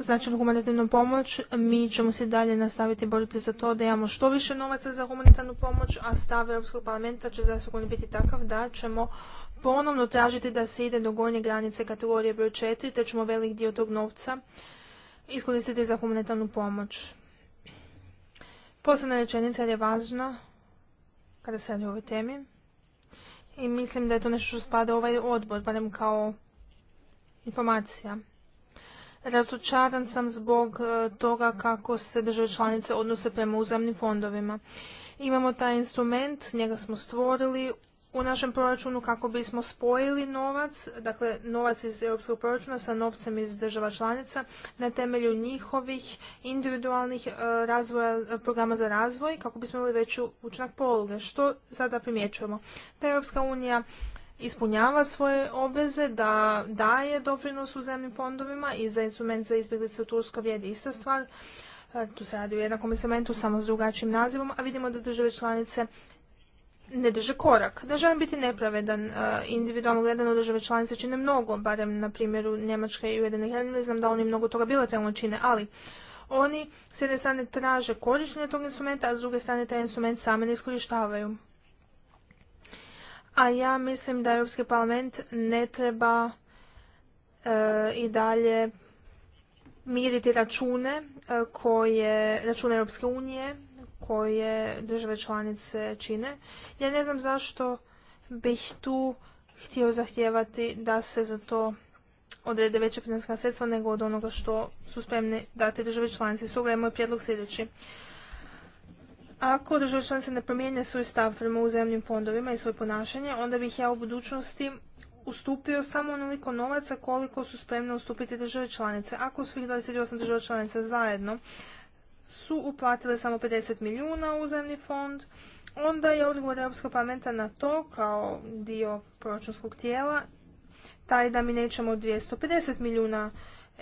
Znači humanitarnu pomoć, mi ćemo se dalje nastaviti boriti za to da imamo što više novaca za humanitarnu pomoć, a stav Europskog parlamenta će zasigurno biti takav da ćemo ponovno tražiti da se ide do gornje granice kategorije broj 4, te ćemo velik dio tog novca iskoristiti za humanitarnu pomoć. Posebna rečenica je važna kada se radi o ovoj temi i mislim da je to nešto što spada ovaj odbor, barem kao informacija razočaran sam zbog e, toga kako se države članice odnose prema uzemnim fondovima. Imamo taj instrument, njega smo stvorili u našem proračunu kako bismo spojili novac, dakle novac iz europskog proračuna sa novcem iz država članica na temelju njihovih individualnih e, razvoja, e, programa za razvoj kako bismo imali veću učinak poluge. Što sada primjećujemo? Da Europska unija ispunjava svoje obveze, da daje doprinos u zemljim fondovima i za instrument za izbjeglice u Turskoj vrijedi ista stvar. E, tu se radi o jednakom instrumentu, samo s drugačijim nazivom, a vidimo da države članice ne drže korak. Da želim biti nepravedan, e, individualno gledano države članice čine mnogo, barem na primjeru Njemačke i Ujedine ne znam da oni mnogo toga bilateralno čine, ali oni s jedne strane traže korištenje tog instrumenta, a s druge strane taj instrument same ne iskorištavaju a ja mislim da Europski parlament ne treba e, i dalje miriti račune e, koje, račune Europske unije koje države članice čine. Ja ne znam zašto bih tu htio zahtijevati da se za to odrede veća financijska sredstva nego od onoga što su spremni dati države članice. Stoga je moj prijedlog sljedeći. Ako države članice ne promijene svoj stav prema uzemnim fondovima i svoje ponašanje, onda bih ja u budućnosti ustupio samo onoliko novaca koliko su spremne ustupiti države članice. Ako svih 28 država članica zajedno su uplatile samo 50 milijuna u uzemni fond, onda je odgovor Europskog parlamenta na to kao dio proračunskog tijela taj da mi nećemo 250 milijuna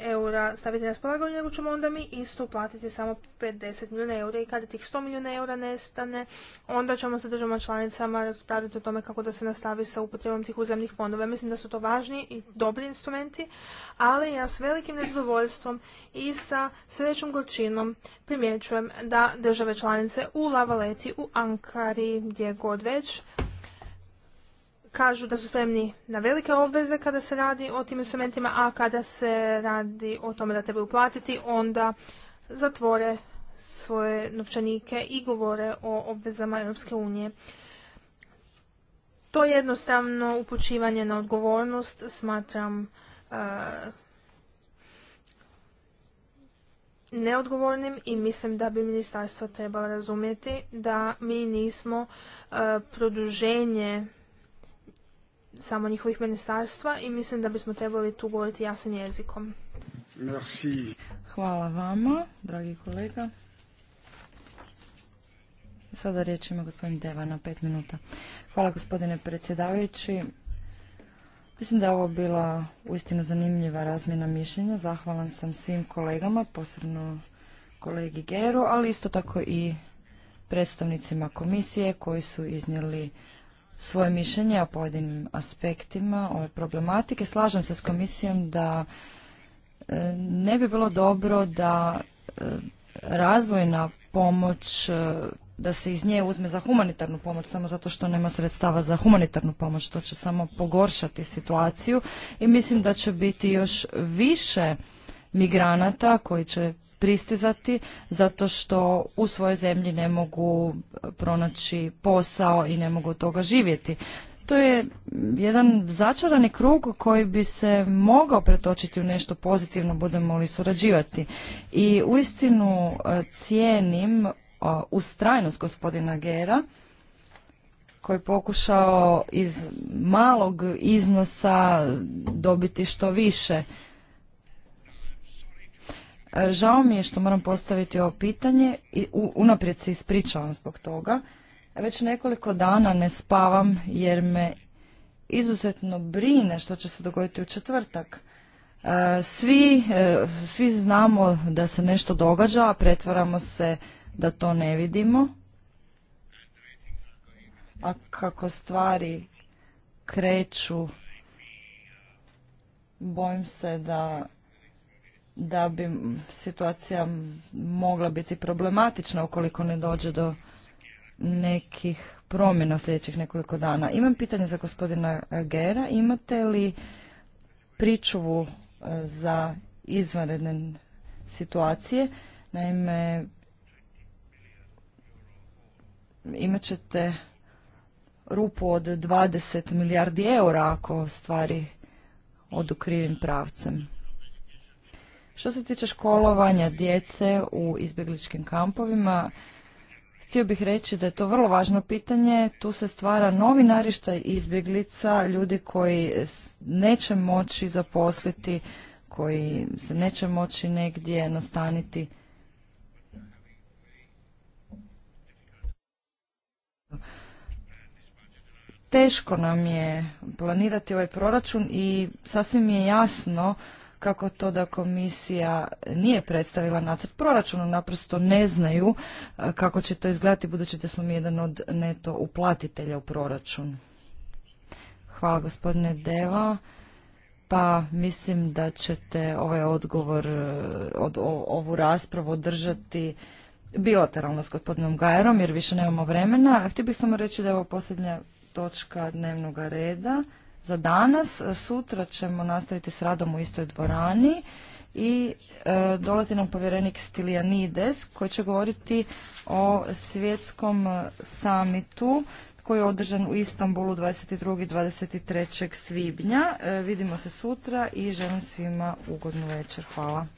eura staviti na raspolaganje, nego ćemo onda mi isto uplatiti samo 50 milijuna eura i kada tih 100 milijuna eura nestane, onda ćemo sa državama članicama raspraviti o tome kako da se nastavi sa upotrebom tih uzemnih fondova. Mislim da su to važni i dobri instrumenti, ali ja s velikim nezadovoljstvom i sa sve većom gorčinom primjećujem da države članice u Lavaleti, u Ankari, gdje god već, kažu da su spremni na velike obveze kada se radi o tim instrumentima, a kada se radi o tome da treba uplatiti, onda zatvore svoje novčanike i govore o obvezama Europske unije. To jednostavno upućivanje na odgovornost smatram eh, neodgovornim i mislim da bi ministarstvo trebalo razumjeti da mi nismo eh, produženje samo njihovih ministarstva i mislim da bismo trebali tu govoriti jasnim jezikom. Merci. Hvala vama, dragi kolega. Sada riječ ima gospodin Deva na pet minuta. Hvala gospodine predsjedavajući. Mislim da je ovo bila uistinu zanimljiva razmjena mišljenja. Zahvalan sam svim kolegama, posebno kolegi Geru, ali isto tako i predstavnicima komisije koji su iznijeli svoje mišljenje o pojedinim aspektima ove problematike. Slažem se s komisijom da e, ne bi bilo dobro da e, razvojna pomoć e, da se iz nje uzme za humanitarnu pomoć samo zato što nema sredstava za humanitarnu pomoć to će samo pogoršati situaciju i mislim da će biti još više migranata koji će pristizati zato što u svojoj zemlji ne mogu pronaći posao i ne mogu od toga živjeti. To je jedan začarani krug koji bi se mogao pretočiti u nešto pozitivno, budemo li surađivati. I uistinu e, cijenim e, ustrajnost gospodina Gera koji je pokušao iz malog iznosa dobiti što više E, žao mi je što moram postaviti ovo pitanje i unaprijed se ispričavam zbog toga. Već nekoliko dana ne spavam jer me izuzetno brine što će se dogoditi u četvrtak. E, svi, e, svi znamo da se nešto događa, a pretvaramo se da to ne vidimo. A kako stvari kreću, bojim se da da bi situacija mogla biti problematična ukoliko ne dođe do nekih promjena u sljedećih nekoliko dana. Imam pitanje za gospodina Gera. Imate li pričuvu e, za izvanredne situacije? Naime, imat ćete rupu od 20 milijardi eura ako stvari odu krivim pravcem. Što se tiče školovanja djece u izbjegličkim kampovima, Htio bih reći da je to vrlo važno pitanje. Tu se stvara novi narištaj izbjeglica, ljudi koji neće moći zaposliti, koji se neće moći negdje nastaniti. Teško nam je planirati ovaj proračun i sasvim je jasno kako to da komisija nije predstavila nacrt proračuna, naprosto ne znaju e, kako će to izgledati budući da smo mi jedan od neto uplatitelja u proračun. Hvala gospodine Deva. Pa mislim da ćete ovaj odgovor, e, od, ovu raspravu održati bilateralno s gospodinom Gajerom jer više nemamo vremena. Htio bih samo reći da je ovo posljednja točka dnevnog reda za danas. E, sutra ćemo nastaviti s radom u istoj dvorani i e, dolazi nam povjerenik Stilianides koji će govoriti o svjetskom e, samitu koji je održan u Istanbulu 22. i 23. svibnja. vidimo se sutra i želim svima ugodnu večer. Hvala.